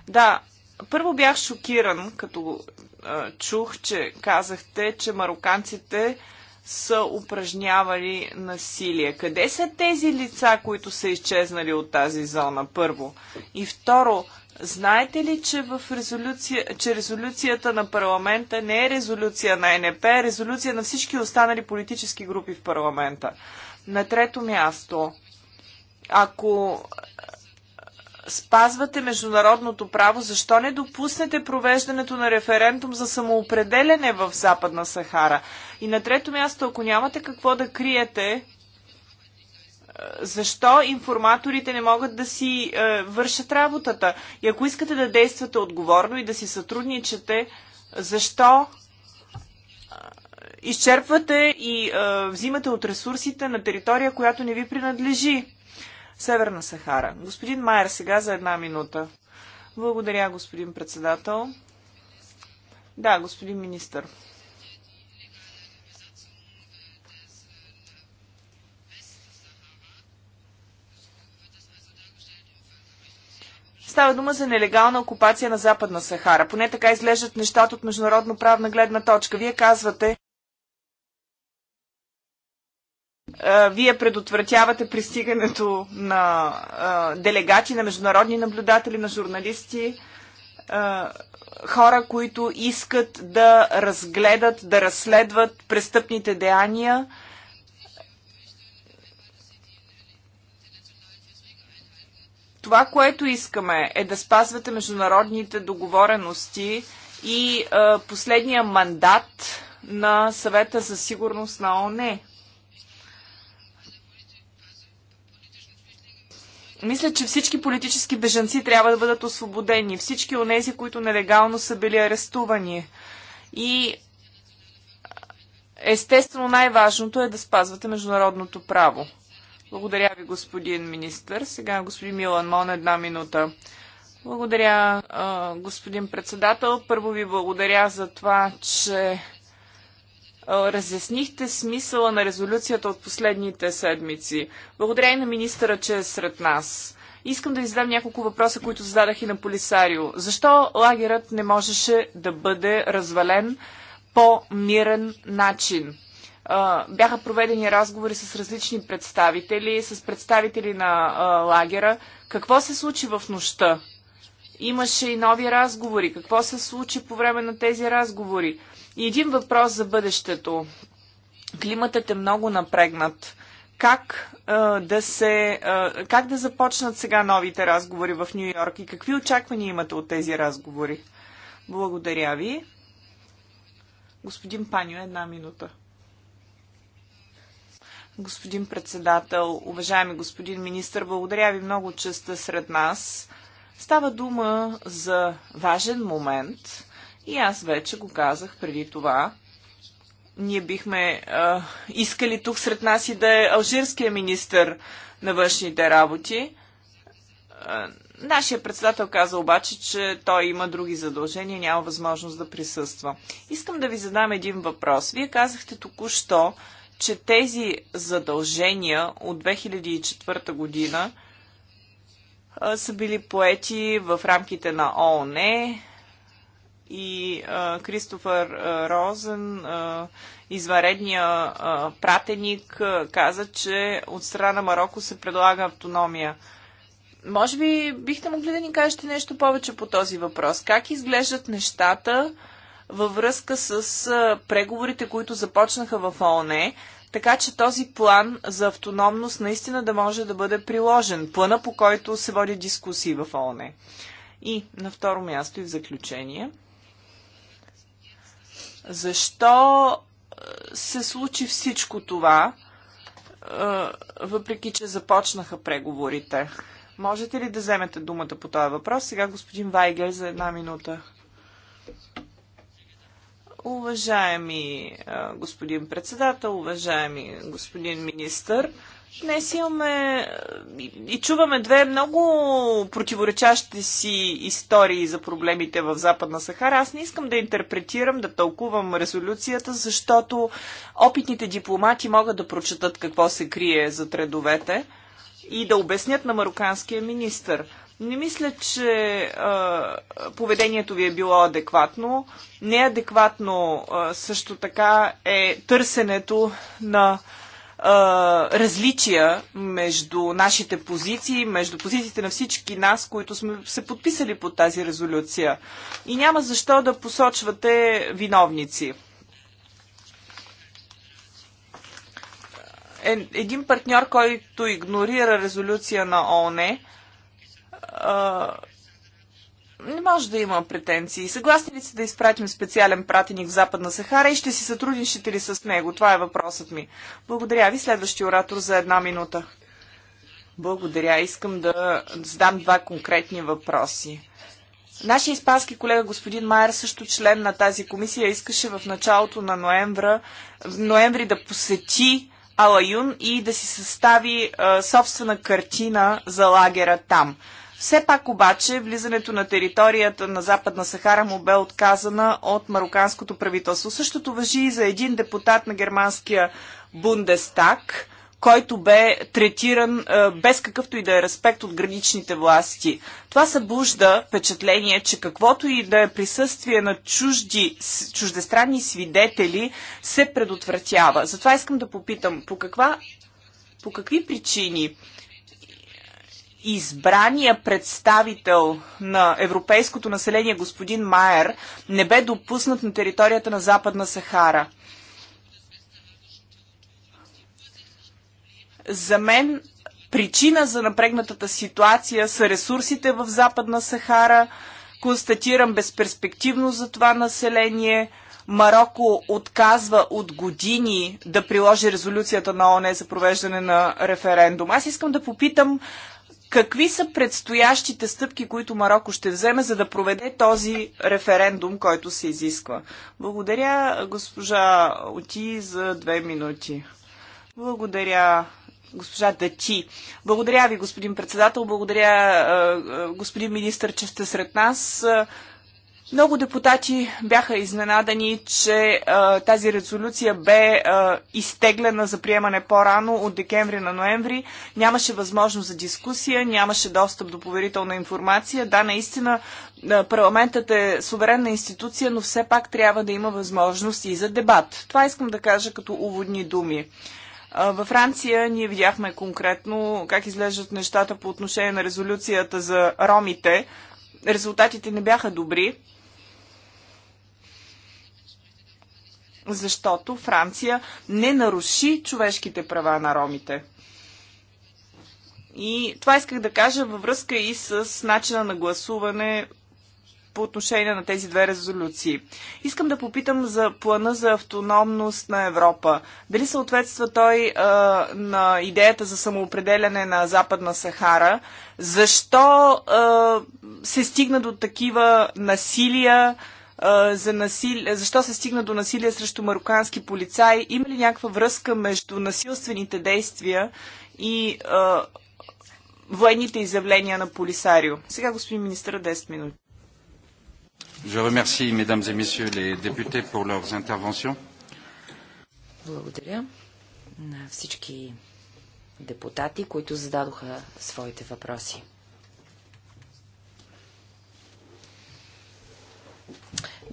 S4: Да, първо бях шокиран, като а, чух, че казахте, че мароканците са упражнявали насилие. Къде са тези лица, които са изчезнали от тази зона, първо? И второ, знаете ли, че, в резолюция, че резолюцията на парламента не е резолюция на НП, а е резолюция на всички останали политически групи в парламента? На трето място, ако спазвате международното право, защо не допуснете провеждането на референдум за самоопределене в Западна Сахара? И на трето място, ако нямате какво да криете, е, защо информаторите не могат да си е, вършат работата? И ако искате да действате отговорно и да си сътрудничате, защо е, изчерпвате и е, взимате от ресурсите на територия, която не ви принадлежи? Северна Сахара. Господин Майер, сега за една минута. Благодаря, господин председател. Да, господин министър. Става дума за нелегална окупация на Западна Сахара. Поне така изглеждат нещата от международно правна гледна точка. Вие казвате, вие предотвратявате пристигането на а, делегати, на международни наблюдатели, на журналисти, а, хора, които искат да разгледат, да разследват престъпните деяния. Това, което искаме е да спазвате международните договорености и а, последния мандат на съвета за сигурност на ОНЕ. Мисля, че всички политически бежанци трябва да бъдат освободени. Всички от тези, които нелегално са били арестувани. И естествено най-важното е да спазвате международното право. Благодаря ви, господин министър. Сега господин Милан Мон, една минута. Благодаря, господин председател. Първо ви благодаря за това, че разяснихте смисъла на резолюцията от последните седмици. Благодаря и на министъра, че е сред нас. Искам да издам няколко въпроса, които зададах и на Полисарио. Защо лагерът не можеше да бъде развален по мирен начин? Бяха проведени разговори с различни представители, с представители на лагера. Какво се случи в нощта? Имаше и нови разговори. Какво се случи по време на тези разговори? И един въпрос за бъдещето. Климатът е много напрегнат. Как, а, да се, а, как да започнат сега новите разговори в Нью Йорк и какви очаквания имате от тези разговори? Благодаря ви. Господин Паню, една минута. Господин председател, уважаеми господин министр, благодаря ви много, че сте сред нас. Става дума за важен момент и аз вече го казах преди това. Ние бихме а, искали тук сред нас и да е алжирския министр на външните работи. А, нашия председател каза обаче, че той има други задължения, няма възможност да присъства. Искам да ви задам един въпрос. Вие казахте току-що, че тези задължения от 2004 година са били поети в рамките на ООН, и а, Кристофър а, Розен, а, изваредния а, пратеник, а, каза, че от страна на Марокко се предлага автономия. Може би бихте могли да ни кажете нещо повече по този въпрос. Как изглеждат нещата във връзка с а, преговорите, които започнаха в ООН, така че този план за автономност наистина да може да бъде приложен. Плана, по който се води дискусии в ООН. И на второ място и в заключение – защо е, се случи всичко това, е, въпреки че започнаха преговорите? Можете ли да вземете думата по този въпрос? Сега господин Вайгер за една минута. Уважаеми е, господин председател, уважаеми господин министър, Днес имаме и чуваме две много противоречащи си истории за проблемите в Западна Сахара. Аз не искам да интерпретирам, да тълкувам резолюцията, защото опитните дипломати могат да прочетат какво се крие за тредовете и да обяснят на мароканския министр. Не мисля, че а, поведението ви е било адекватно. Неадекватно а, също така е търсенето на различия между нашите позиции, между позициите на всички нас, които сме се подписали под тази резолюция. И няма защо да посочвате виновници. Е, един партньор, който игнорира резолюция на ООН, не може да има претенции. Съгласни ли сте да изпратим специален пратеник в Западна Сахара и ще си сътрудничите ли с него? Това е въпросът ми. Благодаря ви. Следващия оратор за една минута. Благодаря. Искам да задам два конкретни въпроси. Нашия испански колега господин Майер, също член на тази комисия, искаше в началото на ноември, ноември да посети Алаюн и да си състави а, собствена картина за лагера там. Все пак обаче влизането на територията на Западна Сахара му бе отказана от мароканското правителство. Същото въжи и за един депутат на германския Бундестаг, който бе третиран е, без какъвто и да е респект от граничните власти. Това събужда впечатление, че каквото и да е присъствие на чужди, чуждестранни свидетели се предотвратява. Затова искам да попитам, по, каква, по какви причини избрания представител на европейското население господин Майер не бе допуснат на територията на Западна Сахара. За мен причина за напрегнатата ситуация са ресурсите в Западна Сахара. Констатирам безперспективно за това население. Марокко отказва от години да приложи резолюцията на ОНЕ за провеждане на референдум. Аз искам да попитам Какви са предстоящите стъпки, които Марокко ще вземе, за да проведе този референдум, който се изисква? Благодаря, госпожа Оти, за две минути. Благодаря, госпожа Дати. Благодаря ви, господин председател. Благодаря, е, е, господин министр, че сте сред нас. Много депутати бяха изненадани, че а, тази резолюция бе а, изтеглена за приемане по-рано от декември на ноември. Нямаше възможност за дискусия, нямаше достъп до поверителна информация. Да, наистина парламентът е суверенна институция, но все пак трябва да има възможност и за дебат. Това искам да кажа като уводни думи. Във Франция ние видяхме конкретно как изглеждат нещата по отношение на резолюцията за ромите. Резултатите не бяха добри защото Франция не наруши човешките права на ромите. И това исках да кажа във връзка и с начина на гласуване по отношение на тези две резолюции. Искам да попитам за плана за автономност на Европа. Дали съответства той а, на идеята за самоопределяне на Западна Сахара? Защо а, се стигна до такива насилия? за насилие, защо се стигна до насилие срещу марокански полицаи? Има ли някаква връзка между насилствените действия и а, военните изявления на полисарио? Сега, господин министър, 10
S3: минути.
S1: Je remercie, mesdames et messieurs les députés, pour leurs interventions.
S3: Благодаря на всички депутати, които зададоха своите въпроси.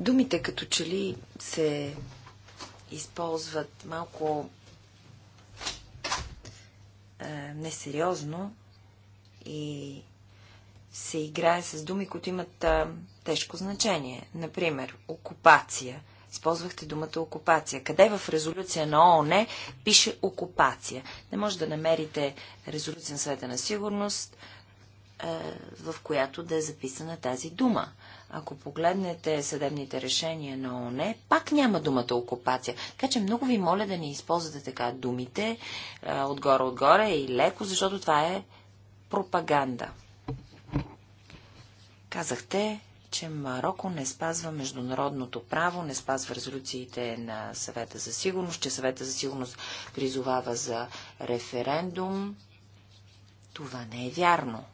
S3: Думите като че ли се използват малко е, несериозно и се играе с думи, които имат е, тежко значение. Например, окупация. Използвахте думата окупация. Къде в резолюция на ООН пише окупация? Не може да намерите резолюция на съвета на сигурност, в която да е записана тази дума. Ако погледнете съдебните решения на ОНЕ, пак няма думата окупация. Така че много ви моля да не използвате така думите отгоре-отгоре и леко, защото това е пропаганда. Казахте, че Марокко не спазва международното право, не спазва резолюциите на съвета за сигурност, че съвета за сигурност призовава за референдум. Това не е вярно.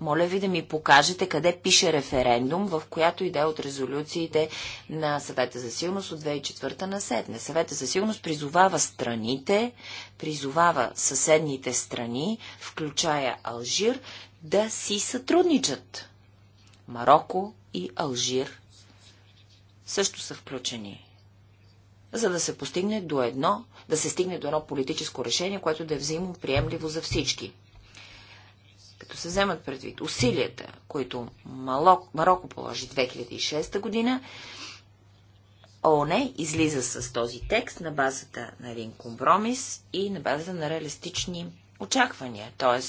S3: Моля ви да ми покажете къде пише референдум, в която иде от резолюциите на съвета за сигурност от 2004 на 7. Съвета за сигурност призовава страните, призовава съседните страни, включая Алжир, да си сътрудничат. Марокко и Алжир също са включени за да се постигне до едно, да се стигне до едно политическо решение, което да е взаимоприемливо за всички като се вземат предвид усилията, които Марокко положи 2006 година, ООН излиза с този текст на базата на един компромис и на базата на реалистични очаквания. Т.е.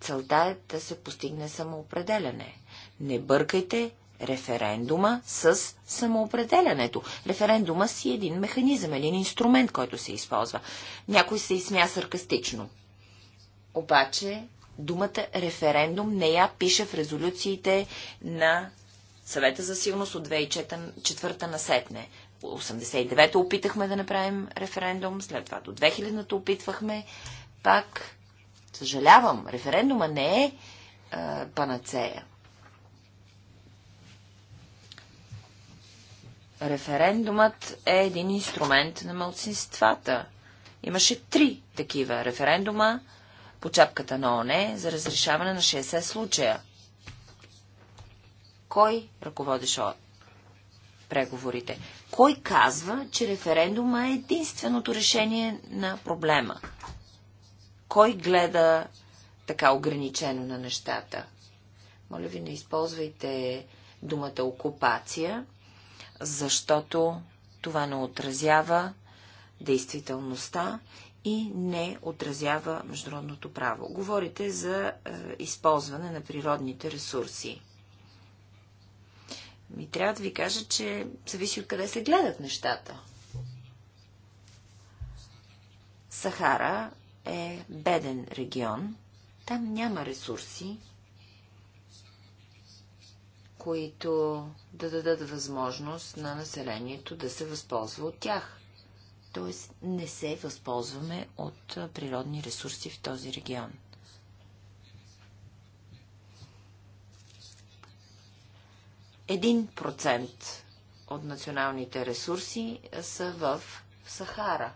S3: целта е да се постигне самоопределяне. Не бъркайте референдума с самоопределянето. Референдума си е един механизъм, един инструмент, който се използва. Някой се изсмя саркастично. Обаче думата референдум не я пише в резолюциите на съвета за сигурност от 2004 на сетне. 89-та опитахме да направим референдум, след това до 2000-та опитвахме. Пак, съжалявам, референдума не е а, панацея. Референдумът е един инструмент на мълцинствата. Имаше три такива референдума по чапката на ОНЕ за разрешаване на 60 случая. Кой ръководиш от преговорите? Кой казва, че референдума е единственото решение на проблема? Кой гледа така ограничено на нещата? Моля ви, не използвайте думата окупация, защото това не отразява действителността и не отразява международното право. Говорите за е, използване на природните ресурси. Ми трябва да ви кажа, че зависи от къде се гледат нещата. Сахара е беден регион. Там няма ресурси, които да дадат възможност на населението да се възползва от тях т.е. не се възползваме от природни ресурси в този регион. Един процент от националните ресурси са в Сахара.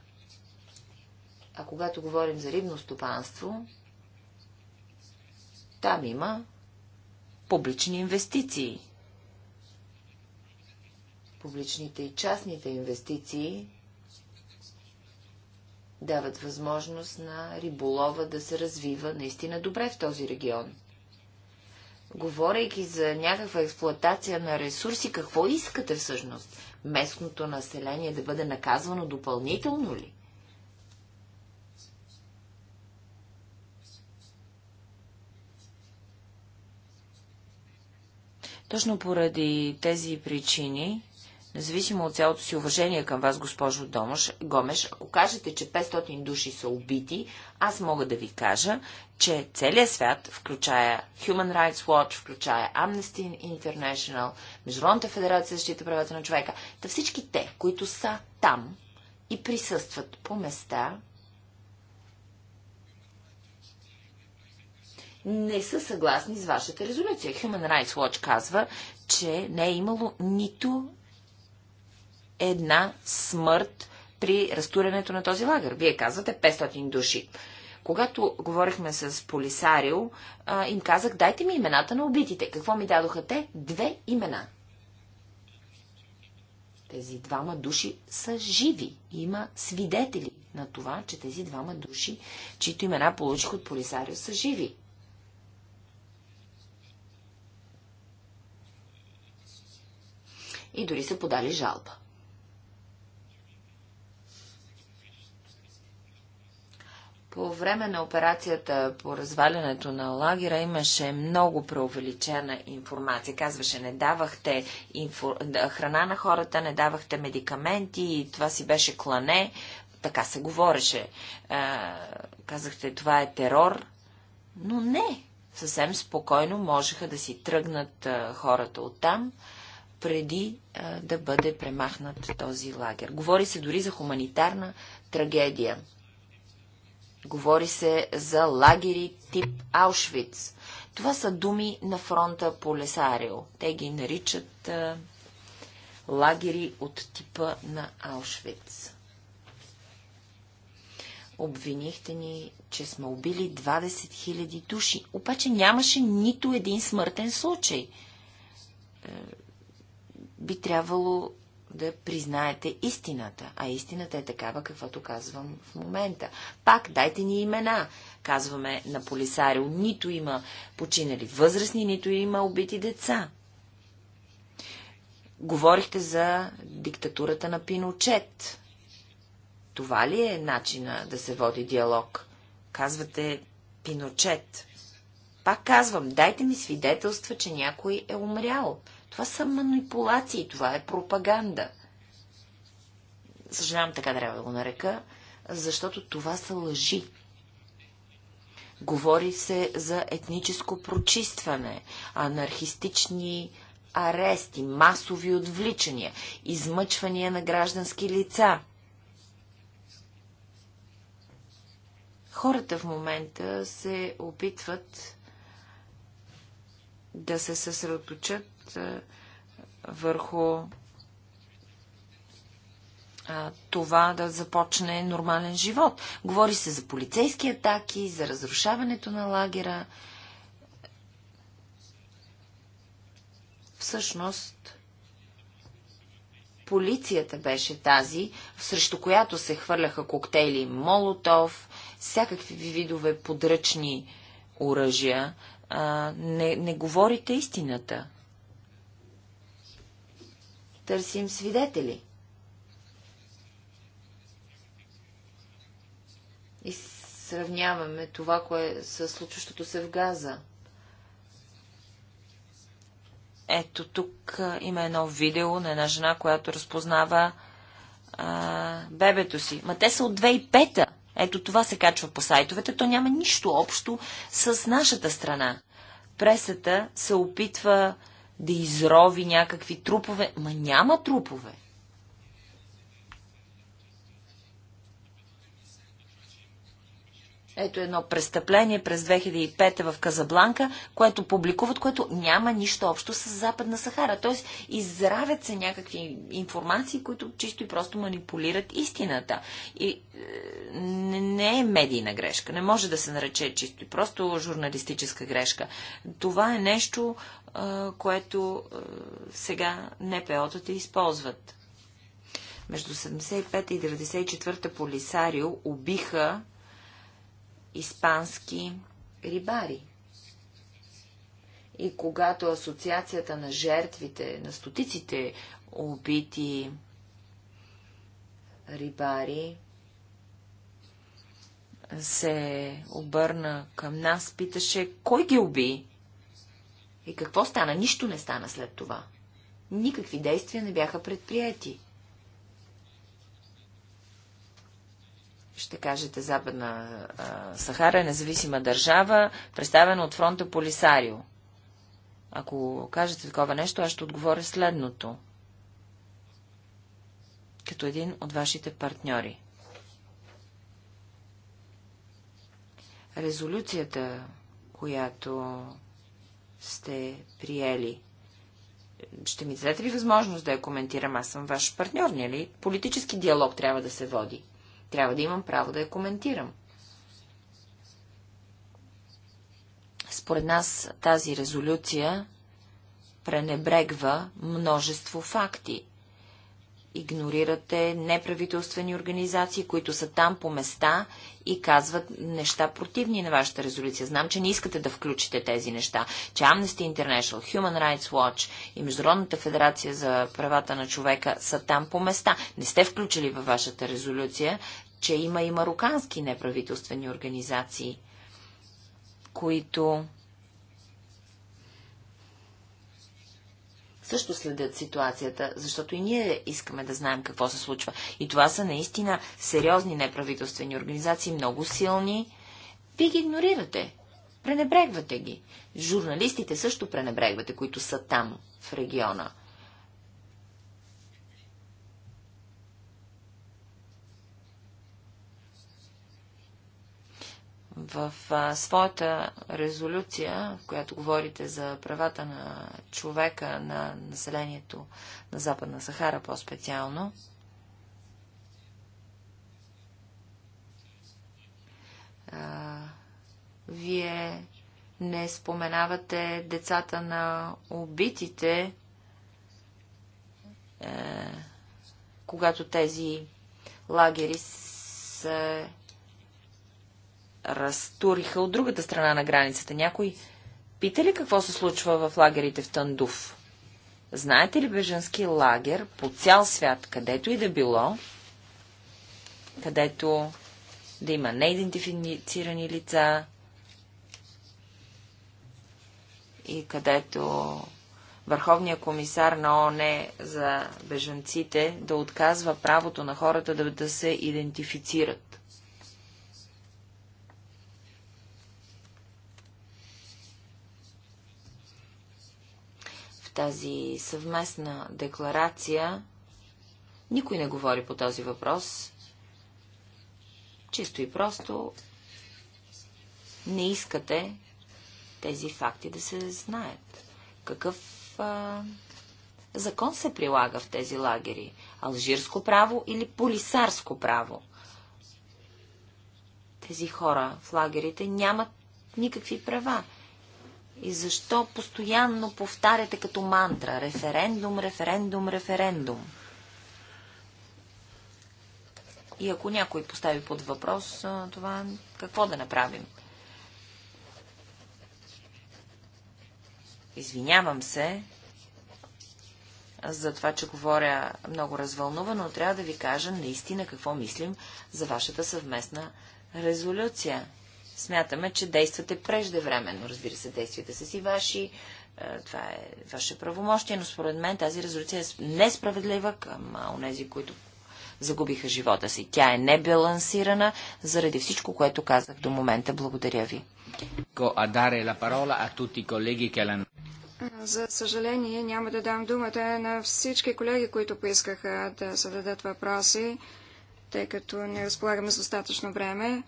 S3: А когато говорим за рибно стопанство, там има публични инвестиции. Публичните и частните инвестиции дават възможност на риболова да се развива наистина добре в този регион. Говорейки за някаква експлоатация на ресурси, какво искате всъщност? Местното население да бъде наказвано допълнително ли? Точно поради тези причини Независимо от цялото си уважение към вас, госпожо Домаш, Гомеш, ако кажете, че 500 души са убити, аз мога да ви кажа, че целият свят, включая Human Rights Watch, включая Amnesty International, Международната федерация за защита правата на човека, да всички те, които са там и присъстват по места, не са съгласни с вашата резолюция. Human Rights Watch казва, че не е имало нито една смърт при разтурянето на този лагер. Вие казвате 500 души. Когато говорихме с Полисарио, а, им казах, дайте ми имената на убитите. Какво ми дадоха те? Две имена. Тези двама души са живи. Има свидетели на това, че тези двама души, чието имена получих от Полисарио, са живи. И дори са подали жалба. По време на операцията по развалянето на лагера имаше много преувеличена информация. Казваше, не давахте инфо... храна на хората, не давахте медикаменти и това си беше клане. Така се говореше. А, е, казахте, това е терор. Но не. Съвсем спокойно можеха да си тръгнат а, е, хората оттам преди а, е, да бъде премахнат този лагер. Говори се дори за хуманитарна трагедия. Говори се за лагери тип Аушвиц. Това са думи на фронта по Лесарио. Те ги наричат а, лагери от типа на Аушвиц. Обвинихте ни, че сме убили 20 000 души. Обаче нямаше нито един смъртен случай. Е, би трябвало да признаете истината. А истината е такава, каквото казвам в момента. Пак дайте ни имена, казваме на Полисарио. Нито има починали възрастни, нито има убити деца. Говорихте за диктатурата на Пиночет. Това ли е начина да се води диалог? Казвате Пиночет. Пак казвам, дайте ми свидетелства, че някой е умрял. Това са манипулации, това е пропаганда. Съжалявам, така трябва да го нарека, защото това са лъжи. Говори се за етническо прочистване, анархистични арести, масови отвличания, измъчвания на граждански лица. Хората в момента се опитват да се съсредоточат е, върху това да започне нормален живот. Говори се за полицейски атаки, за разрушаването на лагера. Всъщност, полицията беше тази, срещу която се хвърляха коктейли Молотов, всякакви видове подръчни оръжия. не, не говорите истината търсим свидетели. И сравняваме това, кое е с случващото се в Газа. Ето тук има едно видео на една жена, която разпознава а, бебето си. Ма те са от 2005-та. Ето това се качва по сайтовете. То няма нищо общо с нашата страна. Пресата се опитва да изрови някакви трупове. Ма няма трупове. Ето едно престъпление през 2005 в Казабланка, което публикуват, което няма нищо общо с Западна Сахара. Тоест, изравят се някакви информации, които чисто и просто манипулират истината. И е, не, не е медийна грешка. Не може да се нарече чисто и просто журналистическа грешка. Това е нещо, което сега НПО-тата използват. Между 75 и 94 та полисарио убиха испански рибари. И когато Асоциацията на жертвите, на стотиците убити рибари, се обърна към нас, питаше, кой ги уби? И какво стана? Нищо не стана след това. Никакви действия не бяха предприяти. ще кажете, Западна а, Сахара е независима държава, представена от фронта Полисарио. Ако кажете такова нещо, аз ще отговоря следното. Като един от вашите партньори. Резолюцията, която сте приели. Ще ми дадете ли възможност да я коментирам? Аз съм ваш партньор, нали? Политически диалог трябва да се води. Трябва да имам право да я коментирам. Според нас тази резолюция пренебрегва множество факти игнорирате неправителствени организации, които са там по места и казват неща противни на вашата резолюция. Знам, че не искате да включите тези неща, че Amnesty International, Human Rights Watch и Международната федерация за правата на човека са там по места. Не сте включили във вашата резолюция, че има и марокански неправителствени организации, които също следят ситуацията, защото и ние искаме да знаем какво се случва. И това са наистина сериозни неправителствени организации, много силни. Вие ги игнорирате. Пренебрегвате ги. Журналистите също пренебрегвате, които са там, в региона. В а, своята резолюция, в която говорите за правата на човека, на населението на Западна Сахара по-специално, вие не споменавате децата на убитите, е, когато тези лагери се разтуриха от другата страна на границата. Някой пита ли какво се случва в лагерите в Тандув? Знаете ли беженски лагер по цял свят, където и да било, където да има неидентифицирани лица и където Върховният комисар на ООН е за бежанците да отказва правото на хората да, да се идентифицират. тази съвместна декларация никой не говори по този въпрос. Чисто и просто не искате тези факти да се знаят. Какъв а, закон се прилага в тези лагери? Алжирско право или полисарско право? Тези хора в лагерите нямат никакви права. И защо постоянно повтаряте като мантра референдум, референдум, референдум? И ако някой постави под въпрос това, какво да направим? Извинявам се за това, че говоря много развълнувано, но трябва да ви кажа наистина какво мислим за вашата съвместна резолюция. Смятаме, че действате преждевременно. Разбира се, действията са си ваши. Е, това е ваше правомощие, но според мен тази резолюция е несправедлива към онези, които загубиха живота си. Тя е небалансирана заради всичко, което казах до момента. Благодаря ви.
S2: За съжаление, няма да дам думата на всички колеги, които поискаха да зададат въпроси, тъй като не разполагаме с достатъчно време.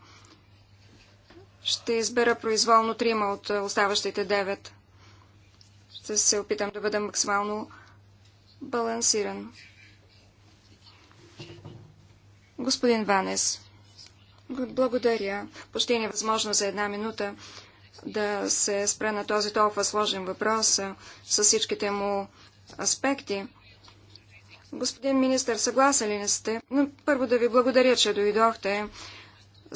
S2: Ще избера произволно трима от е, оставащите девет. Ще се опитам да бъда максимално балансиран. Господин Ванес, благодаря. Почти е възможно за една минута да се спре на този толкова сложен въпрос с всичките му аспекти. Господин министър, съгласен ли не сте? Но първо да ви благодаря, че дойдохте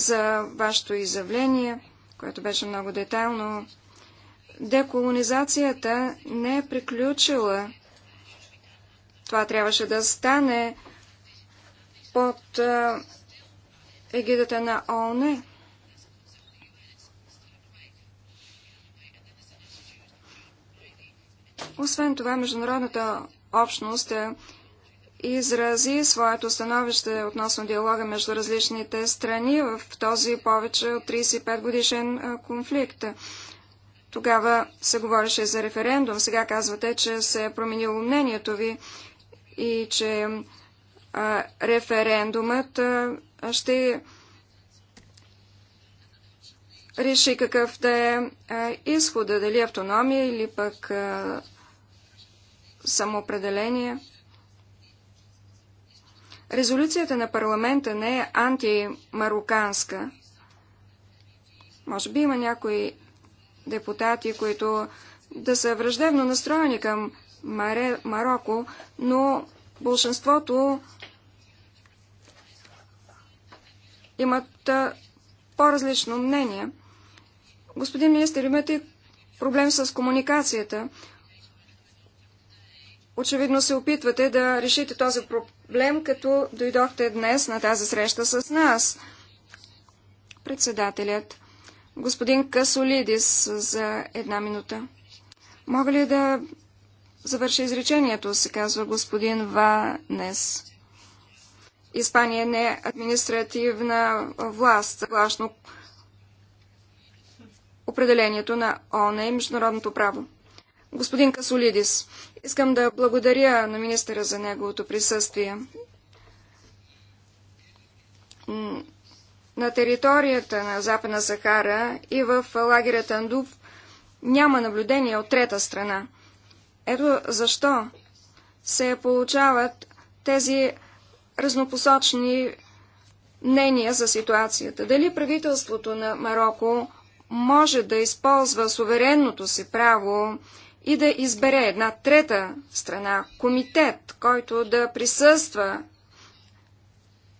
S2: за вашето изявление, което беше много детайлно. Деколонизацията не е приключила. Това трябваше да стане под егидата на ООН. Освен това, международната общност е изрази своето становище относно диалога между различните страни в този повече от 35 годишен конфликт. Тогава се говореше за референдум, сега казвате, че се е променило мнението ви и че референдумът ще реши какъв да е изхода, дали автономия или пък самоопределение. Резолюцията на парламента не е антимароканска. Може би има някои депутати, които да са враждебно настроени към Маре, Марокко, но большинството имат по-различно мнение. Господин министр, имате проблем с комуникацията. Очевидно се опитвате да решите този проблем, като дойдохте днес на тази среща с нас. Председателят. Господин Касолидис за една минута. Мога ли да завърша изречението, се казва господин Ванес. Испания не е административна власт, съгласно определението на ОНЕ и международното право господин Касолидис. Искам да благодаря на министъра за неговото присъствие. На територията на Западна Сахара и в лагеря Тандув няма наблюдение от трета страна. Ето защо се получават тези разнопосочни мнения за ситуацията. Дали правителството на Марокко може да използва суверенното си право и да избере една трета страна, комитет, който да присъства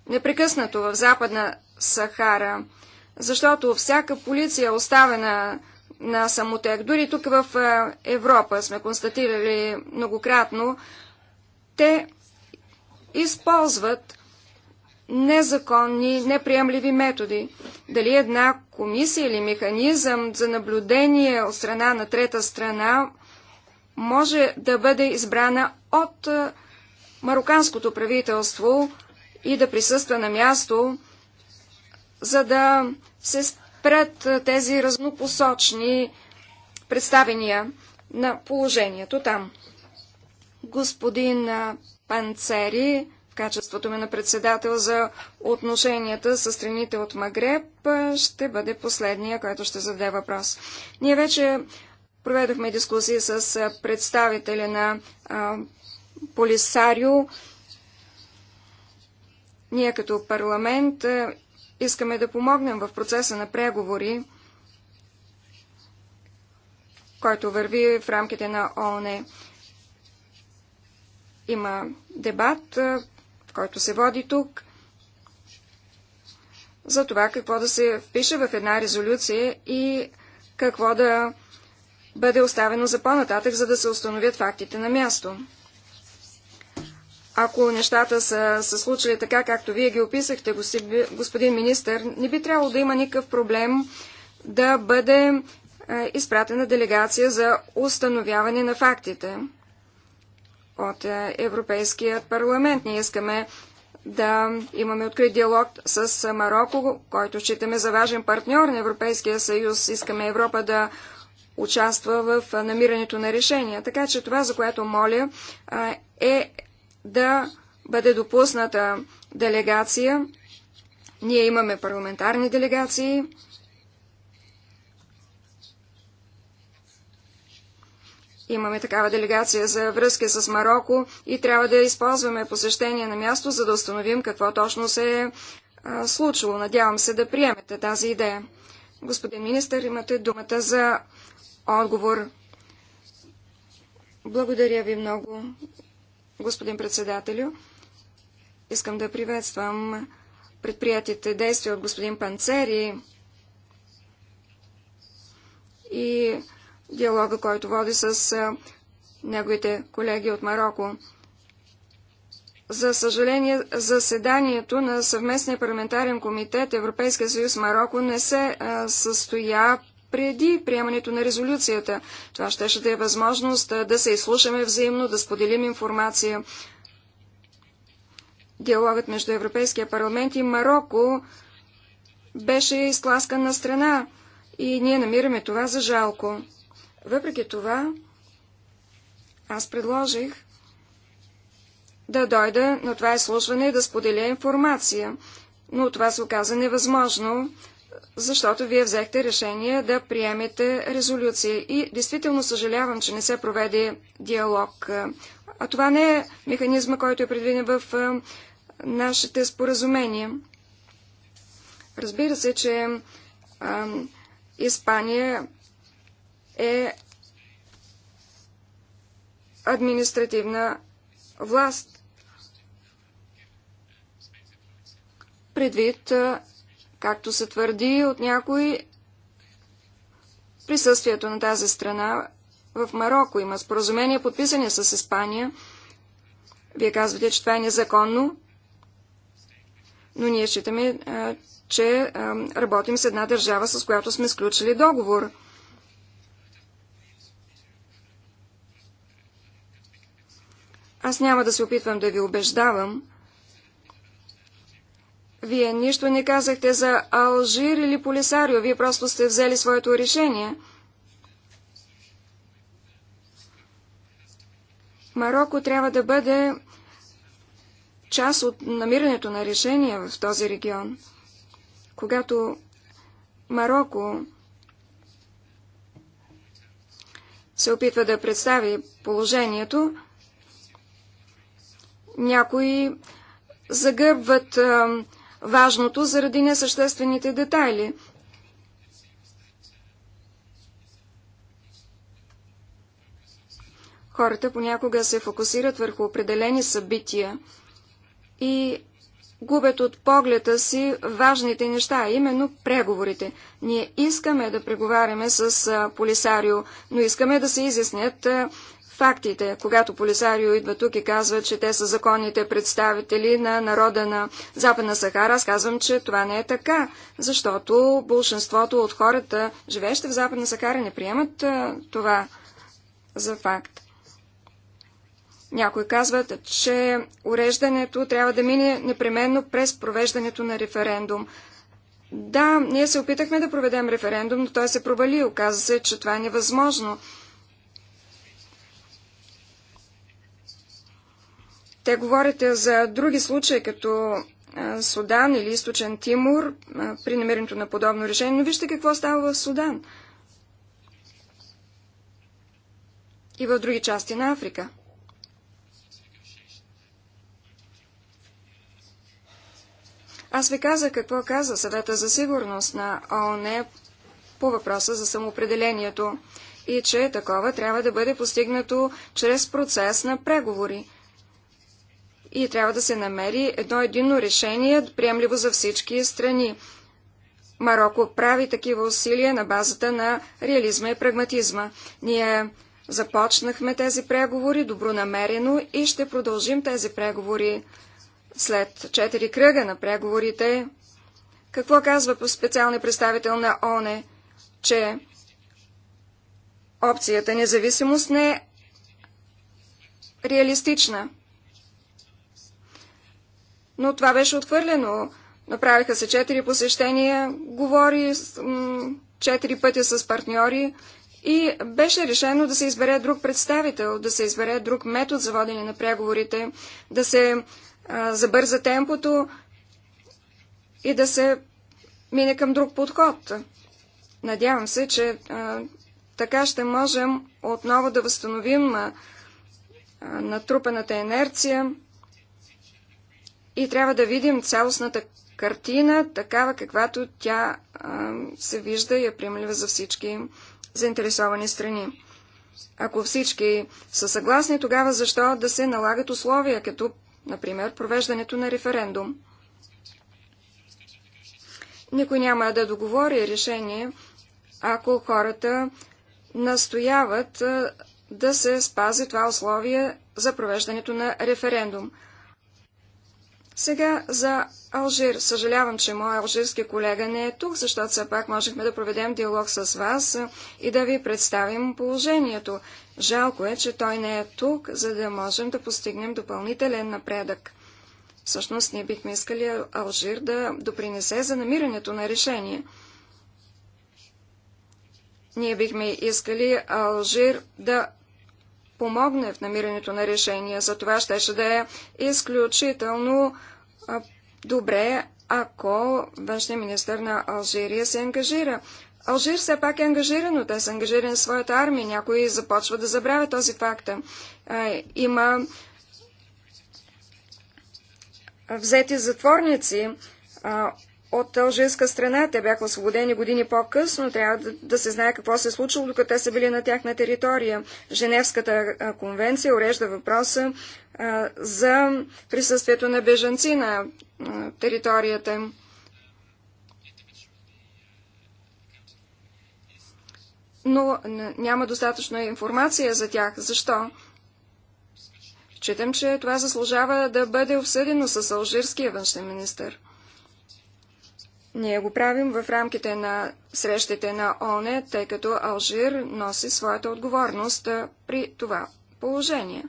S2: непрекъснато в Западна Сахара, защото всяка полиция е оставена на самотек. Дори тук в Европа сме констатирали многократно, те използват незаконни, неприемливи методи. Дали една комисия или механизъм за наблюдение от страна на трета страна може да бъде избрана от марокканското правителство и да присъства на място, за да се спрат тези разнопосочни представения на положението там. Господин Панцери, в качеството ми на председател за отношенията с страните от Магреб, ще бъде последния, който ще зададе въпрос. Ние вече Проведохме дискусии с представители на Полисарио. Ние като парламент искаме да помогнем в процеса на преговори, който върви в рамките на ООН. Има дебат, който се води тук, за това какво да се впише в една резолюция и какво да бъде оставено за по-нататък, за да се установят фактите на място. Ако нещата са се случили така, както вие ги описахте, господин министър, не би трябвало да има никакъв проблем да бъде е, изпратена делегация за установяване на фактите от е, Европейският парламент. Ние искаме да имаме открит диалог с Марокко, който считаме за важен партньор на Европейския съюз. Искаме Европа да участва в намирането на решения. Така че това, за което моля, е да бъде допусната делегация. Ние имаме парламентарни делегации. Имаме такава делегация за връзки с Марокко и трябва да използваме посещение на място, за да установим какво точно се е случило. Надявам се да приемете тази идея. Господин министър, имате думата за отговор. Благодаря ви много, господин председателю. Искам да приветствам предприятите действия от господин Панцери и диалога, който води с неговите колеги от Марокко. За съжаление, заседанието на съвместния парламентарен комитет Европейския съюз Марокко не се състоя преди приемането на резолюцията. Това щеше да е възможност да се изслушаме взаимно, да споделим информация. Диалогът между Европейския парламент и Марокко беше изтласкан на страна и ние намираме това за жалко. Въпреки това, аз предложих да дойда на това изслушване и да споделя информация, но това се оказа невъзможно защото вие взехте решение да приемете резолюция. И действително съжалявам, че не се проведе диалог. А това не е механизма, който е предвиден в нашите споразумения. Разбира се, че Испания е административна власт. Предвид Както се твърди от някои, присъствието на тази страна в Марокко има споразумения, подписани с Испания. Вие казвате, че това е незаконно, но ние считаме, че работим с една държава, с която сме сключили договор. Аз няма да се опитвам да ви убеждавам, вие нищо не казахте за Алжир или Полисарио. Вие просто сте взели своето решение. Марокко трябва да бъде част от намирането на решение в този регион. Когато Марокко се опитва да представи положението, някои загърбват а, важното заради несъществените детайли. Хората понякога се фокусират върху определени събития и губят от погледа си важните неща, именно преговорите. Ние искаме да преговаряме с Полисарио, но искаме да се изяснят фактите, когато Полисарио идва тук и казва, че те са законните представители на народа на Западна Сахара, аз казвам, че това не е така, защото большинството от хората, живеещи в Западна Сахара, не приемат това за факт. Някои казват, че уреждането трябва да мине непременно през провеждането на референдум. Да, ние се опитахме да проведем референдум, но той се провали. Оказа се, че това е невъзможно. Те говорите за други случаи, като Судан или Източен Тимур, при намирането на подобно решение, но вижте какво става в Судан и в други части на Африка. Аз ви казах какво каза съвета за сигурност на ООН по въпроса за самоопределението и че такова трябва да бъде постигнато чрез процес на преговори и трябва да се намери едно единно решение, приемливо за всички страни. Марокко прави такива усилия на базата на реализма и прагматизма. Ние започнахме тези преговори добронамерено и ще продължим тези преговори след четири кръга на преговорите. Какво казва по специалния представител на ОНЕ? Че опцията независимост не е реалистична но това беше отхвърлено. Направиха се четири посещения, говори четири пъти с партньори и беше решено да се избере друг представител, да се избере друг метод за водене на преговорите, да се а, забърза темпото и да се мине към друг подход. Надявам се, че а, така ще можем отново да възстановим а, натрупаната енерция и трябва да видим цялостната картина, такава каквато тя а, се вижда и е приемлива за всички заинтересовани страни. Ако всички са съгласни, тогава защо да се налагат условия, като, например, провеждането на референдум? Никой няма да договори решение, ако хората настояват да се спази това условие за провеждането на референдум. Сега за Алжир. Съжалявам, че моят алжирски колега не е тук, защото все пак можехме да проведем диалог с вас и да ви представим положението. Жалко е, че той не е тук, за да можем да постигнем допълнителен напредък. Всъщност, ние бихме искали Алжир да допринесе за намирането на решение. Ние бихме искали Алжир да помогне в намирането на решение. За това щеше да е изключително добре, ако външния министр на Алжирия се ангажира. Алжир все пак е ангажиран, но те са ангажирани в своята армия. Някой започва да забравя този факт. Има взети затворници от алжирска страна. Те бяха освободени години по-късно. Трябва да, да се знае какво се е случило, докато те са били на тяхна територия. Женевската конвенция урежда въпроса а, за присъствието на бежанци на а, територията Но няма достатъчно информация за тях. Защо? Читам, че това заслужава да бъде обсъдено с алжирския външен министр. Ние го правим в рамките на срещите на ОНЕ, тъй като Алжир носи своята отговорност при това положение.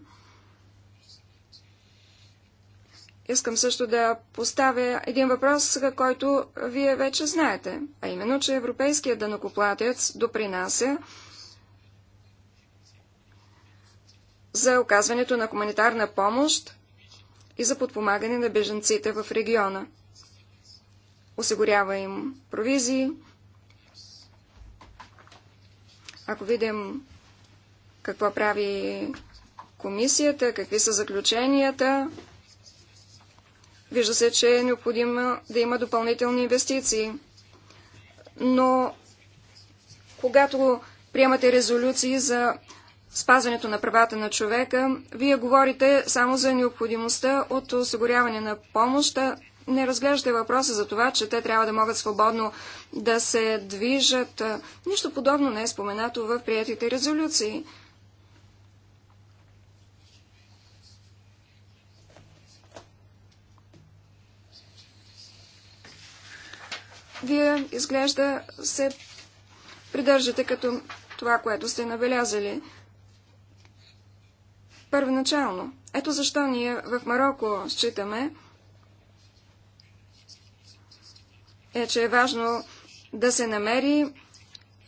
S2: Искам също да поставя един въпрос, който вие вече знаете, а именно, че европейският данокоплатец допринася за оказването на хуманитарна помощ и за подпомагане на беженците в региона осигурява им провизии. Ако видим какво прави комисията, какви са заключенията, вижда се, че е необходимо да има допълнителни инвестиции. Но когато приемате резолюции за спазването на правата на човека, вие говорите само за необходимостта от осигуряване на помощта не разглежда въпроса за това, че те трябва да могат свободно да се движат. Нищо подобно не е споменато в приятите резолюции. Вие изглежда се придържате като това, което сте набелязали първоначално. Ето защо ние в Марокко считаме, е, че е важно да се намери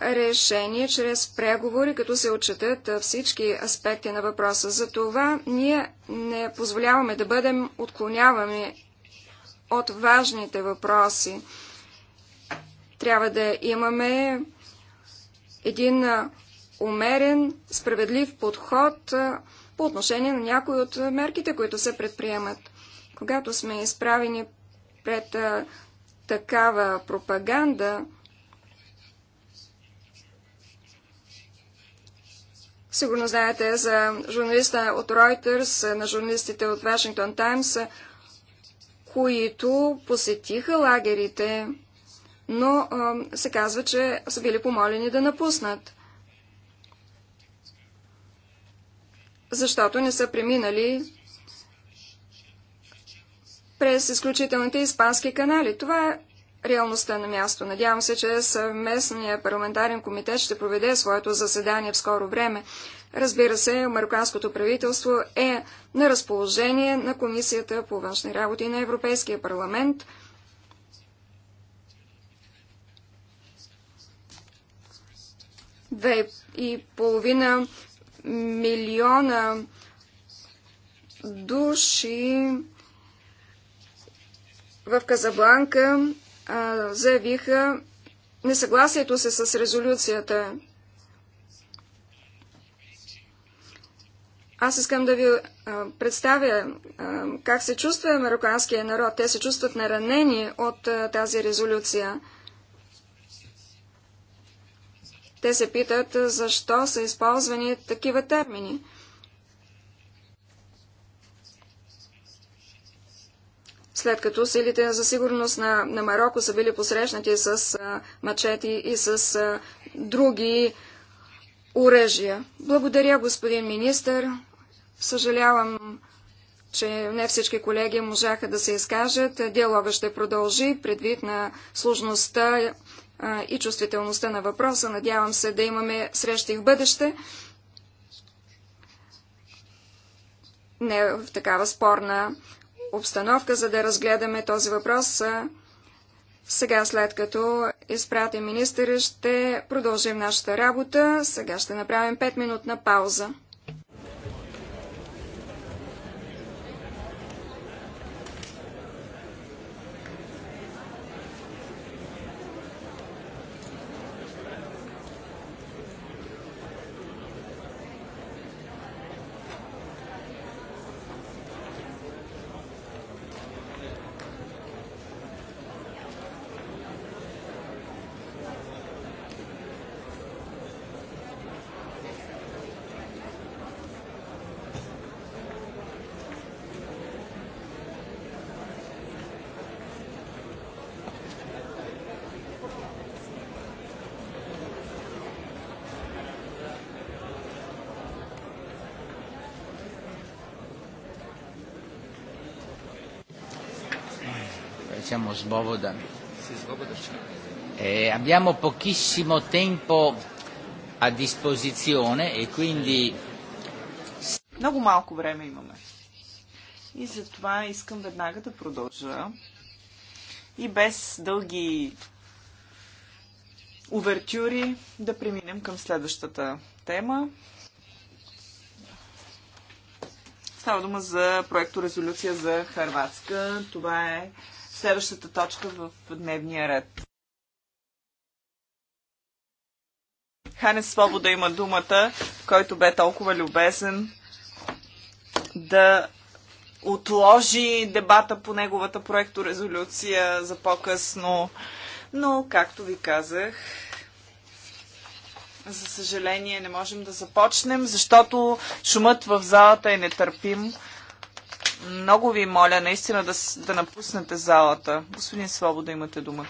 S2: решение чрез преговори, като се отчетат всички аспекти на въпроса. За това ние не позволяваме да бъдем отклонявани от важните въпроси. Трябва да имаме един умерен, справедлив подход по отношение на някои от мерките, които се предприемат. Когато сме изправени пред такава пропаганда, Сигурно знаете за журналиста от Reuters, на журналистите от Washington Times, които посетиха лагерите, но а, се казва, че са били помолени да напуснат, защото не са преминали през изключителните испански канали. Това е реалността на място. Надявам се, че съвместният парламентарен комитет ще проведе своето заседание в скоро време. Разбира се, марокканското правителство е на разположение на Комисията по външни работи на Европейския парламент. Две и половина милиона души в Казабланка а, заявиха несъгласието се с резолюцията. Аз искам да ви а, представя а, как се чувства марокканския народ. Те се чувстват наранени от а, тази резолюция. Те се питат защо са използвани такива термини. след като силите за сигурност на, на Марокко са били посрещнати с а, мачети и с а, други оръжия. Благодаря, господин министър. Съжалявам, че не всички колеги можаха да се изкажат. Диалога ще продължи предвид на сложността а, и чувствителността на въпроса. Надявам се да имаме срещи в бъдеще. Не в такава спорна обстановка, за да разгледаме този въпрос. Сега, след като изпратим министъра, ще продължим нашата работа. Сега ще направим 5-минутна пауза.
S1: siamo Svoboda. Eh, abbiamo pochissimo tempo a disposizione e quindi...
S4: Много малко време имаме. И затова искам веднага да продължа. И без дълги увертюри да преминем към следващата тема. Става дума за проекто резолюция за Харватска. Това е следващата точка в дневния ред. Хане Свобода има думата, който бе толкова любезен да отложи дебата по неговата проекторезолюция за по-късно. Но, както ви казах, за съжаление не можем да започнем, защото шумът в залата е нетърпим. Много ви моля наистина да, да напуснете залата. Господин Свобода, имате думата.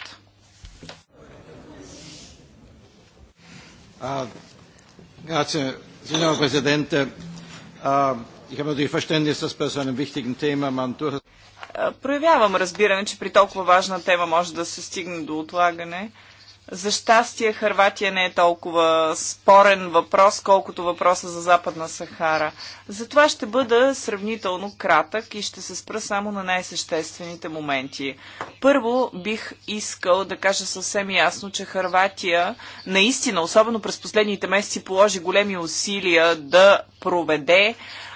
S2: Грация, grazie, signor Presidente. Uh, ich habe
S4: natürlich Verständnis, dass
S1: bei so
S4: проявявам разбиране, че при толкова важна тема може да се стигне до отлагане. За щастие, Харватия не е толкова спорен въпрос, колкото въпроса за Западна Сахара. Затова ще бъда сравнително кратък и ще се спра само на най-съществените моменти. Първо, бих искал да кажа съвсем ясно, че Харватия наистина, особено през последните месеци, положи големи усилия да проведе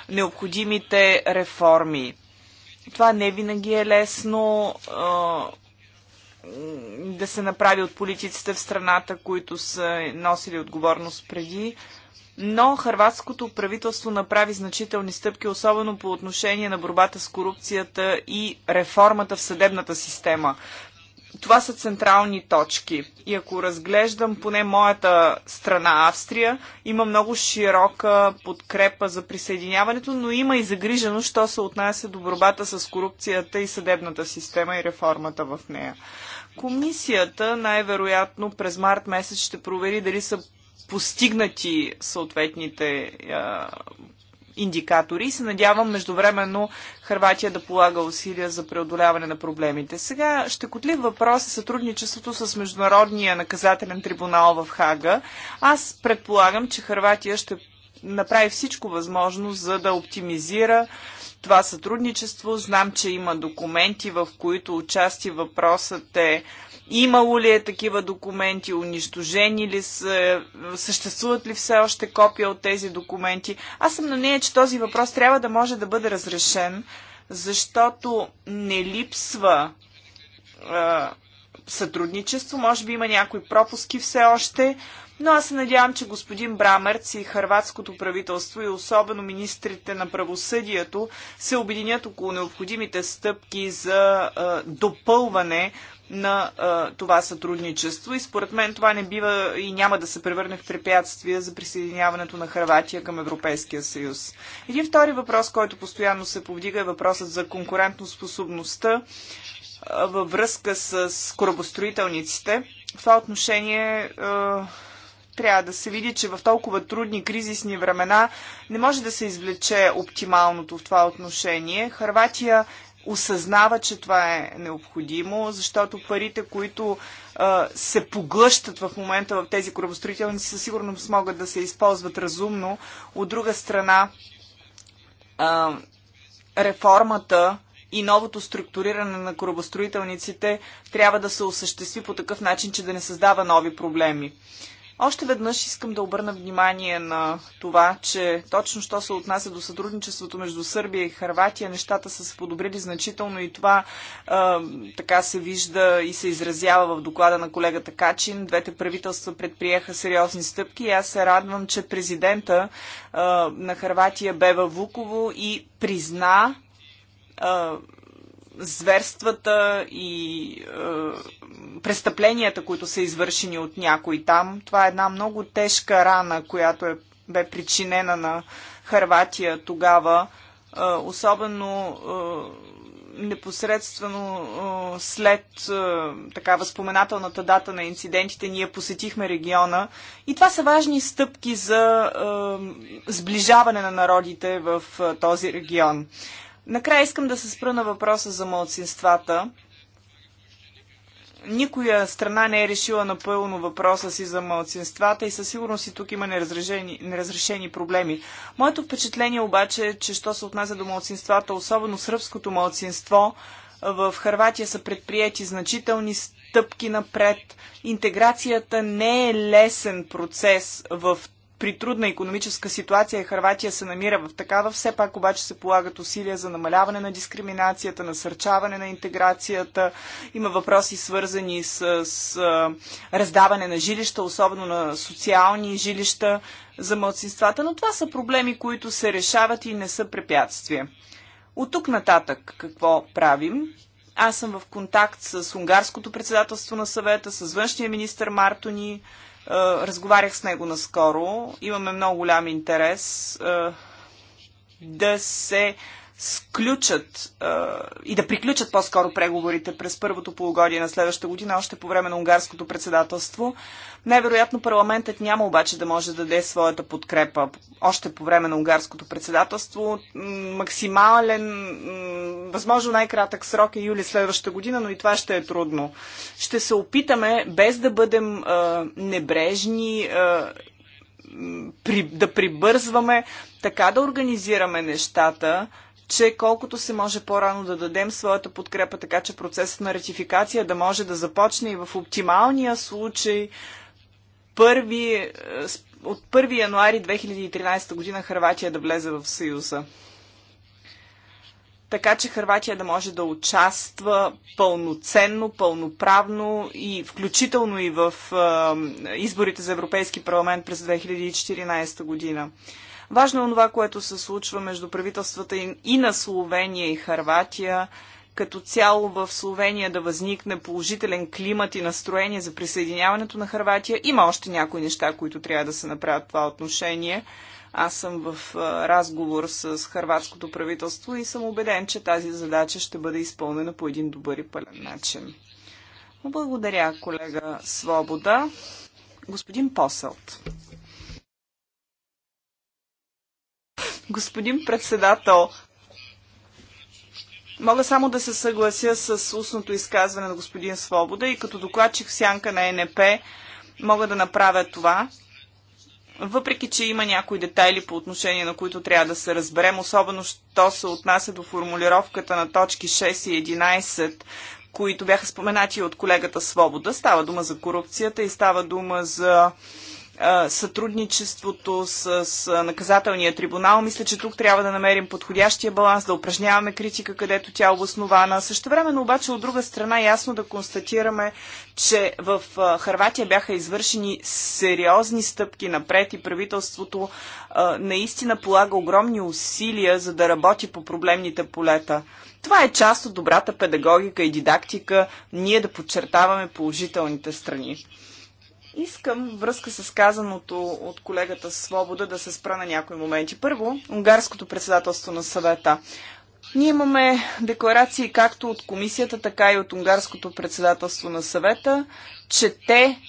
S4: необходимите реформи. Това не винаги е лесно да се направи от политиците в страната, които са носили отговорност преди. Но харватското правителство направи значителни стъпки, особено по отношение на борбата с корупцията и реформата в съдебната система. Това са централни точки. И ако разглеждам поне моята страна Австрия, има много широка подкрепа за присъединяването, но има и загриженост, що се отнася до борбата с корупцията и съдебната система и реформата в нея. Комисията най-вероятно през март месец ще провери дали са постигнати съответните а, индикатори и се надявам междувременно Харватия да полага усилия за преодоляване на проблемите. Сега ще котлив въпрос е сътрудничеството с Международния наказателен трибунал в Хага. Аз предполагам, че Харватия ще направи всичко възможно, за да оптимизира това сътрудничество. Знам, че има документи, в които участи въпросът е имало ли е такива документи, унищожени ли са, съществуват ли все още копия от тези документи. Аз съм на нея, че този въпрос трябва да може да бъде разрешен, защото не липсва а, сътрудничество. Може би има някои пропуски все още, но аз се надявам, че господин Брамерц и хрватското правителство и особено министрите на правосъдието се объединят около необходимите стъпки за а, допълване на а, това сътрудничество и според мен това не бива и няма да се превърне в препятствие за присъединяването на Харватия към Европейския съюз. Един втори въпрос, който постоянно се повдига е въпросът за конкурентоспособността във връзка с корабостроителниците. В това отношение е, трябва да се види, че в толкова трудни кризисни времена не може да се извлече оптималното в това отношение. Харватия осъзнава, че това е необходимо, защото парите, които а, е, се поглъщат в момента в тези корабостроителници, със сигурност могат да се използват разумно. От друга страна, а, е, реформата и новото структуриране на корабостроителниците трябва да се осъществи по такъв начин, че да не създава нови проблеми. Още веднъж искам да обърна внимание на това, че точно що се отнася до сътрудничеството между Сърбия и Харватия, нещата са се подобрили значително и това е, така се вижда и се изразява в доклада на колегата Качин. Двете правителства предприеха сериозни стъпки и аз се радвам, че президента е, на Харватия бе Вуково и призна а, зверствата и а, престъпленията, които са извършени от някой там. Това е една много тежка рана, която е, бе причинена на Харватия тогава, а, особено а, непосредствено а, след а, така възпоменателната дата на инцидентите, ние посетихме региона и това са важни стъпки за а, сближаване на народите в а, този регион. Накрая искам да се спра на въпроса за младсинствата. Никоя страна не е решила напълно въпроса си за младсинствата и със сигурност и тук има неразрешени, неразрешени проблеми. Моето впечатление обаче е, че що се отнася до младсинствата, особено сръбското младсинство, в Харватия са предприяти значителни стъпки напред. Интеграцията не е лесен процес в при трудна економическа ситуация Харватия се намира в такава, все пак обаче се полагат усилия за намаляване на дискриминацията, насърчаване на интеграцията. Има въпроси свързани с, с раздаване на жилища, особено на социални жилища за младсинствата, но това са проблеми, които се решават и не са препятствия. От тук нататък какво правим? Аз съм в контакт с унгарското председателство на съвета, с външния министр Мартони, е, разговарях с него наскоро. Имаме много голям интерес е, да се сключат а, и да приключат по-скоро преговорите през първото полугодие на следващата година, още по време на унгарското председателство. Най-вероятно парламентът няма обаче да може да даде своята подкрепа още по време на унгарското председателство. Максимален, възможно най-кратък срок е юли следващата година, но и това ще е трудно. Ще се опитаме, без да бъдем а, небрежни, а, при, да прибързваме, така да организираме нещата, че колкото се може по-рано да дадем своята подкрепа, така че процесът на ратификация да може да започне и в оптималния случай първи, е, от 1 януари 2013 година Харватия да влезе в Съюза. Така че Харватия да може да участва пълноценно, пълноправно и включително и в е, е изборите за Европейски парламент през 2014 година. Важно е това, което се случва между правителствата и на Словения и Харватия. Като цяло в Словения да възникне положителен климат и настроение за присъединяването на Харватия. Има още някои неща, които трябва да се направят това отношение. Аз съм в разговор с харватското правителство и съм убеден, че тази задача ще бъде изпълнена по един добър и пълен начин. Благодаря, колега Свобода. Господин Поселт. Господин председател, мога само да се съглася с устното изказване на господин Свобода и като докладчик в сянка на НП мога да направя това. Въпреки, че има някои детайли по отношение на които трябва да се разберем, особено що се отнася до формулировката на точки 6 и 11, които бяха споменати от колегата Свобода. Става дума за корупцията и става дума за сътрудничеството с, с наказателния трибунал. Мисля, че тук трябва да намерим подходящия баланс, да упражняваме критика, където тя е обоснована. Също времено обаче от друга страна ясно да констатираме, че в Харватия бяха извършени сериозни стъпки напред и правителството а, наистина полага огромни усилия, за да работи по проблемните полета. Това е част от добрата педагогика и дидактика, ние да подчертаваме положителните страни. Искам връзка с казаното от колегата Свобода да се спра на някои моменти. Първо, унгарското председателство на съвета. Ние имаме декларации както от комисията, така и от унгарското председателство на съвета, че те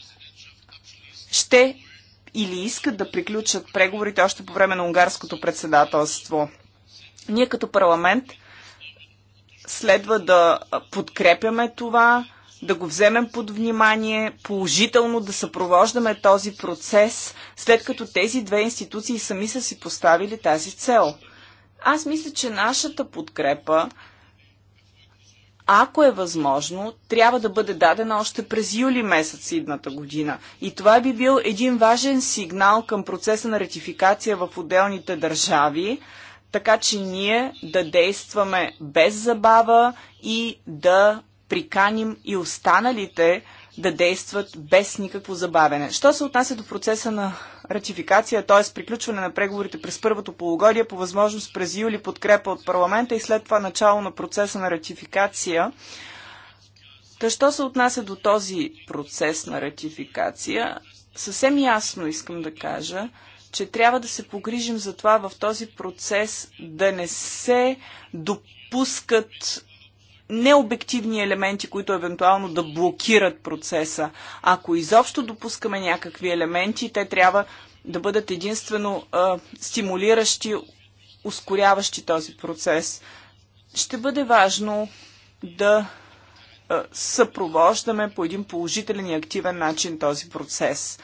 S4: ще или искат да приключат преговорите още по време на унгарското председателство. Ние като парламент следва да подкрепяме това, да го вземем под внимание, положително да съпровождаме този процес, след като тези две институции сами са си поставили тази цел. Аз мисля, че нашата подкрепа, ако е възможно, трябва да бъде дадена още през юли месец идната година. И това би бил един важен сигнал към процеса на ратификация в отделните държави, така че ние да действаме без забава и да приканим и останалите да действат без никакво забавене. Що се отнася до процеса на ратификация, т.е. приключване на преговорите през първото полугодие, по възможност през юли подкрепа от парламента и след това начало на процеса на ратификация, Та що се отнася до този процес на ратификация, съвсем ясно искам да кажа, че трябва да се погрижим за това в този процес да не се допускат необективни елементи, които евентуално да блокират процеса. Ако изобщо допускаме някакви елементи, те трябва да бъдат единствено а, стимулиращи, ускоряващи този процес. Ще бъде важно да съпровождаме по един положителен и активен начин този процес.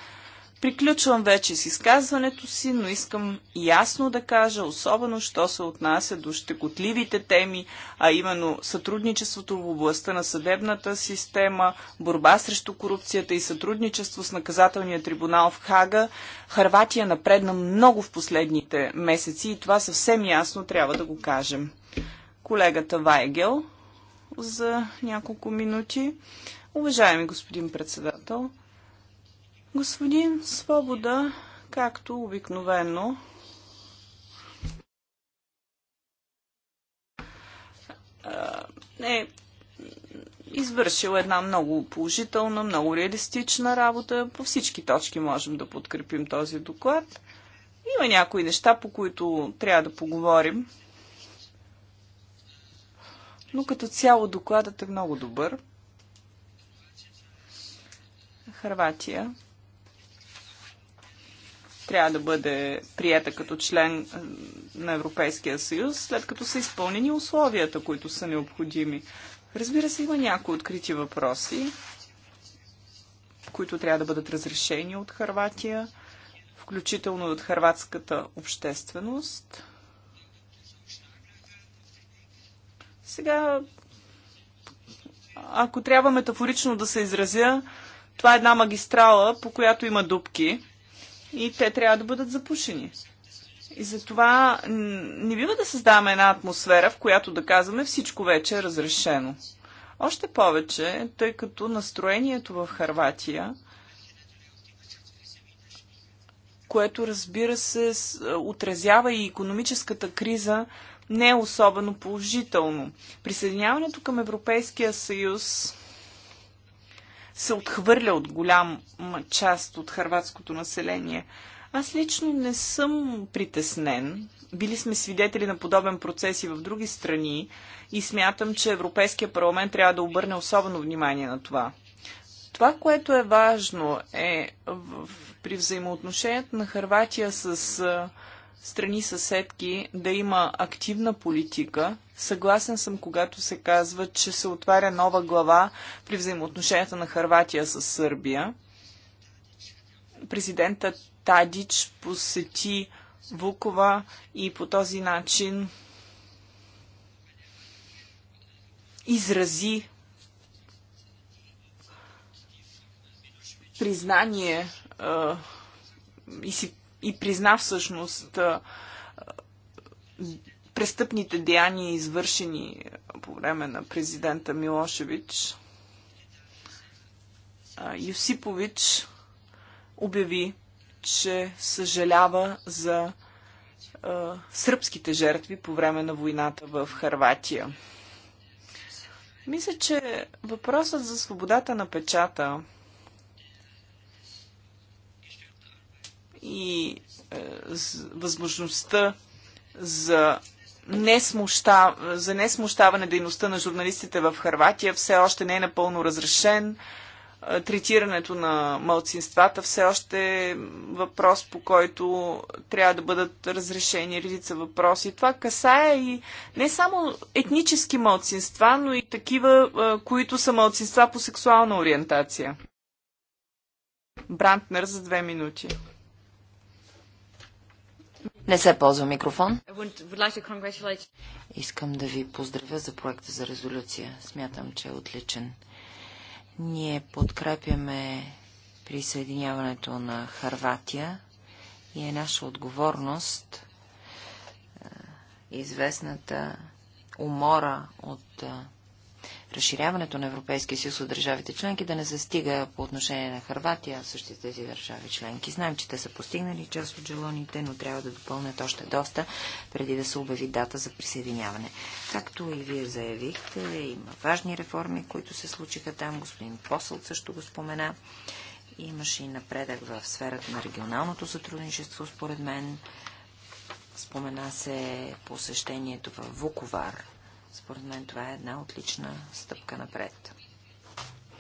S4: Приключвам вече с изказването си, но искам ясно да кажа, особено що се отнася до щекотливите теми, а именно сътрудничеството в областта на съдебната система, борба срещу корупцията и сътрудничество с наказателния трибунал в Хага. Харватия напредна много в последните месеци и това съвсем ясно трябва да го кажем. Колегата Вайгел за няколко минути. Уважаеми господин председател, Господин Свобода, както обикновено, е извършил една много положителна, много реалистична работа. По всички точки можем да подкрепим този доклад. Има някои неща, по които трябва да поговорим. Но като цяло докладът е много добър. Харватия трябва да бъде приета като член на Европейския съюз, след като са изпълнени условията, които са необходими. Разбира се, има някои открити въпроси, които трябва да бъдат разрешени от Харватия, включително от харватската общественост. Сега, ако трябва метафорично да се изразя, това е една магистрала, по която има дупки и те трябва да бъдат запушени. И затова не бива да създаваме една атмосфера, в която да казваме всичко вече е разрешено. Още повече, тъй като настроението в Харватия, което разбира се отразява и економическата криза, не е особено положително. Присъединяването към Европейския съюз се отхвърля от голяма част от хрватското население. Аз лично не съм притеснен. Били сме свидетели на подобен процес и в други страни и смятам, че Европейския парламент трябва да обърне особено внимание на това. Това, което е важно е в, при взаимоотношението на Харватия с страни съседки да има активна политика. Съгласен съм, когато се казва, че се отваря нова глава при взаимоотношенията на Харватия с Сърбия. Президента Тадич посети Вукова и по този начин изрази признание а, и си и призна всъщност престъпните деяния, извършени по време на президента Милошевич, Юсипович обяви, че съжалява за сръбските жертви по време на войната в Харватия. Мисля, че въпросът за свободата на печата и е, възможността за несмуща, за несмущаване дейността на журналистите в Харватия все още не е напълно разрешен. Е, третирането на малцинствата все още е въпрос, по който трябва да бъдат разрешени редица въпроси. Това касае и не само етнически малцинства, но и такива, е, които са малцинства по сексуална ориентация. Брантнер за две минути.
S3: Не се ползва микрофон. Искам да ви поздравя за проекта за резолюция. Смятам, че е отличен. Ние подкрепяме присъединяването на Харватия и е наша отговорност е, известната умора от е, разширяването на Европейския съюз от държавите членки да не се стига по отношение на Харватия, същите тези държави членки. Знаем, че те са постигнали част от желоните, но трябва да допълнят още доста, преди да се обяви дата за присъединяване. Както и вие заявихте, има важни реформи, които се случиха там. Господин Посъл също го спомена. Имаше и напредък в сферата на регионалното сътрудничество, според мен. Спомена се посещението в Вуковар според мен това е една отлична стъпка напред.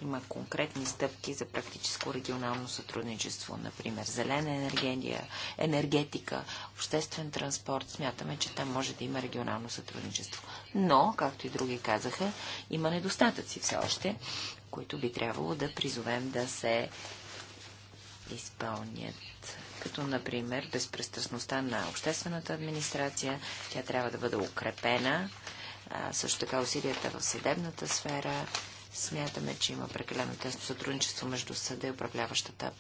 S3: Има конкретни стъпки за практическо регионално сътрудничество, например зелена енергия, енергетика, обществен транспорт. Смятаме, че там може да има регионално сътрудничество. Но, както и други казаха, има недостатъци все още, които би трябвало да призовем да се изпълнят. Като, например, безпристрастността на обществената администрация, тя трябва да бъде укрепена също така усилията в съдебната сфера. Смятаме, че има прекалено тесно сътрудничество между съда и управляващата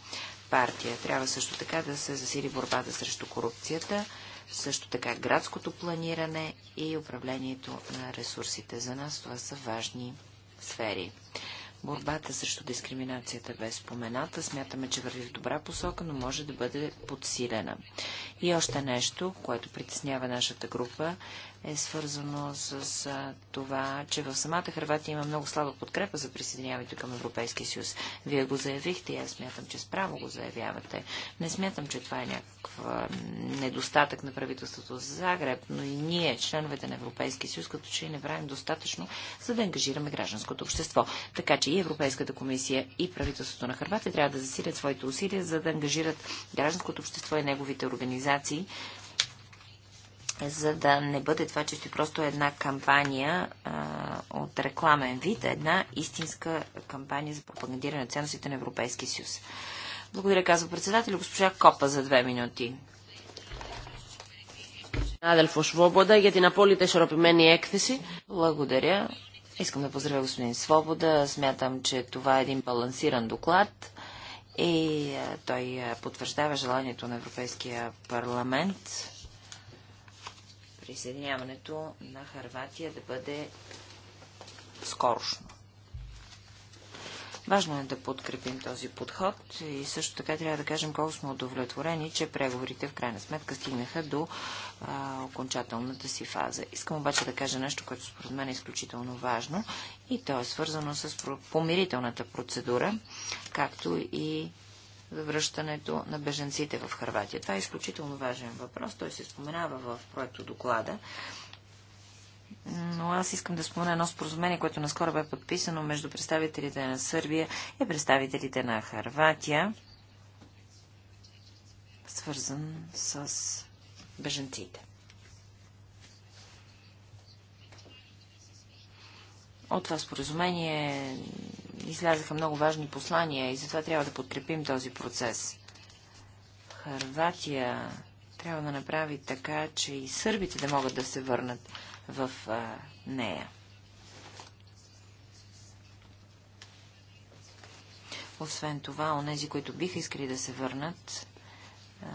S3: партия. Трябва също така да се засили борбата срещу корупцията, също така градското планиране и управлението на ресурсите. За нас това са важни сфери. Борбата срещу дискриминацията бе спомената. Смятаме, че върви в добра посока, но може да бъде подсилена. И още нещо, което притеснява нашата група, е свързано с а, това, че в самата Хрватия има много слаба подкрепа за присъединяването към Европейския съюз. Вие го заявихте и аз смятам, че справо го заявявате. Не смятам, че това е някакъв недостатък на правителството за Загреб, но и ние, членовете на Европейския съюз, като че и не правим достатъчно, за да ангажираме гражданското общество. Така че и Европейската комисия и правителството на Хрватия трябва да засилят своите усилия, за да ангажират гражданското общество и неговите организации за да не бъде това чисто просто една кампания а, от рекламен вид, а една истинска кампания за пропагандиране на ценностите на Европейския съюз. Благодаря, казва председател, госпожа Копа за две минути. Адελфо Свобода για την απόλυτα ισορροπημένη έκθεση. Благодаря. Искам да поздравя господин Свобода. Смятам, че това е един балансиран доклад и той потвърждава желанието на Европейския парламент присъединяването на Харватия да бъде скорошно. Важно е да подкрепим този подход и също така трябва да кажем колко сме удовлетворени, че преговорите в крайна сметка стигнаха до а, окончателната си фаза. Искам обаче да кажа нещо, което според мен е изключително важно и то е свързано с помирителната процедура, както и за връщането на беженците в Харватия. Това е изключително важен въпрос. Той се споменава в проекто доклада. Но аз искам да спомена едно споразумение, което наскоро бе подписано между представителите на Сърбия и представителите на Харватия, свързан с беженците. От това споразумение излязаха много важни послания и затова трябва да подкрепим този процес. Харватия трябва да направи така, че и сърбите да могат да се върнат в а, нея. Освен това, онези, които биха искали да се върнат, а,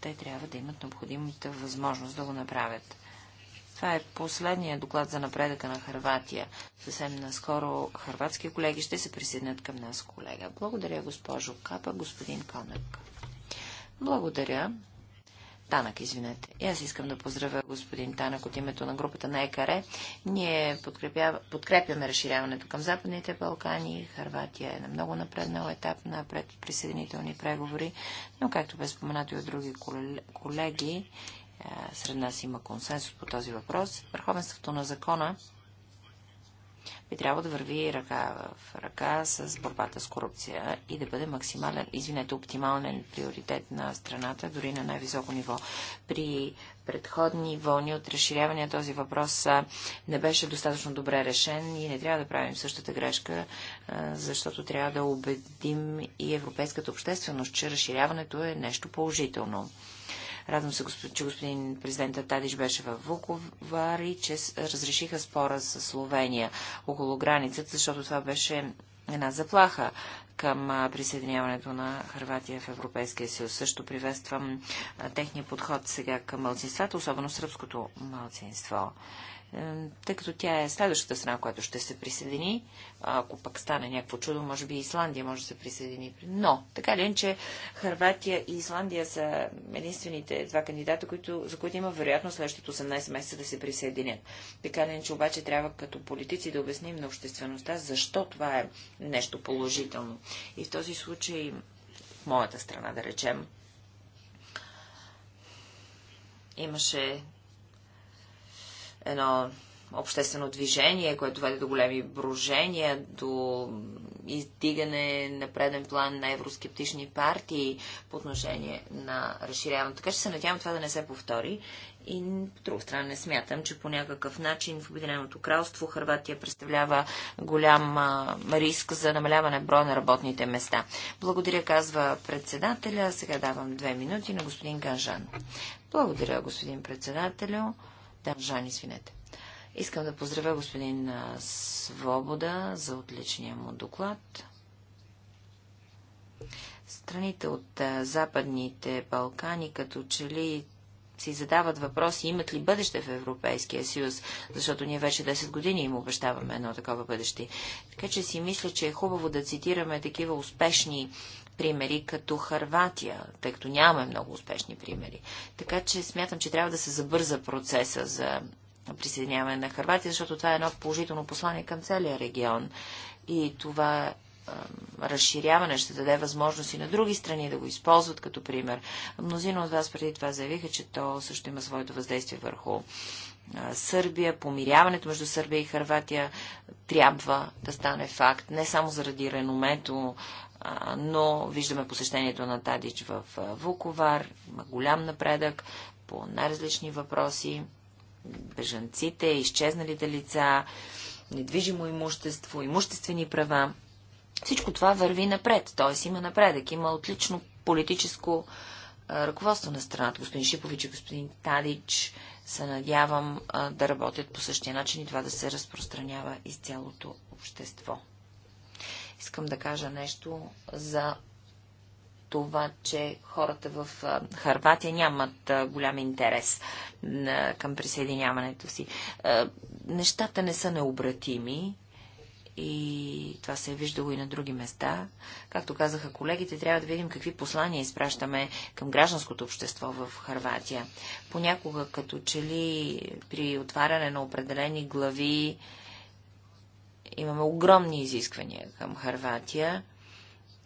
S3: те трябва да имат необходимата възможност да го направят. Това е последният доклад за напредъка на Харватия. Съвсем наскоро харватски колеги ще се присъединят към нас, колега. Благодаря, госпожо Капа, господин Конък. Благодаря. Танък, извинете. И аз искам да поздравя господин Танък от името на групата на ЕКАРЕ. Ние подкрепя, подкрепяме разширяването към Западните Балкани. Харватия е на много напреднал етап на предприсъединителни преговори, но както бе споменато и от други колеги, е, сред нас има консенсус по този въпрос. Върховенството на закона би трябва да върви ръка в ръка с борбата с корупция и да бъде максимален, извинете, оптимален приоритет на страната, дори на най-високо ниво. При предходни вълни от разширяване този въпрос не беше достатъчно добре решен и не трябва да правим същата грешка, защото трябва да убедим и европейската общественост, че разширяването е нещо положително. Радвам се, че господин президента Тадиш беше в Вуковар и че разрешиха спора с Словения около границата, защото това беше една заплаха към присъединяването на Харватия в Европейския съюз. Също приветствам техния подход сега към мълцинствата, особено сръбското мълцинство тъй като тя е следващата страна, която ще се присъедини. Ако пък стане някакво чудо, може би Исландия може да се присъедини. Но, така ли, че Харватия и Исландия са единствените два кандидата, които, за които има вероятно следващото 18 месеца да се присъединят. Така ли, че обаче трябва като политици да обясним на обществеността, защо това е нещо положително. И в този случай, в моята страна, да речем, имаше едно обществено движение, което доведе до големи брожения, до издигане на преден план на евроскептични партии по отношение на разширяването. Така че се надявам това да не се повтори. И по друга страна не смятам, че по някакъв начин в Обединеното кралство Харватия представлява голям а, риск за намаляване броя на работните места. Благодаря, казва председателя. Сега давам две минути на господин Ганжан. Благодаря, господин председателю. Държан, извинете. Искам да поздравя господин Свобода за отличния му доклад. Страните от Западните Балкани като че ли си задават въпроси, имат ли бъдеще в Европейския съюз, защото ние вече 10 години им обещаваме едно такова бъдеще. Така че си мисля, че е хубаво да цитираме такива успешни примери като Харватия, тъй като нямаме много успешни примери. Така че смятам, че трябва да се забърза процеса за присъединяване на Харватия, защото това е едно положително послание към целия регион. И това разширяване ще даде възможност и на други страни да го използват като пример. Мнозина от вас преди това заявиха, че то също има своето въздействие върху Сърбия, помиряването между Сърбия и Харватия трябва да стане факт, не само заради реномето но виждаме посещението на Тадич в Вуковар, има голям напредък по най-различни въпроси, бежанците, изчезналите лица, недвижимо имущество, имуществени права. Всичко това върви напред, т.е. има напредък, има отлично политическо ръководство на страната. Господин Шипович и господин Тадич се надявам да работят по същия начин и това да се разпространява из цялото общество. Искам да кажа нещо за това, че хората в Харватия нямат голям интерес към присъединяването си. Нещата не са необратими и това се е виждало и на други места. Както казаха колегите, трябва да видим какви послания изпращаме към гражданското общество в Харватия. Понякога, като че ли при отваряне на определени глави, Имаме огромни изисквания към Харватия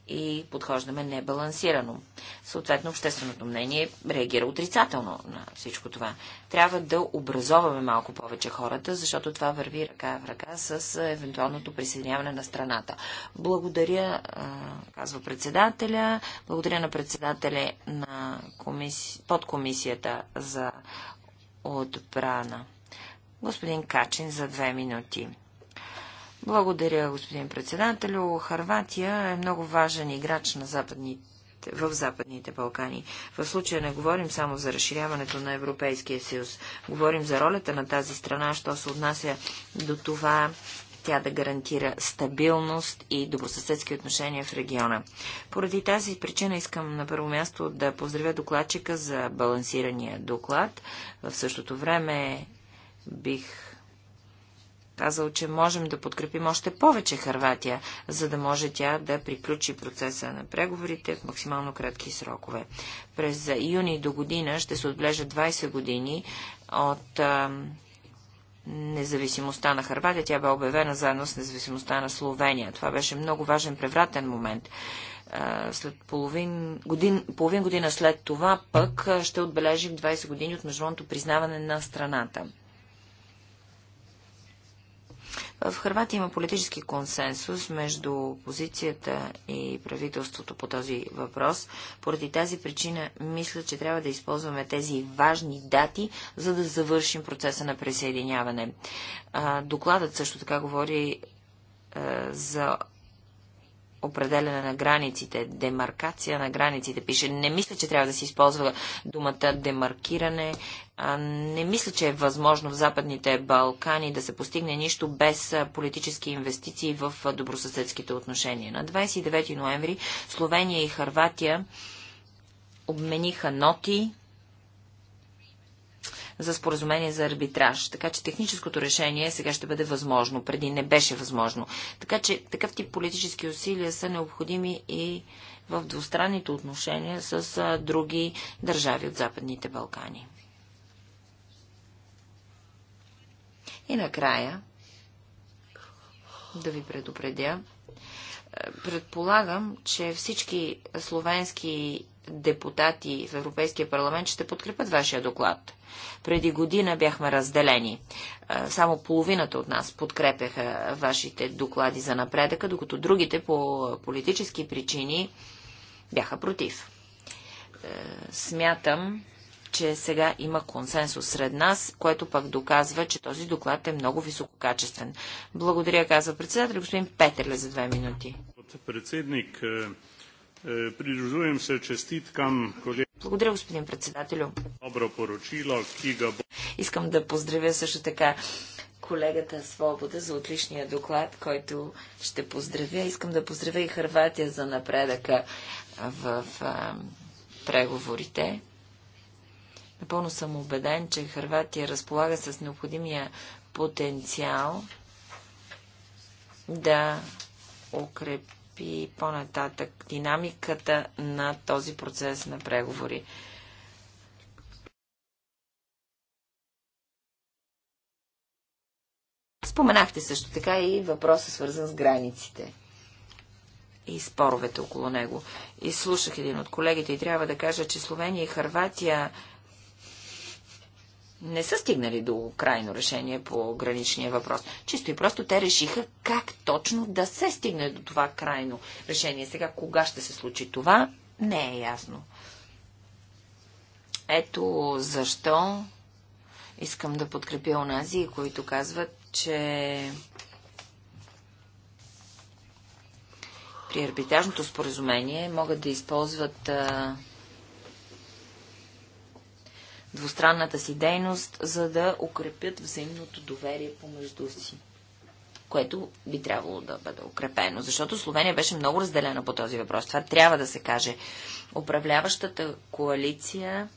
S3: и подхождаме небалансирано. Съответно, общественото мнение реагира отрицателно на всичко това. Трябва да образоваме малко повече хората, защото това върви ръка в ръка с евентуалното присъединяване на страната. Благодаря, казва председателя, благодаря на председателя на комиси... подкомисията за отбрана. Господин Качин за две минути. Благодаря, господин председателю. Харватия е много важен играч на западни в Западните Балкани. В случая не говорим само за разширяването на Европейския съюз. Говорим за ролята на тази страна, що се отнася до това тя да гарантира стабилност и добросъседски отношения в региона. Поради тази причина искам на първо място да поздравя докладчика за балансирания доклад. В същото време бих казал, че можем да подкрепим още повече Харватия, за да може тя да приключи процеса на преговорите в максимално кратки срокове. През юни до година ще се отблежат 20 години от независимостта на Харватия. Тя бе обявена заедно с независимостта на Словения. Това беше много важен превратен момент след половин, годин, половин година след това пък ще отбележим 20 години от международното признаване на страната. В Хрватия има политически консенсус между опозицията и правителството по този въпрос. Поради тази причина мисля, че трябва да използваме тези важни дати, за да завършим процеса на присъединяване. Докладът също така говори за определяне на границите, демаркация на границите, пише. Не мисля, че трябва да се използва думата демаркиране. А, не мисля, че е възможно в Западните Балкани да се постигне нищо без политически инвестиции в добросъседските отношения. На 29 ноември Словения и Харватия обмениха ноти за споразумение за арбитраж. Така че техническото решение сега ще бъде възможно. Преди не беше възможно. Така че такъв тип политически усилия са необходими и в двустранните отношения с а, други държави от Западните Балкани. И накрая да ви предупредя. Предполагам, че всички словенски депутати в Европейския парламент ще подкрепят вашия доклад. Преди година бяхме разделени. Е, само половината от нас подкрепяха вашите доклади за напредъка, докато другите по политически причини бяха против. Е, смятам, че сега има консенсус сред нас, което пък доказва, че този доклад е много висококачествен. Благодаря, казва председател господин Петерле за две минути. Председник, е, е, се честиткам Благодаря, господин председателю. Добро поручило, кига... Искам да поздравя също така колегата Свобода за отличния доклад, който ще поздравя. Искам да поздравя и Харватия за напредъка в, в преговорите. Напълно съм убеден, че Харватия разполага с необходимия потенциал да укрепи и по-нататък динамиката на този процес на преговори. Споменахте също така и въпроса свързан с границите и споровете около него. И слушах един от колегите и трябва да кажа, че Словения и Харватия не са стигнали до крайно решение по граничния въпрос. Чисто и просто те решиха как точно да се стигне до това крайно решение. Сега кога ще се случи това, не е ясно. Ето защо искам да подкрепя онази, които казват, че при арбитражното споразумение могат да използват а, двустранната си дейност, за да укрепят взаимното доверие помежду си което би трябвало да бъде укрепено. Защото Словения беше много разделена по този въпрос. Това трябва да се каже. Управляващата коалиция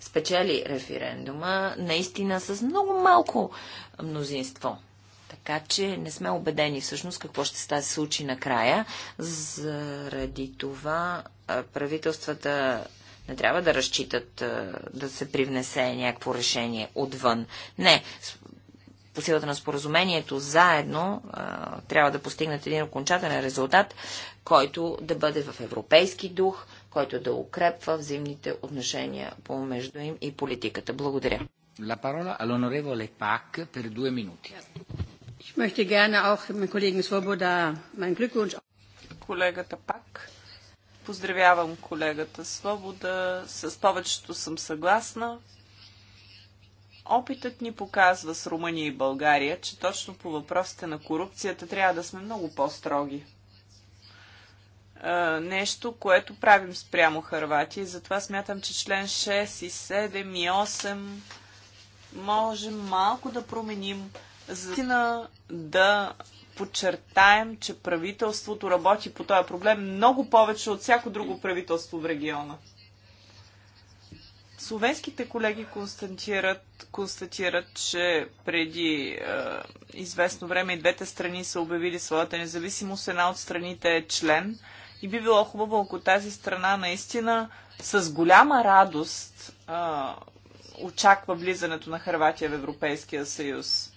S3: спечели референдума наистина с много малко мнозинство. Така че не сме убедени всъщност какво ще се случи накрая. Заради това правителствата не трябва да разчитат да се привнесе някакво решение отвън. Не, по силата на споразумението заедно трябва да постигнат един окончателен резултат, който да бъде в европейски дух, който да укрепва взаимните отношения помежду им и политиката. Благодаря.
S1: La parola all'onorevole Pack per due minuti.
S3: Ich möchte gerne auch meinem Kollegen
S2: Svoboda meinen Glückwunsch.
S4: Колегата пак. Поздравявам колегата Свобода. С повечето съм съгласна. Опитът ни показва с Румъния и България, че точно по въпросите на корупцията трябва да сме много по-строги. нещо, което правим спрямо Харватия. Затова смятам, че член 6 и 7 и 8 можем малко да променим за да подчертаем, че правителството работи по този проблем много повече от всяко друго правителство в региона. Словенските колеги констатират, констатират че преди е, известно време и двете страни са обявили своята независимост. Една от страните е член и би било хубаво, ако тази страна наистина с голяма радост е, очаква влизането на Харватия в Европейския съюз.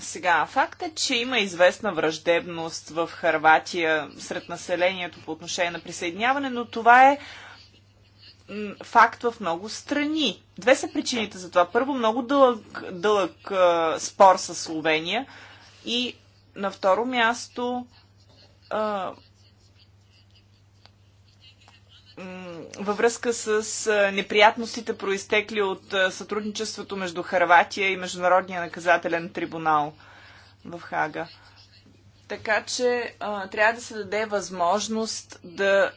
S4: Сега, факт е, че има известна враждебност в Харватия сред населението по отношение на присъединяване, но това е факт в много страни. Две са причините за това. Първо, много дълъг, дълъг е, спор с Словения и на второ място във връзка с неприятностите, проистекли от сътрудничеството между Харватия и Международния наказателен трибунал в Хага. Така че трябва да се даде възможност да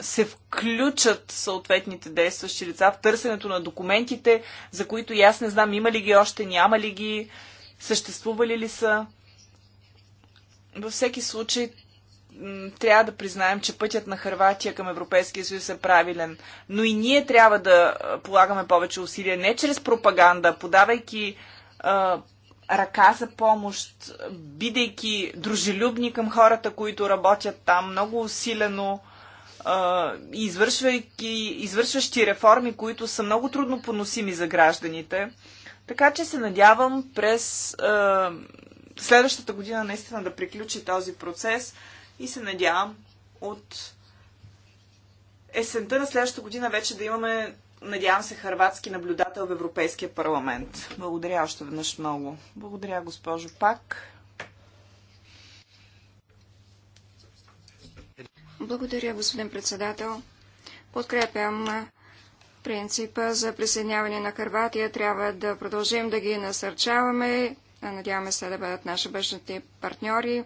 S4: се включат съответните действащи лица в търсенето на документите, за които и аз не знам има ли ги още, няма ли ги, съществували ли са. Във всеки случай трябва да признаем, че пътят на Харватия към Европейския съюз е правилен. Но и ние трябва да полагаме повече усилия, не чрез пропаганда, подавайки а, ръка за помощ, бидейки дружелюбни към хората, които работят там, много усилено и извършвайки, извършващи реформи, които са много трудно поносими за гражданите. Така че се надявам през а, следващата година наистина да приключи този процес и се надявам от есента на следващата година вече да имаме, надявам се, харватски наблюдател в Европейския парламент. Благодаря още веднъж много. Благодаря, госпожо
S2: Пак. Благодаря, господин председател. Подкрепям принципа за присъединяване на Харватия. Трябва да продължим да ги насърчаваме. Надяваме се да бъдат наши бъдещите партньори.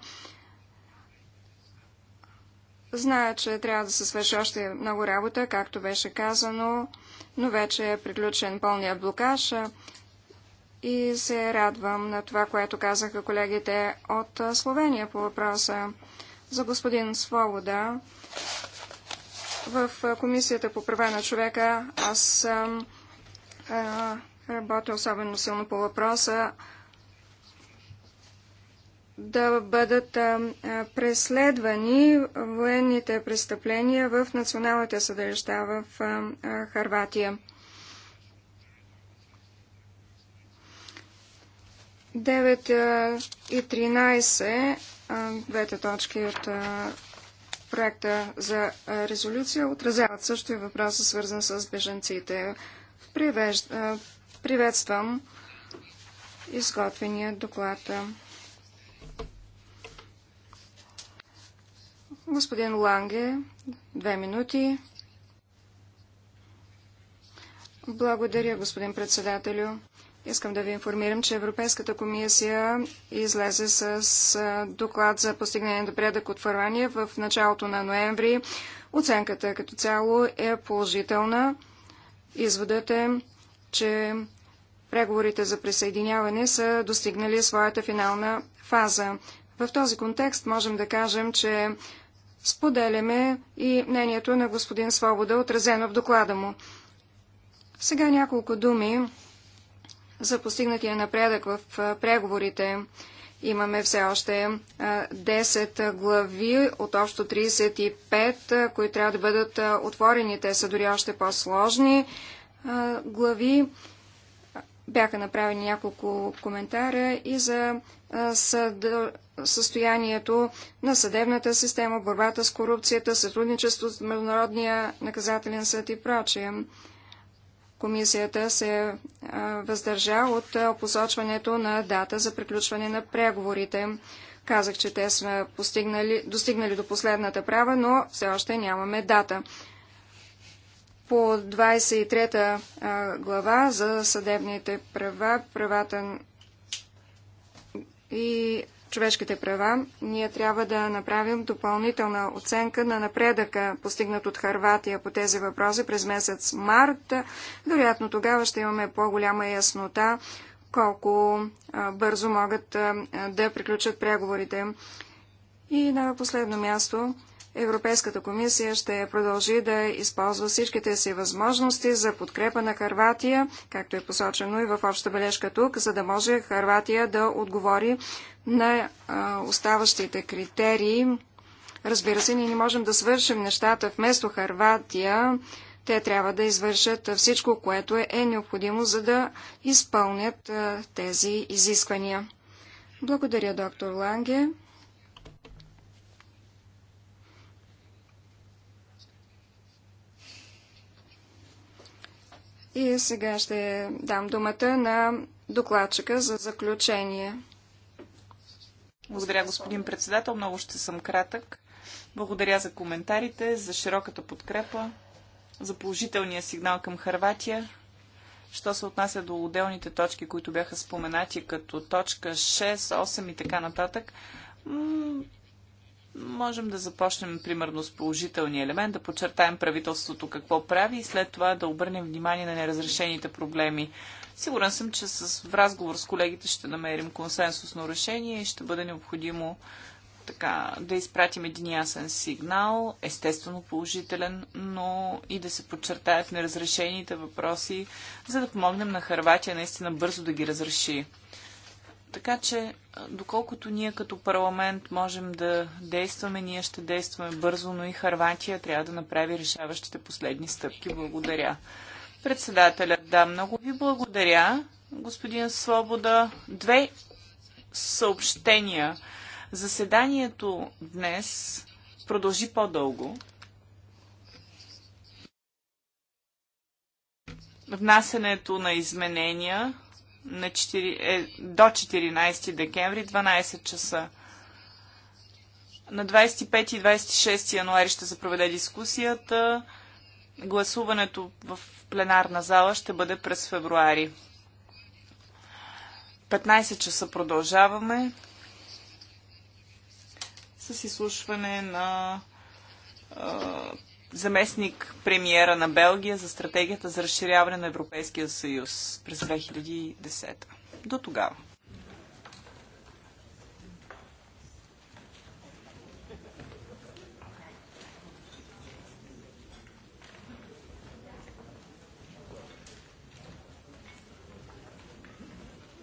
S2: Зная, че трябва да се свърши още много работа, както беше казано, но вече е приключен пълния блокаж и се радвам на това, което казаха колегите от Словения по въпроса за господин Свобода. В Комисията по права на човека аз съм работя особено силно по въпроса да бъдат преследвани военните престъпления в националните съдържа в Харватия. Девет и 13, двете точки от проекта за резолюция, отразяват също и въпроса, свързан с беженците. Приветствам изготвения доклад. Господин Ланге, две минути. Благодаря, господин председателю. Искам да ви информирам, че Европейската комисия излезе с доклад за постигнение на предък от Фарвания в началото на ноември. Оценката като цяло е положителна. Изводът е, че преговорите за присъединяване са достигнали своята финална фаза. В този контекст можем да кажем, че Споделяме и мнението на господин Свобода, отразено в доклада му. Сега няколко думи за постигнатия напредък в преговорите. Имаме все още 10 глави от общо 35, които трябва да бъдат отворени. Те са дори още по-сложни глави. Бяха направени няколко коментара и за състоянието на съдебната система, борбата с корупцията, сътрудничество с Международния наказателен съд и прочее. Комисията се въздържа от посочването на дата за приключване на преговорите. Казах, че те сме достигнали до последната права, но все още нямаме дата по 23 глава за съдебните права, правата и човешките права, ние трябва да направим допълнителна оценка на напредъка, постигнат от Харватия по тези въпроси през месец март. Вероятно тогава ще имаме по-голяма яснота колко бързо могат да приключат преговорите. И на последно място Европейската комисия ще продължи да използва всичките си възможности за подкрепа на Харватия, както е посочено и в обща бележка тук, за да може Харватия да отговори на оставащите критерии. Разбира се, ние не можем да свършим нещата вместо Харватия. Те трябва да извършат всичко, което е необходимо, за да изпълнят тези изисквания. Благодаря, доктор Ланге. И сега ще дам думата на докладчика за заключение.
S4: Благодаря, господин председател. Много ще съм кратък. Благодаря за коментарите, за широката подкрепа, за положителния сигнал към Харватия. Що се отнася до отделните точки, които бяха споменати, като точка 6, 8 и така нататък, Можем да започнем примерно с положителния елемент, да подчертаем правителството какво прави и след това да обърнем внимание на неразрешените проблеми. Сигурен съм, че с, в разговор с колегите ще намерим консенсусно решение и ще бъде необходимо така, да изпратим един ясен сигнал, естествено положителен, но и да се подчертаят неразрешените въпроси, за да помогнем на Харватия наистина бързо да ги разреши. Така че, доколкото ние като парламент можем да действаме, ние ще действаме бързо, но и Харватия трябва да направи решаващите последни стъпки. Благодаря. Председателят, да, много ви благодаря. Господин Свобода, две съобщения. Заседанието днес продължи по-дълго. Внасенето на изменения на 4, е, до 14 декември, 12 часа. На 25 и 26 януари ще се проведе дискусията. Гласуването в пленарна зала ще бъде през февруари. 15 часа продължаваме с изслушване на заместник премиера на Белгия за стратегията за разширяване на Европейския съюз през 2010. До тогава.